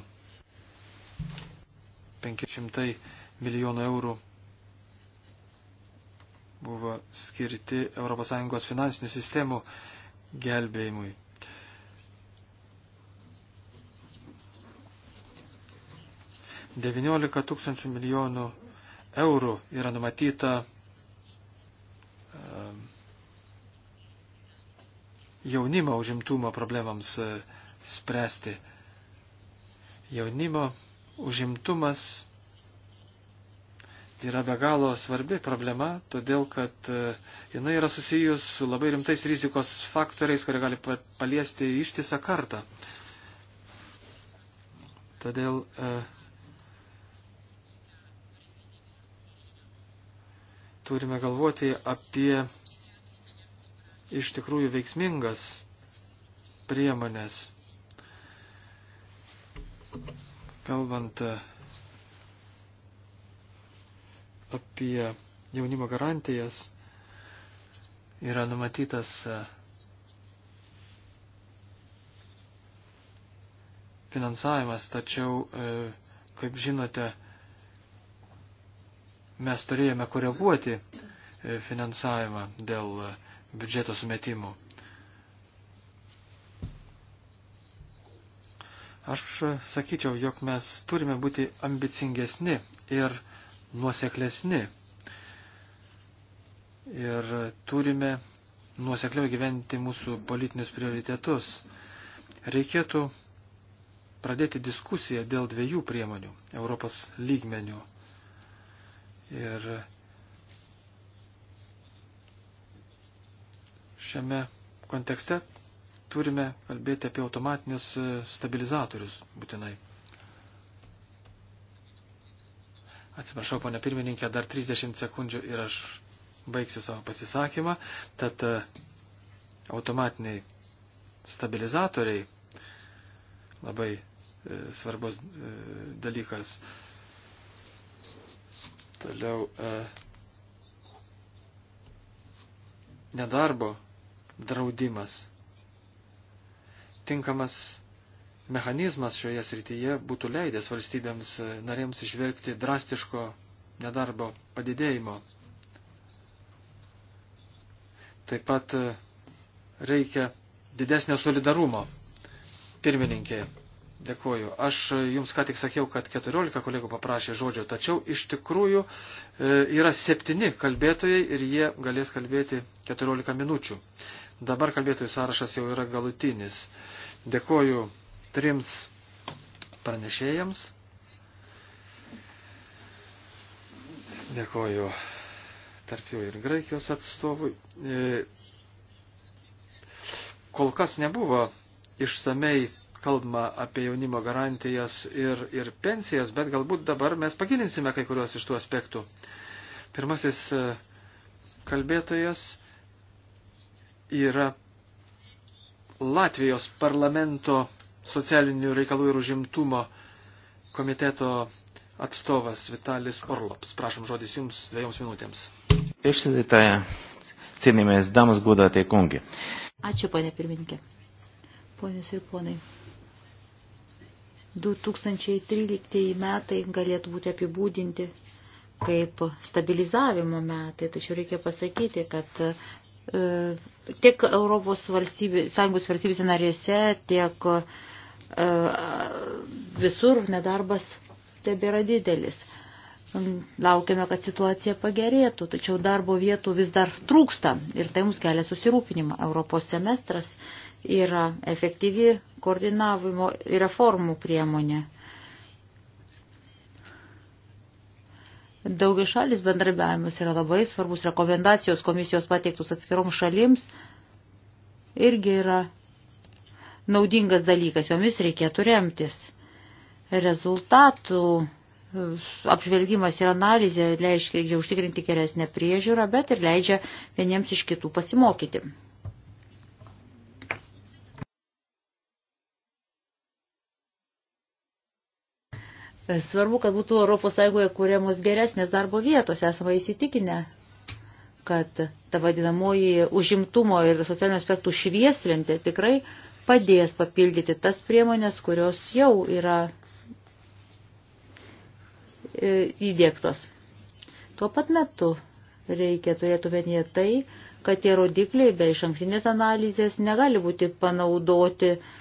500 milijonų eurų buvo skirti ES finansinių sistemų gelbėjimui. Devyniolika tūkstančių milijonų eurų yra numatyta jaunimo užimtumo problemams e, spręsti. Jaunimo užimtumas yra be galo svarbi problema, todėl kad e, jinai yra susijus su labai rimtais rizikos faktoriais, kurie gali paliesti ištisą kartą. Todėl e, turime galvoti apie iš tikrųjų veiksmingas priemonės. Kalbant apie jaunimo garantijas, yra numatytas e, finansavimas, tačiau, e, kaip žinote, mes turėjome koreguoti e, finansavimą dėl biudžeto sumetimų. Aš sakyčiau, jog mes turime būti ambicingesni ir nuoseklesni. Ir turime nuosekliau gyventi mūsų politinius prioritetus. Reikėtų pradėti diskusiją dėl dviejų priemonių Europos lygmenių. Ir šiame kontekste turime kalbėti apie automatinius e, stabilizatorius būtinai. Atsiprašau, ponia pirmininkė, dar 30 sekundžių ir aš baigsiu savo pasisakymą. Tad e, automatiniai stabilizatoriai labai e, svarbus dalykas. Toliau nedarbo draudimas. Tinkamas mechanizmas šioje srityje būtų leidęs valstybėms e, narėms išvelgti drastiško nedarbo padidėjimo. Taip pat e, reikia didesnio solidarumo. Pirmininkė, dėkuoju. Aš e, jums ką tik sakiau, kad 14 kolegų paprašė žodžio, tačiau iš tikrųjų yra septyni kalbėtojai ir jie galės kalbėti 14 minučių. Dabar kalbėtojų sąrašas jau yra galutinis. Dėkoju trims pranešėjams. Dėkoju tarp jų ir Graikijos atstovui. E, kol kas nebuvo išsamei kalbama apie jaunimo garantijas ir, ir pensijas, bet galbūt dabar mes pagilinsime kai kuriuos iš tų aspektų. Pirmasis e, kalbėtojas yra Latvijos parlamento socialinių reikalų ir užimtumo komiteto atstovas Vitalis Orlops. Prašom žodis jums dviejoms minutėms. Išsidėtaja, cienimės damas gudatė kungi. Ačiū, ponė pirmininkė. Ponius ir ponai. 2013 metai galėtų būti apibūdinti kaip stabilizavimo metai, tačiau reikia pasakyti, kad E, tiek Europos valstybė, Sąjungos valstybėse narėse, tiek e, visur nedarbas tebėra didelis. Laukiame, kad situacija pagerėtų, tačiau darbo vietų vis dar trūksta ir tai mums kelia susirūpinimą. Europos semestras yra efektyvi koordinavimo ir reformų priemonė. Daugia šalis bendrabiavimas yra labai svarbus, rekomendacijos komisijos pateiktus atskiroms šalims irgi yra naudingas dalykas, jomis reikėtų remtis. Rezultatų e, apžvelgimas ir analizė leidžia užtikrinti geresnę priežiūrą, bet ir leidžia vieniems iš kitų pasimokyti. E, svarbu, kad būtų ES kūriamos geresnės darbo vietos, esame įsitikinę, kad ta vadinamoji užimtumo ir socialinio aspektų švieslentė tikrai padės papildyti tas priemonės, kurios jau yra e, įdėktos. Tuo pat metu reikia turėti vienyje tai, kad tie rodikliai be iš ankstinės analizės negali būti panaudoti uh,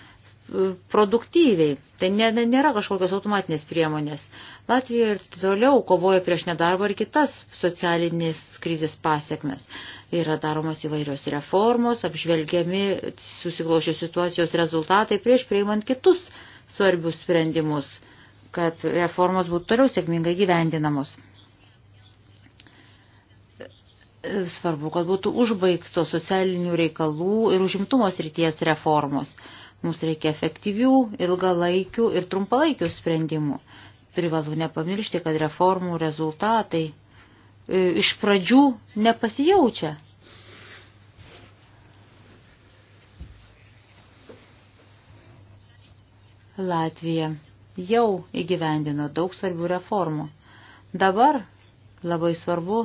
produktyviai. Tai nėra kažkokios automatinės priemonės. Latvija ir toliau kovoja prieš nedarbą ir kitas socialinės krizės pasiekmes. Yra daromos įvairios reformos, apžvelgiami susiklošio situacijos rezultatai prieš priimant kitus svarbius sprendimus, kad reformos būtų toliau sėkmingai gyvendinamos. Svarbu, kad būtų užbaigtos socialinių reikalų ir užimtumos ryties reformos Mums reikia efektyvių, ilgalaikių ir trumpalaikių sprendimų. Privalu nepamiršti, kad reformų rezultatai e, iš pradžių nepasijaučia. Latvija jau įgyvendino daug svarbių reformų. Dabar labai svarbu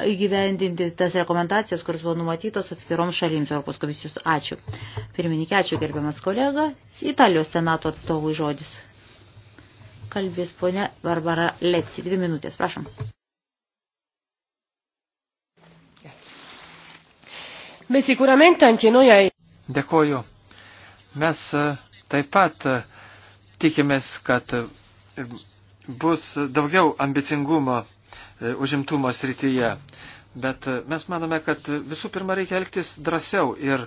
įgyvendinti tas rekomendacijas, kuris buvo numatytos atskiroms šalims Europos komisijos. Ačiū. Pirmininkė, ačiū gerbiamas kolega. Italijos senato atstovų žodis. Kalbės ponia Barbara Leci. Dvi minutės, prašom. Mes sicuramente anche noi ai... Dėkoju. Mes e, taip pat e, tikimės, kad e, bus daugiau ambicingumo E, užimtumo srityje. Bet e, mes manome, kad visų pirma reikia elgtis drąsiau ir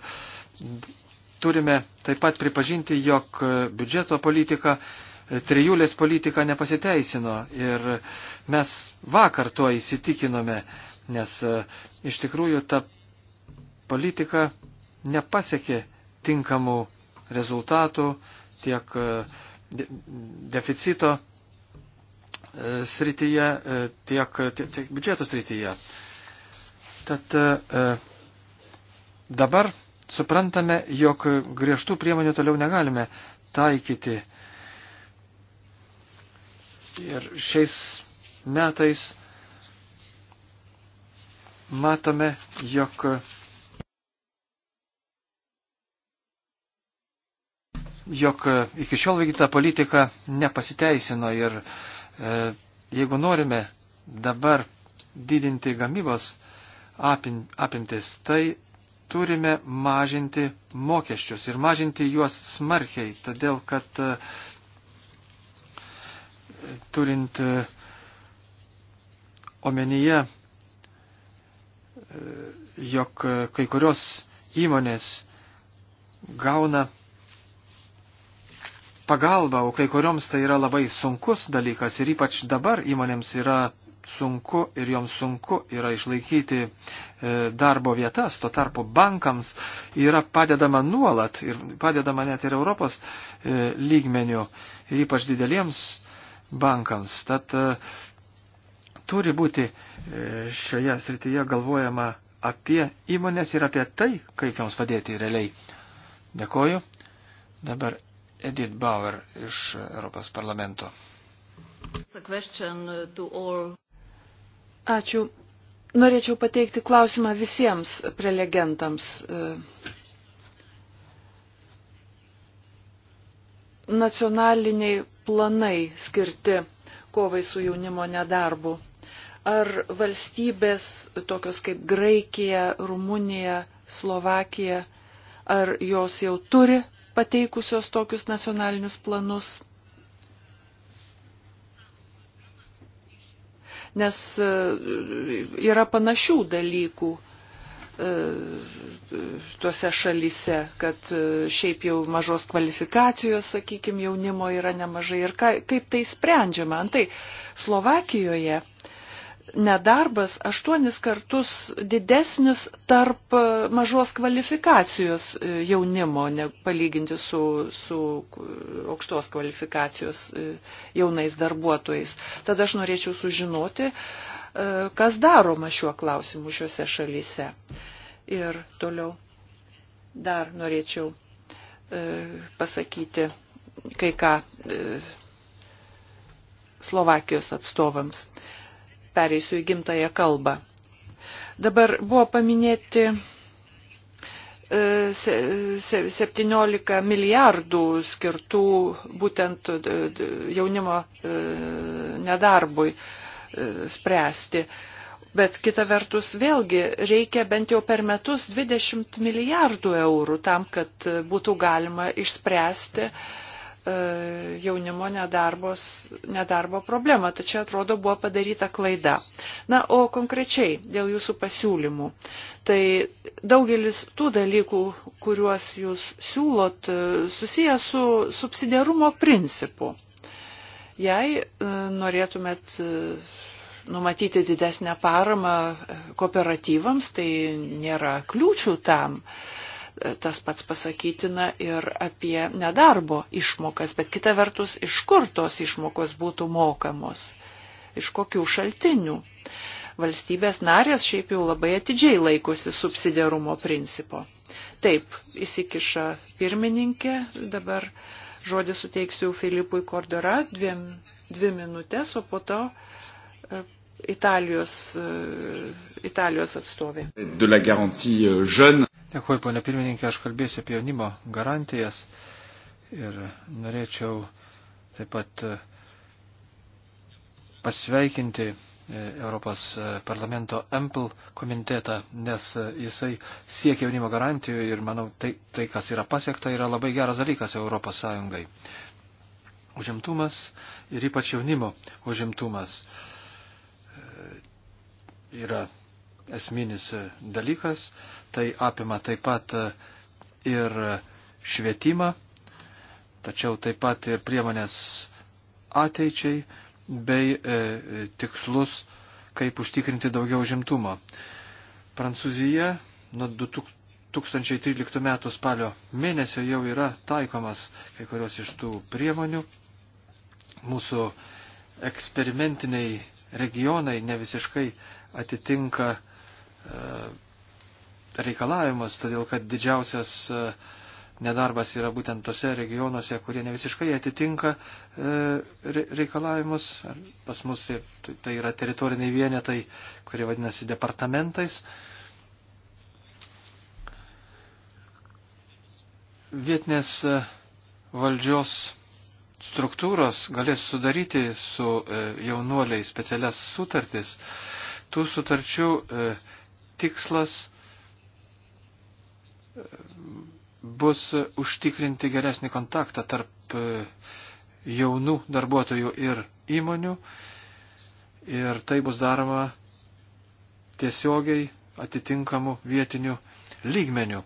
turime taip pat pripažinti, jog e, biudžeto politika, trijulės politika nepasiteisino ir mes vakar tuo įsitikinome, nes iš tikrųjų ta politika nepasiekė tinkamų rezultatų tiek deficito srityje, e, tiek, tiek, tiek biudžeto srityje. Tad e, dabar suprantame, jog griežtų priemonių toliau negalime taikyti. Ir šiais metais matome, jog jog iki šiol vykdyta politika nepasiteisino ir E, jeigu norime dabar didinti gamybos apimtis, tai turime mažinti mokesčius ir mažinti juos smarkiai, todėl kad e, turint e, omenyje, jog kai kurios įmonės gauna pagalba, o kai kurioms tai yra labai sunkus dalykas ir ypač dabar įmonėms yra sunku ir joms sunku yra išlaikyti e, darbo vietas, tuo tarpu bankams yra padedama nuolat ir padedama net ir Europos e, lygmenių ir ypač dideliems bankams. Tad e, turi būti e, šioje srityje galvojama apie įmonės ir apie tai, kaip joms padėti realiai. Dėkoju. Dabar Edith Bauer iš Europos parlamento. Uh, Ačiū. Norėčiau pateikti klausimą visiems prelegentams. E, nacionaliniai planai skirti kovai su jaunimo nedarbu. Ar valstybės tokios kaip Graikija, Rumunija, Slovakija, ar jos jau turi pateikusios tokius nacionalinius planus. Nes e, yra panašių dalykų e, tuose šalyse, kad e, šiaip jau mažos kvalifikacijos, sakykime, jaunimo yra nemažai. Ir ka, kaip tai sprendžiama? Antai Slovakijoje nedarbas aštuonis kartus didesnis tarp mažos kvalifikacijos e, jaunimo, ne, palyginti su, su aukštos kvalifikacijos e, jaunais darbuotojais. Tada aš norėčiau sužinoti, e, kas daroma šiuo klausimu šiuose šalyse. Ir toliau dar norėčiau pasakyti kai ką Slovakijos atstovams pereisiu į gimtąją kalbą. Dabar buvo paminėti 17 e, milijardų skirtų būtent e, jaunimo e, nedarbui spręsti. Bet kita vertus vėlgi reikia bent jau per metus 20 milijardų eurų tam, kad būtų galima išspręsti uh, E, jaunimo nedarbos, nedarbo problemą. Tačiau atrodo buvo padaryta klaida. Na, o konkrečiai dėl jūsų pasiūlymų. Tai daugelis tų dalykų, kuriuos jūs siūlot, e, susijęs su subsidiarumo principu. Jei e, norėtumėt numatyti didesnę paramą kooperatyvams, tai nėra kliūčių tam. Uh, tas pats pasakytina ir apie nedarbo išmokas, bet kita vertus, iš kur tos išmokos būtų mokamos, iš kokių šaltinių. Valstybės narės šiaip jau labai atidžiai laikosi subsidiarumo principo. Taip, įsikiša pirmininkė, dabar žodį suteiksiu Filipui Kordora dviem, dvi minutės, o po to e, Italijos, e, Italijos atstovė. De la garantie e, jeune. Dėkuoju, ponė pirmininkė, aš kalbėsiu apie jaunimo garantijas ir norėčiau taip pat e, pasveikinti e, Europos e, parlamento EMPL komitetą, nes jisai siekia jaunimo garantijų ir manau, tai, tai kas yra pasiekta, yra labai geras dalykas Europos Sąjungai. Užimtumas ir ypač jaunimo užimtumas yra esminis dalykas. Tai apima taip pat ir švietimą, tačiau taip pat ir priemonės ateičiai bei e, tikslus, kaip užtikrinti daugiau žimtumo. Prancūzija nuo 2013 m. spalio mėnesio jau yra taikomas kai kurios iš tų priemonių. Mūsų eksperimentiniai regionai nevisiškai atitinka e, E, reikalavimus, todėl kad didžiausias e, nedarbas yra būtent tose regionuose, kurie ne visiškai atitinka e, reikalavimus. Pas mus tai, tai yra teritoriniai vienetai, kurie vadinasi departamentais. Vietinės valdžios struktūros galės sudaryti su jaunuoliai specialias sutartis. Tų sutarčių tikslas bus užtikrinti geresnį kontaktą tarp e, jaunų darbuotojų ir įmonių. Ir tai bus daroma tiesiogiai atitinkamų vietinių lygmenių.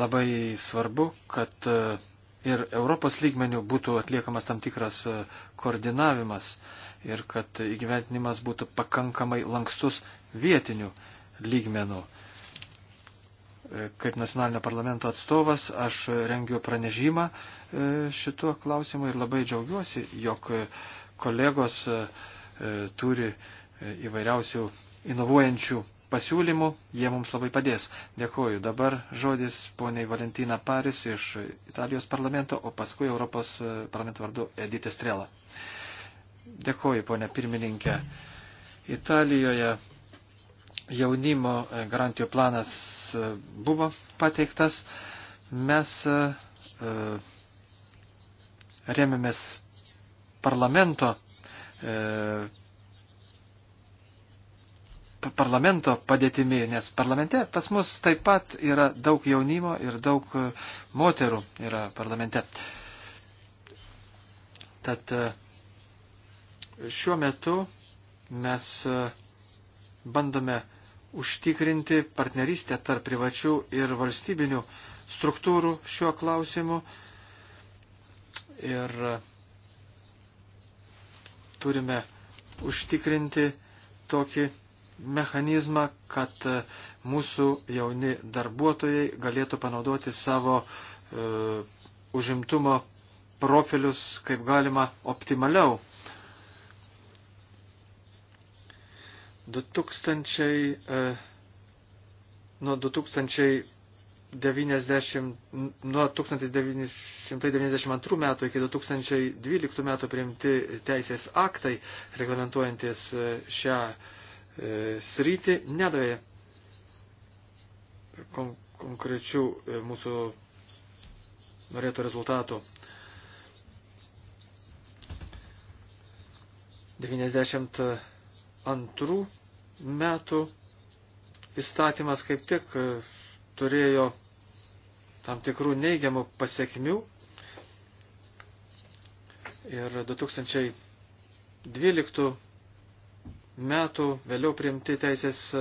Labai svarbu, kad e, ir Europos lygmenių būtų atliekamas tam tikras e, koordinavimas ir kad įgyventinimas būtų pakankamai lankstus vietinių lygmenų. E, kaip nacionalinio parlamento atstovas aš rengiu pranešimą e, šituo klausimu ir labai džiaugiuosi, jog kolegos turi įvairiausių inovuojančių pasiūlymų, jie mums labai padės. Dėkuoju. Dabar žodis poniai Valentina Paris iš Italijos parlamento, o paskui Europos e, parlamento vardu Edita Strela. Dėkuoju, ponia pirmininkė. Italijoje jaunimo e, garantijų planas e, buvo pateiktas. Mes remiamės parlamento parlamento padėtimi, nes parlamente pas mus taip pat yra daug jaunimo ir daug e, moterų yra parlamente. Tad e, šiuo metu mes e, bandome užtikrinti partnerystę tarp privačių ir valstybinių struktūrų šiuo klausimu. Ir turime užtikrinti tokį mechanizmą, kad e, mūsų jauni darbuotojai galėtų panaudoti savo e, užimtumo profilius kaip galima optimaliau. 2000, e, nuo 2000 90, nuo 1992 metų iki 2012 metų priimti teisės aktai reglamentuojantis e, šią E, sritį nedavė kon konkrečių e, mūsų norėtų rezultatų. 92 metų įstatymas kaip tik e, turėjo tam tikrų neigiamų pasiekmių ir 2012 metų vėliau priimti teisės e,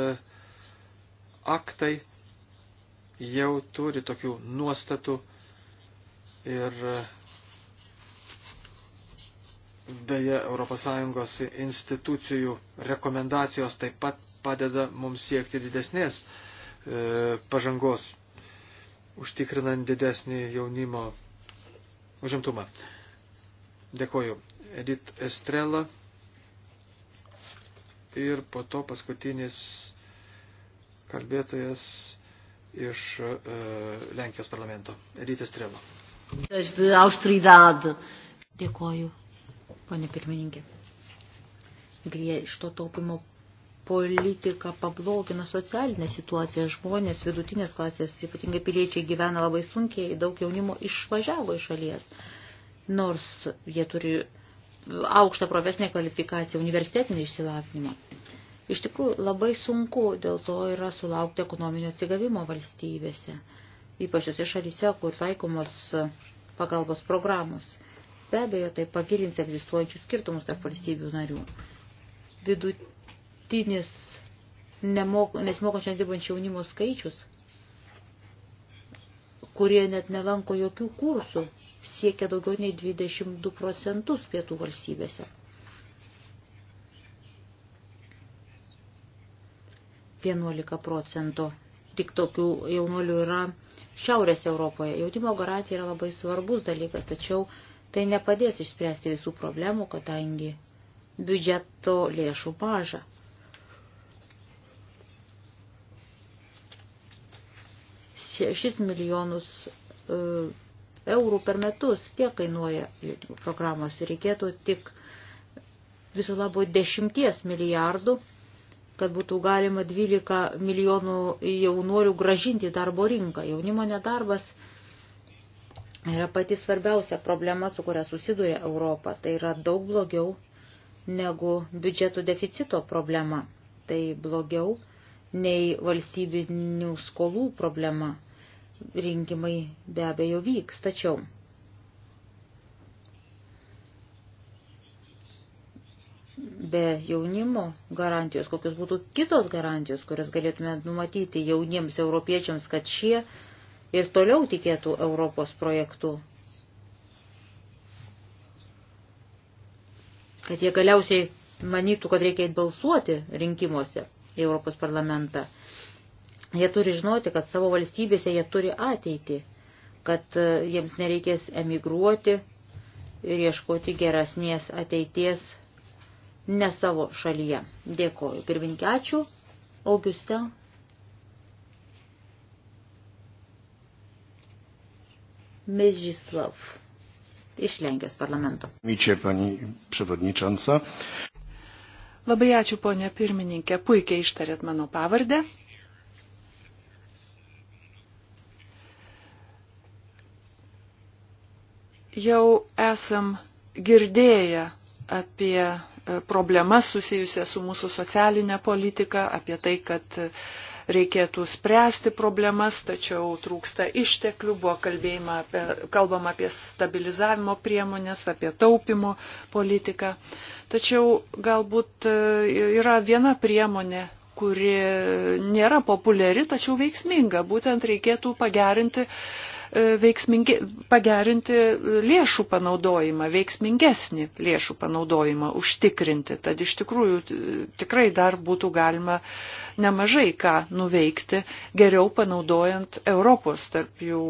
aktai jau turi tokių nuostatų ir e, beje ES institucijų rekomendacijos taip pat padeda mums siekti didesnės e, pažangos, užtikrinant didesnį jaunimo užimtumą. Dėkoju. Edith Estrela ir po to paskutinis kalbėtojas iš e, Lenkijos parlamento, Rytis Trelo. Dėkoju, ponė pirmininkė. Griežto taupimo politika pablogina socialinę situaciją. Žmonės, vidutinės klasės, ypatingai piliečiai gyvena labai sunkiai, daug jaunimo išvažiavo iš šalies. Nors jie turi aukštą profesinę kvalifikaciją, universitetinį išsilavinimą. Iš tikrųjų, labai sunku dėl to yra sulaukti ekonominio atsigavimo valstybėse, ypač tose šalyse, kur taikomos pagalbos programos. Be abejo, tai pagilins egzistuojančius skirtumus tarp valstybių narių. Vidutinis nesimoko šiandien dirbančių jaunimo skaičius kurie net nelanko jokių kursų, siekia daugiau nei 22 procentus pietų valstybėse. Vienuolika procentų tik tokių jaunuolių yra Šiaurės Europoje. Jautimo garantija yra labai svarbus dalykas, tačiau tai nepadės išspręsti visų problemų, kadangi biudžeto lėšų maža. 6 milijonus e, eurų per metus. Tiek kainuoja programos. Reikėtų tik viso labo 10 milijardų, kad būtų galima 12 milijonų jaunuolių gražinti darbo rinką. Jaunimo nedarbas yra pati svarbiausia problema, su kuria susiduria Europa. Tai yra daug blogiau negu biudžeto deficito problema. Tai blogiau nei valstybinių skolų problema rinkimai be abejo vyks, tačiau be jaunimo garantijos, kokios būtų kitos garantijos, kurias galėtume numatyti jauniems europiečiams, kad šie ir toliau tikėtų Europos projektu. Kad jie galiausiai manytų, kad reikia balsuoti rinkimuose į Europos parlamentą. Jie turi žinoti, kad savo valstybėse jie turi ateitį, kad e, jiems nereikės emigruoti ir ieškoti geresnės ateities ne savo šalyje. Dėkoju. Pirminkė, ačiū. Auguste. Mezžislav iš Lenkijos parlamento. Myčia, pani Przewodnicząca. Labai ačiū, ponė pirmininkė. Puikiai ištarėt mano pavardę. Jau esam girdėję apie e, problemas susijusią su mūsų socialinė politika, apie tai, kad e, reikėtų spręsti problemas, tačiau trūksta išteklių, buvo apie, kalbama apie stabilizavimo priemonės, apie taupimo politiką. Tačiau galbūt e, yra viena priemonė, kuri nėra populiari, tačiau veiksminga. Būtent reikėtų pagerinti E, veiksmingi, pagerinti lėšų panaudojimą, veiksmingesnį lėšų panaudojimą užtikrinti. Tad iš tikrųjų tikrai dar būtų galima nemažai ką nuveikti, geriau panaudojant Europos tarp jų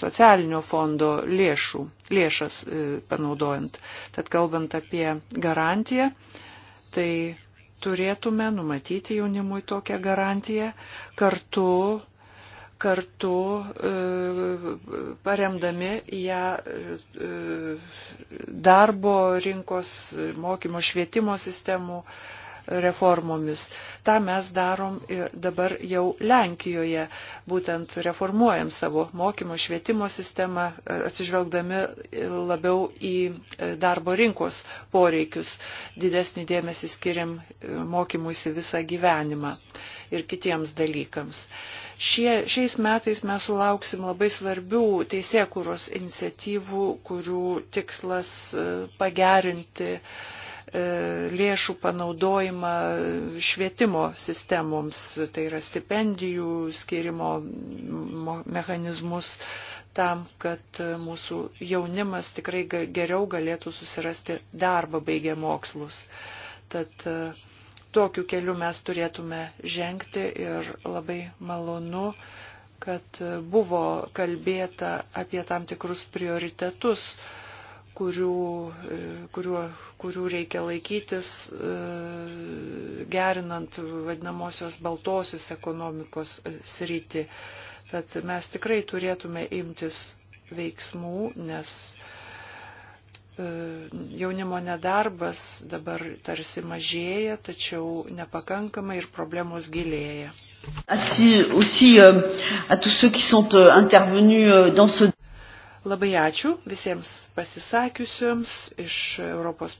socialinio fondo lėšų, lėšas e, panaudojant. Tad kalbant apie garantiją, tai turėtume numatyti jaunimui tokią garantiją, kartu kartu e, paremdami ją e, darbo rinkos, mokymo švietimo sistemų reformomis. Ta mes darom ir dabar jau Lenkijoje, būtent reformuojam savo mokymo švietimo sistemą, e, atsižvelgdami labiau į darbo rinkos poreikius, didesnį dėmesį skiriam mokymuisi visą gyvenimą ir kitiems dalykams. Šie, šiais metais mes sulauksim labai svarbių teisėkūros iniciatyvų, kurių tikslas e, pagerinti e, lėšų panaudojimą švietimo sistemoms, tai yra stipendijų skirimo mechanizmus tam, kad e, mūsų jaunimas tikrai geriau galėtų susirasti darbą baigę mokslus. Tad uh, tokiu keliu mes turėtume žengti ir labai malonu, kad buvo kalbėta apie tam tikrus prioritetus, kurių, kurių, kurių reikia laikytis, e, gerinant vadinamosios baltosios ekonomikos e, sritį. Tad mes tikrai turėtume imtis veiksmų, nes E, jaunimo nedarbas dabar tarsi mažėja, tačiau nepakankamai ir problemos gilėja. Euh, euh, euh, Labai ačiū visiems pasisakiusiems iš Europos,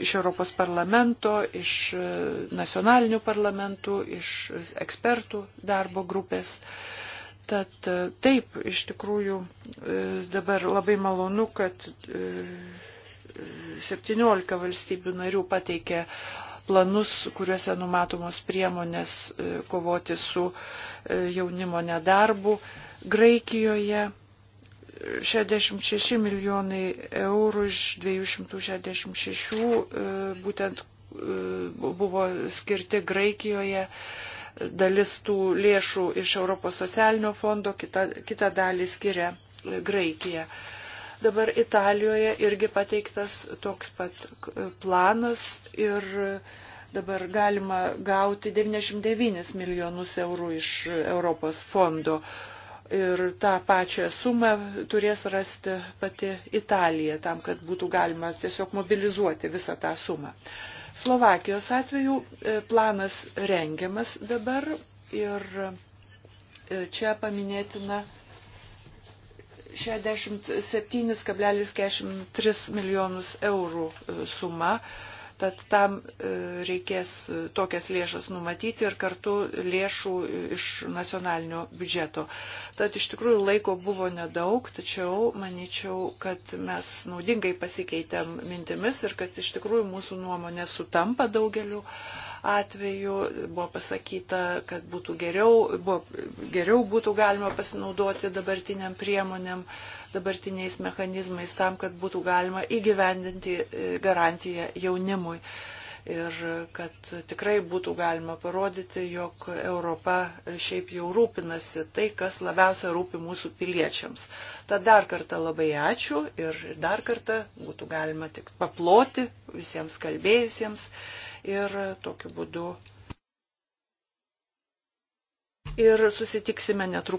iš Europos parlamento, iš e, nacionalinių parlamentų, iš e, ekspertų darbo grupės. Tad e, taip, iš tikrųjų e, dabar labai malonu, kad 17 e, valstybių narių pateikė planus, kuriuose numatomos priemonės kovoti su jaunimo nedarbu. Graikijoje 66 milijonai eurų iš 266 būtent buvo skirti Graikijoje dalis tų lėšų iš Europos socialinio fondo, kita, kita dalį skiria Graikija. Dabar Italijoje irgi pateiktas toks pat planas ir dabar galima gauti 99 milijonus eurų iš Europos fondo. Ir tą pačią sumą turės rasti pati Italija, tam, kad būtų galima tiesiog mobilizuoti visą tą sumą. Uh, Slovakijos atveju e, planas rengiamas dabar ir e, čia paminėtina 67,43 milijonus eurų e, suma Tad tam e, reikės e, tokias lėšas numatyti ir kartu lėšų e, iš nacionalinio biudžeto. Tad iš tikrųjų laiko buvo nedaug, tačiau manyčiau, kad mes naudingai pasikeitėm mintimis ir kad iš tikrųjų mūsų nuomonė sutampa daugeliu atveju. Buvo pasakyta, kad būtų geriau, buvo, geriau būtų galima pasinaudoti dabartiniam priemonėm dabartiniais mechanizmais tam, kad būtų galima įgyvendinti e, garantiją jaunimui. Ir kad tikrai būtų galima parodyti, jog Europa šiaip jau rūpinasi tai, kas labiausia rūpi mūsų piliečiams. Tad dar kartą labai ačiū ir dar kartą būtų galima tik paploti visiems kalbėjusiems ir tokiu būdu. Ir susitiksime netrukus.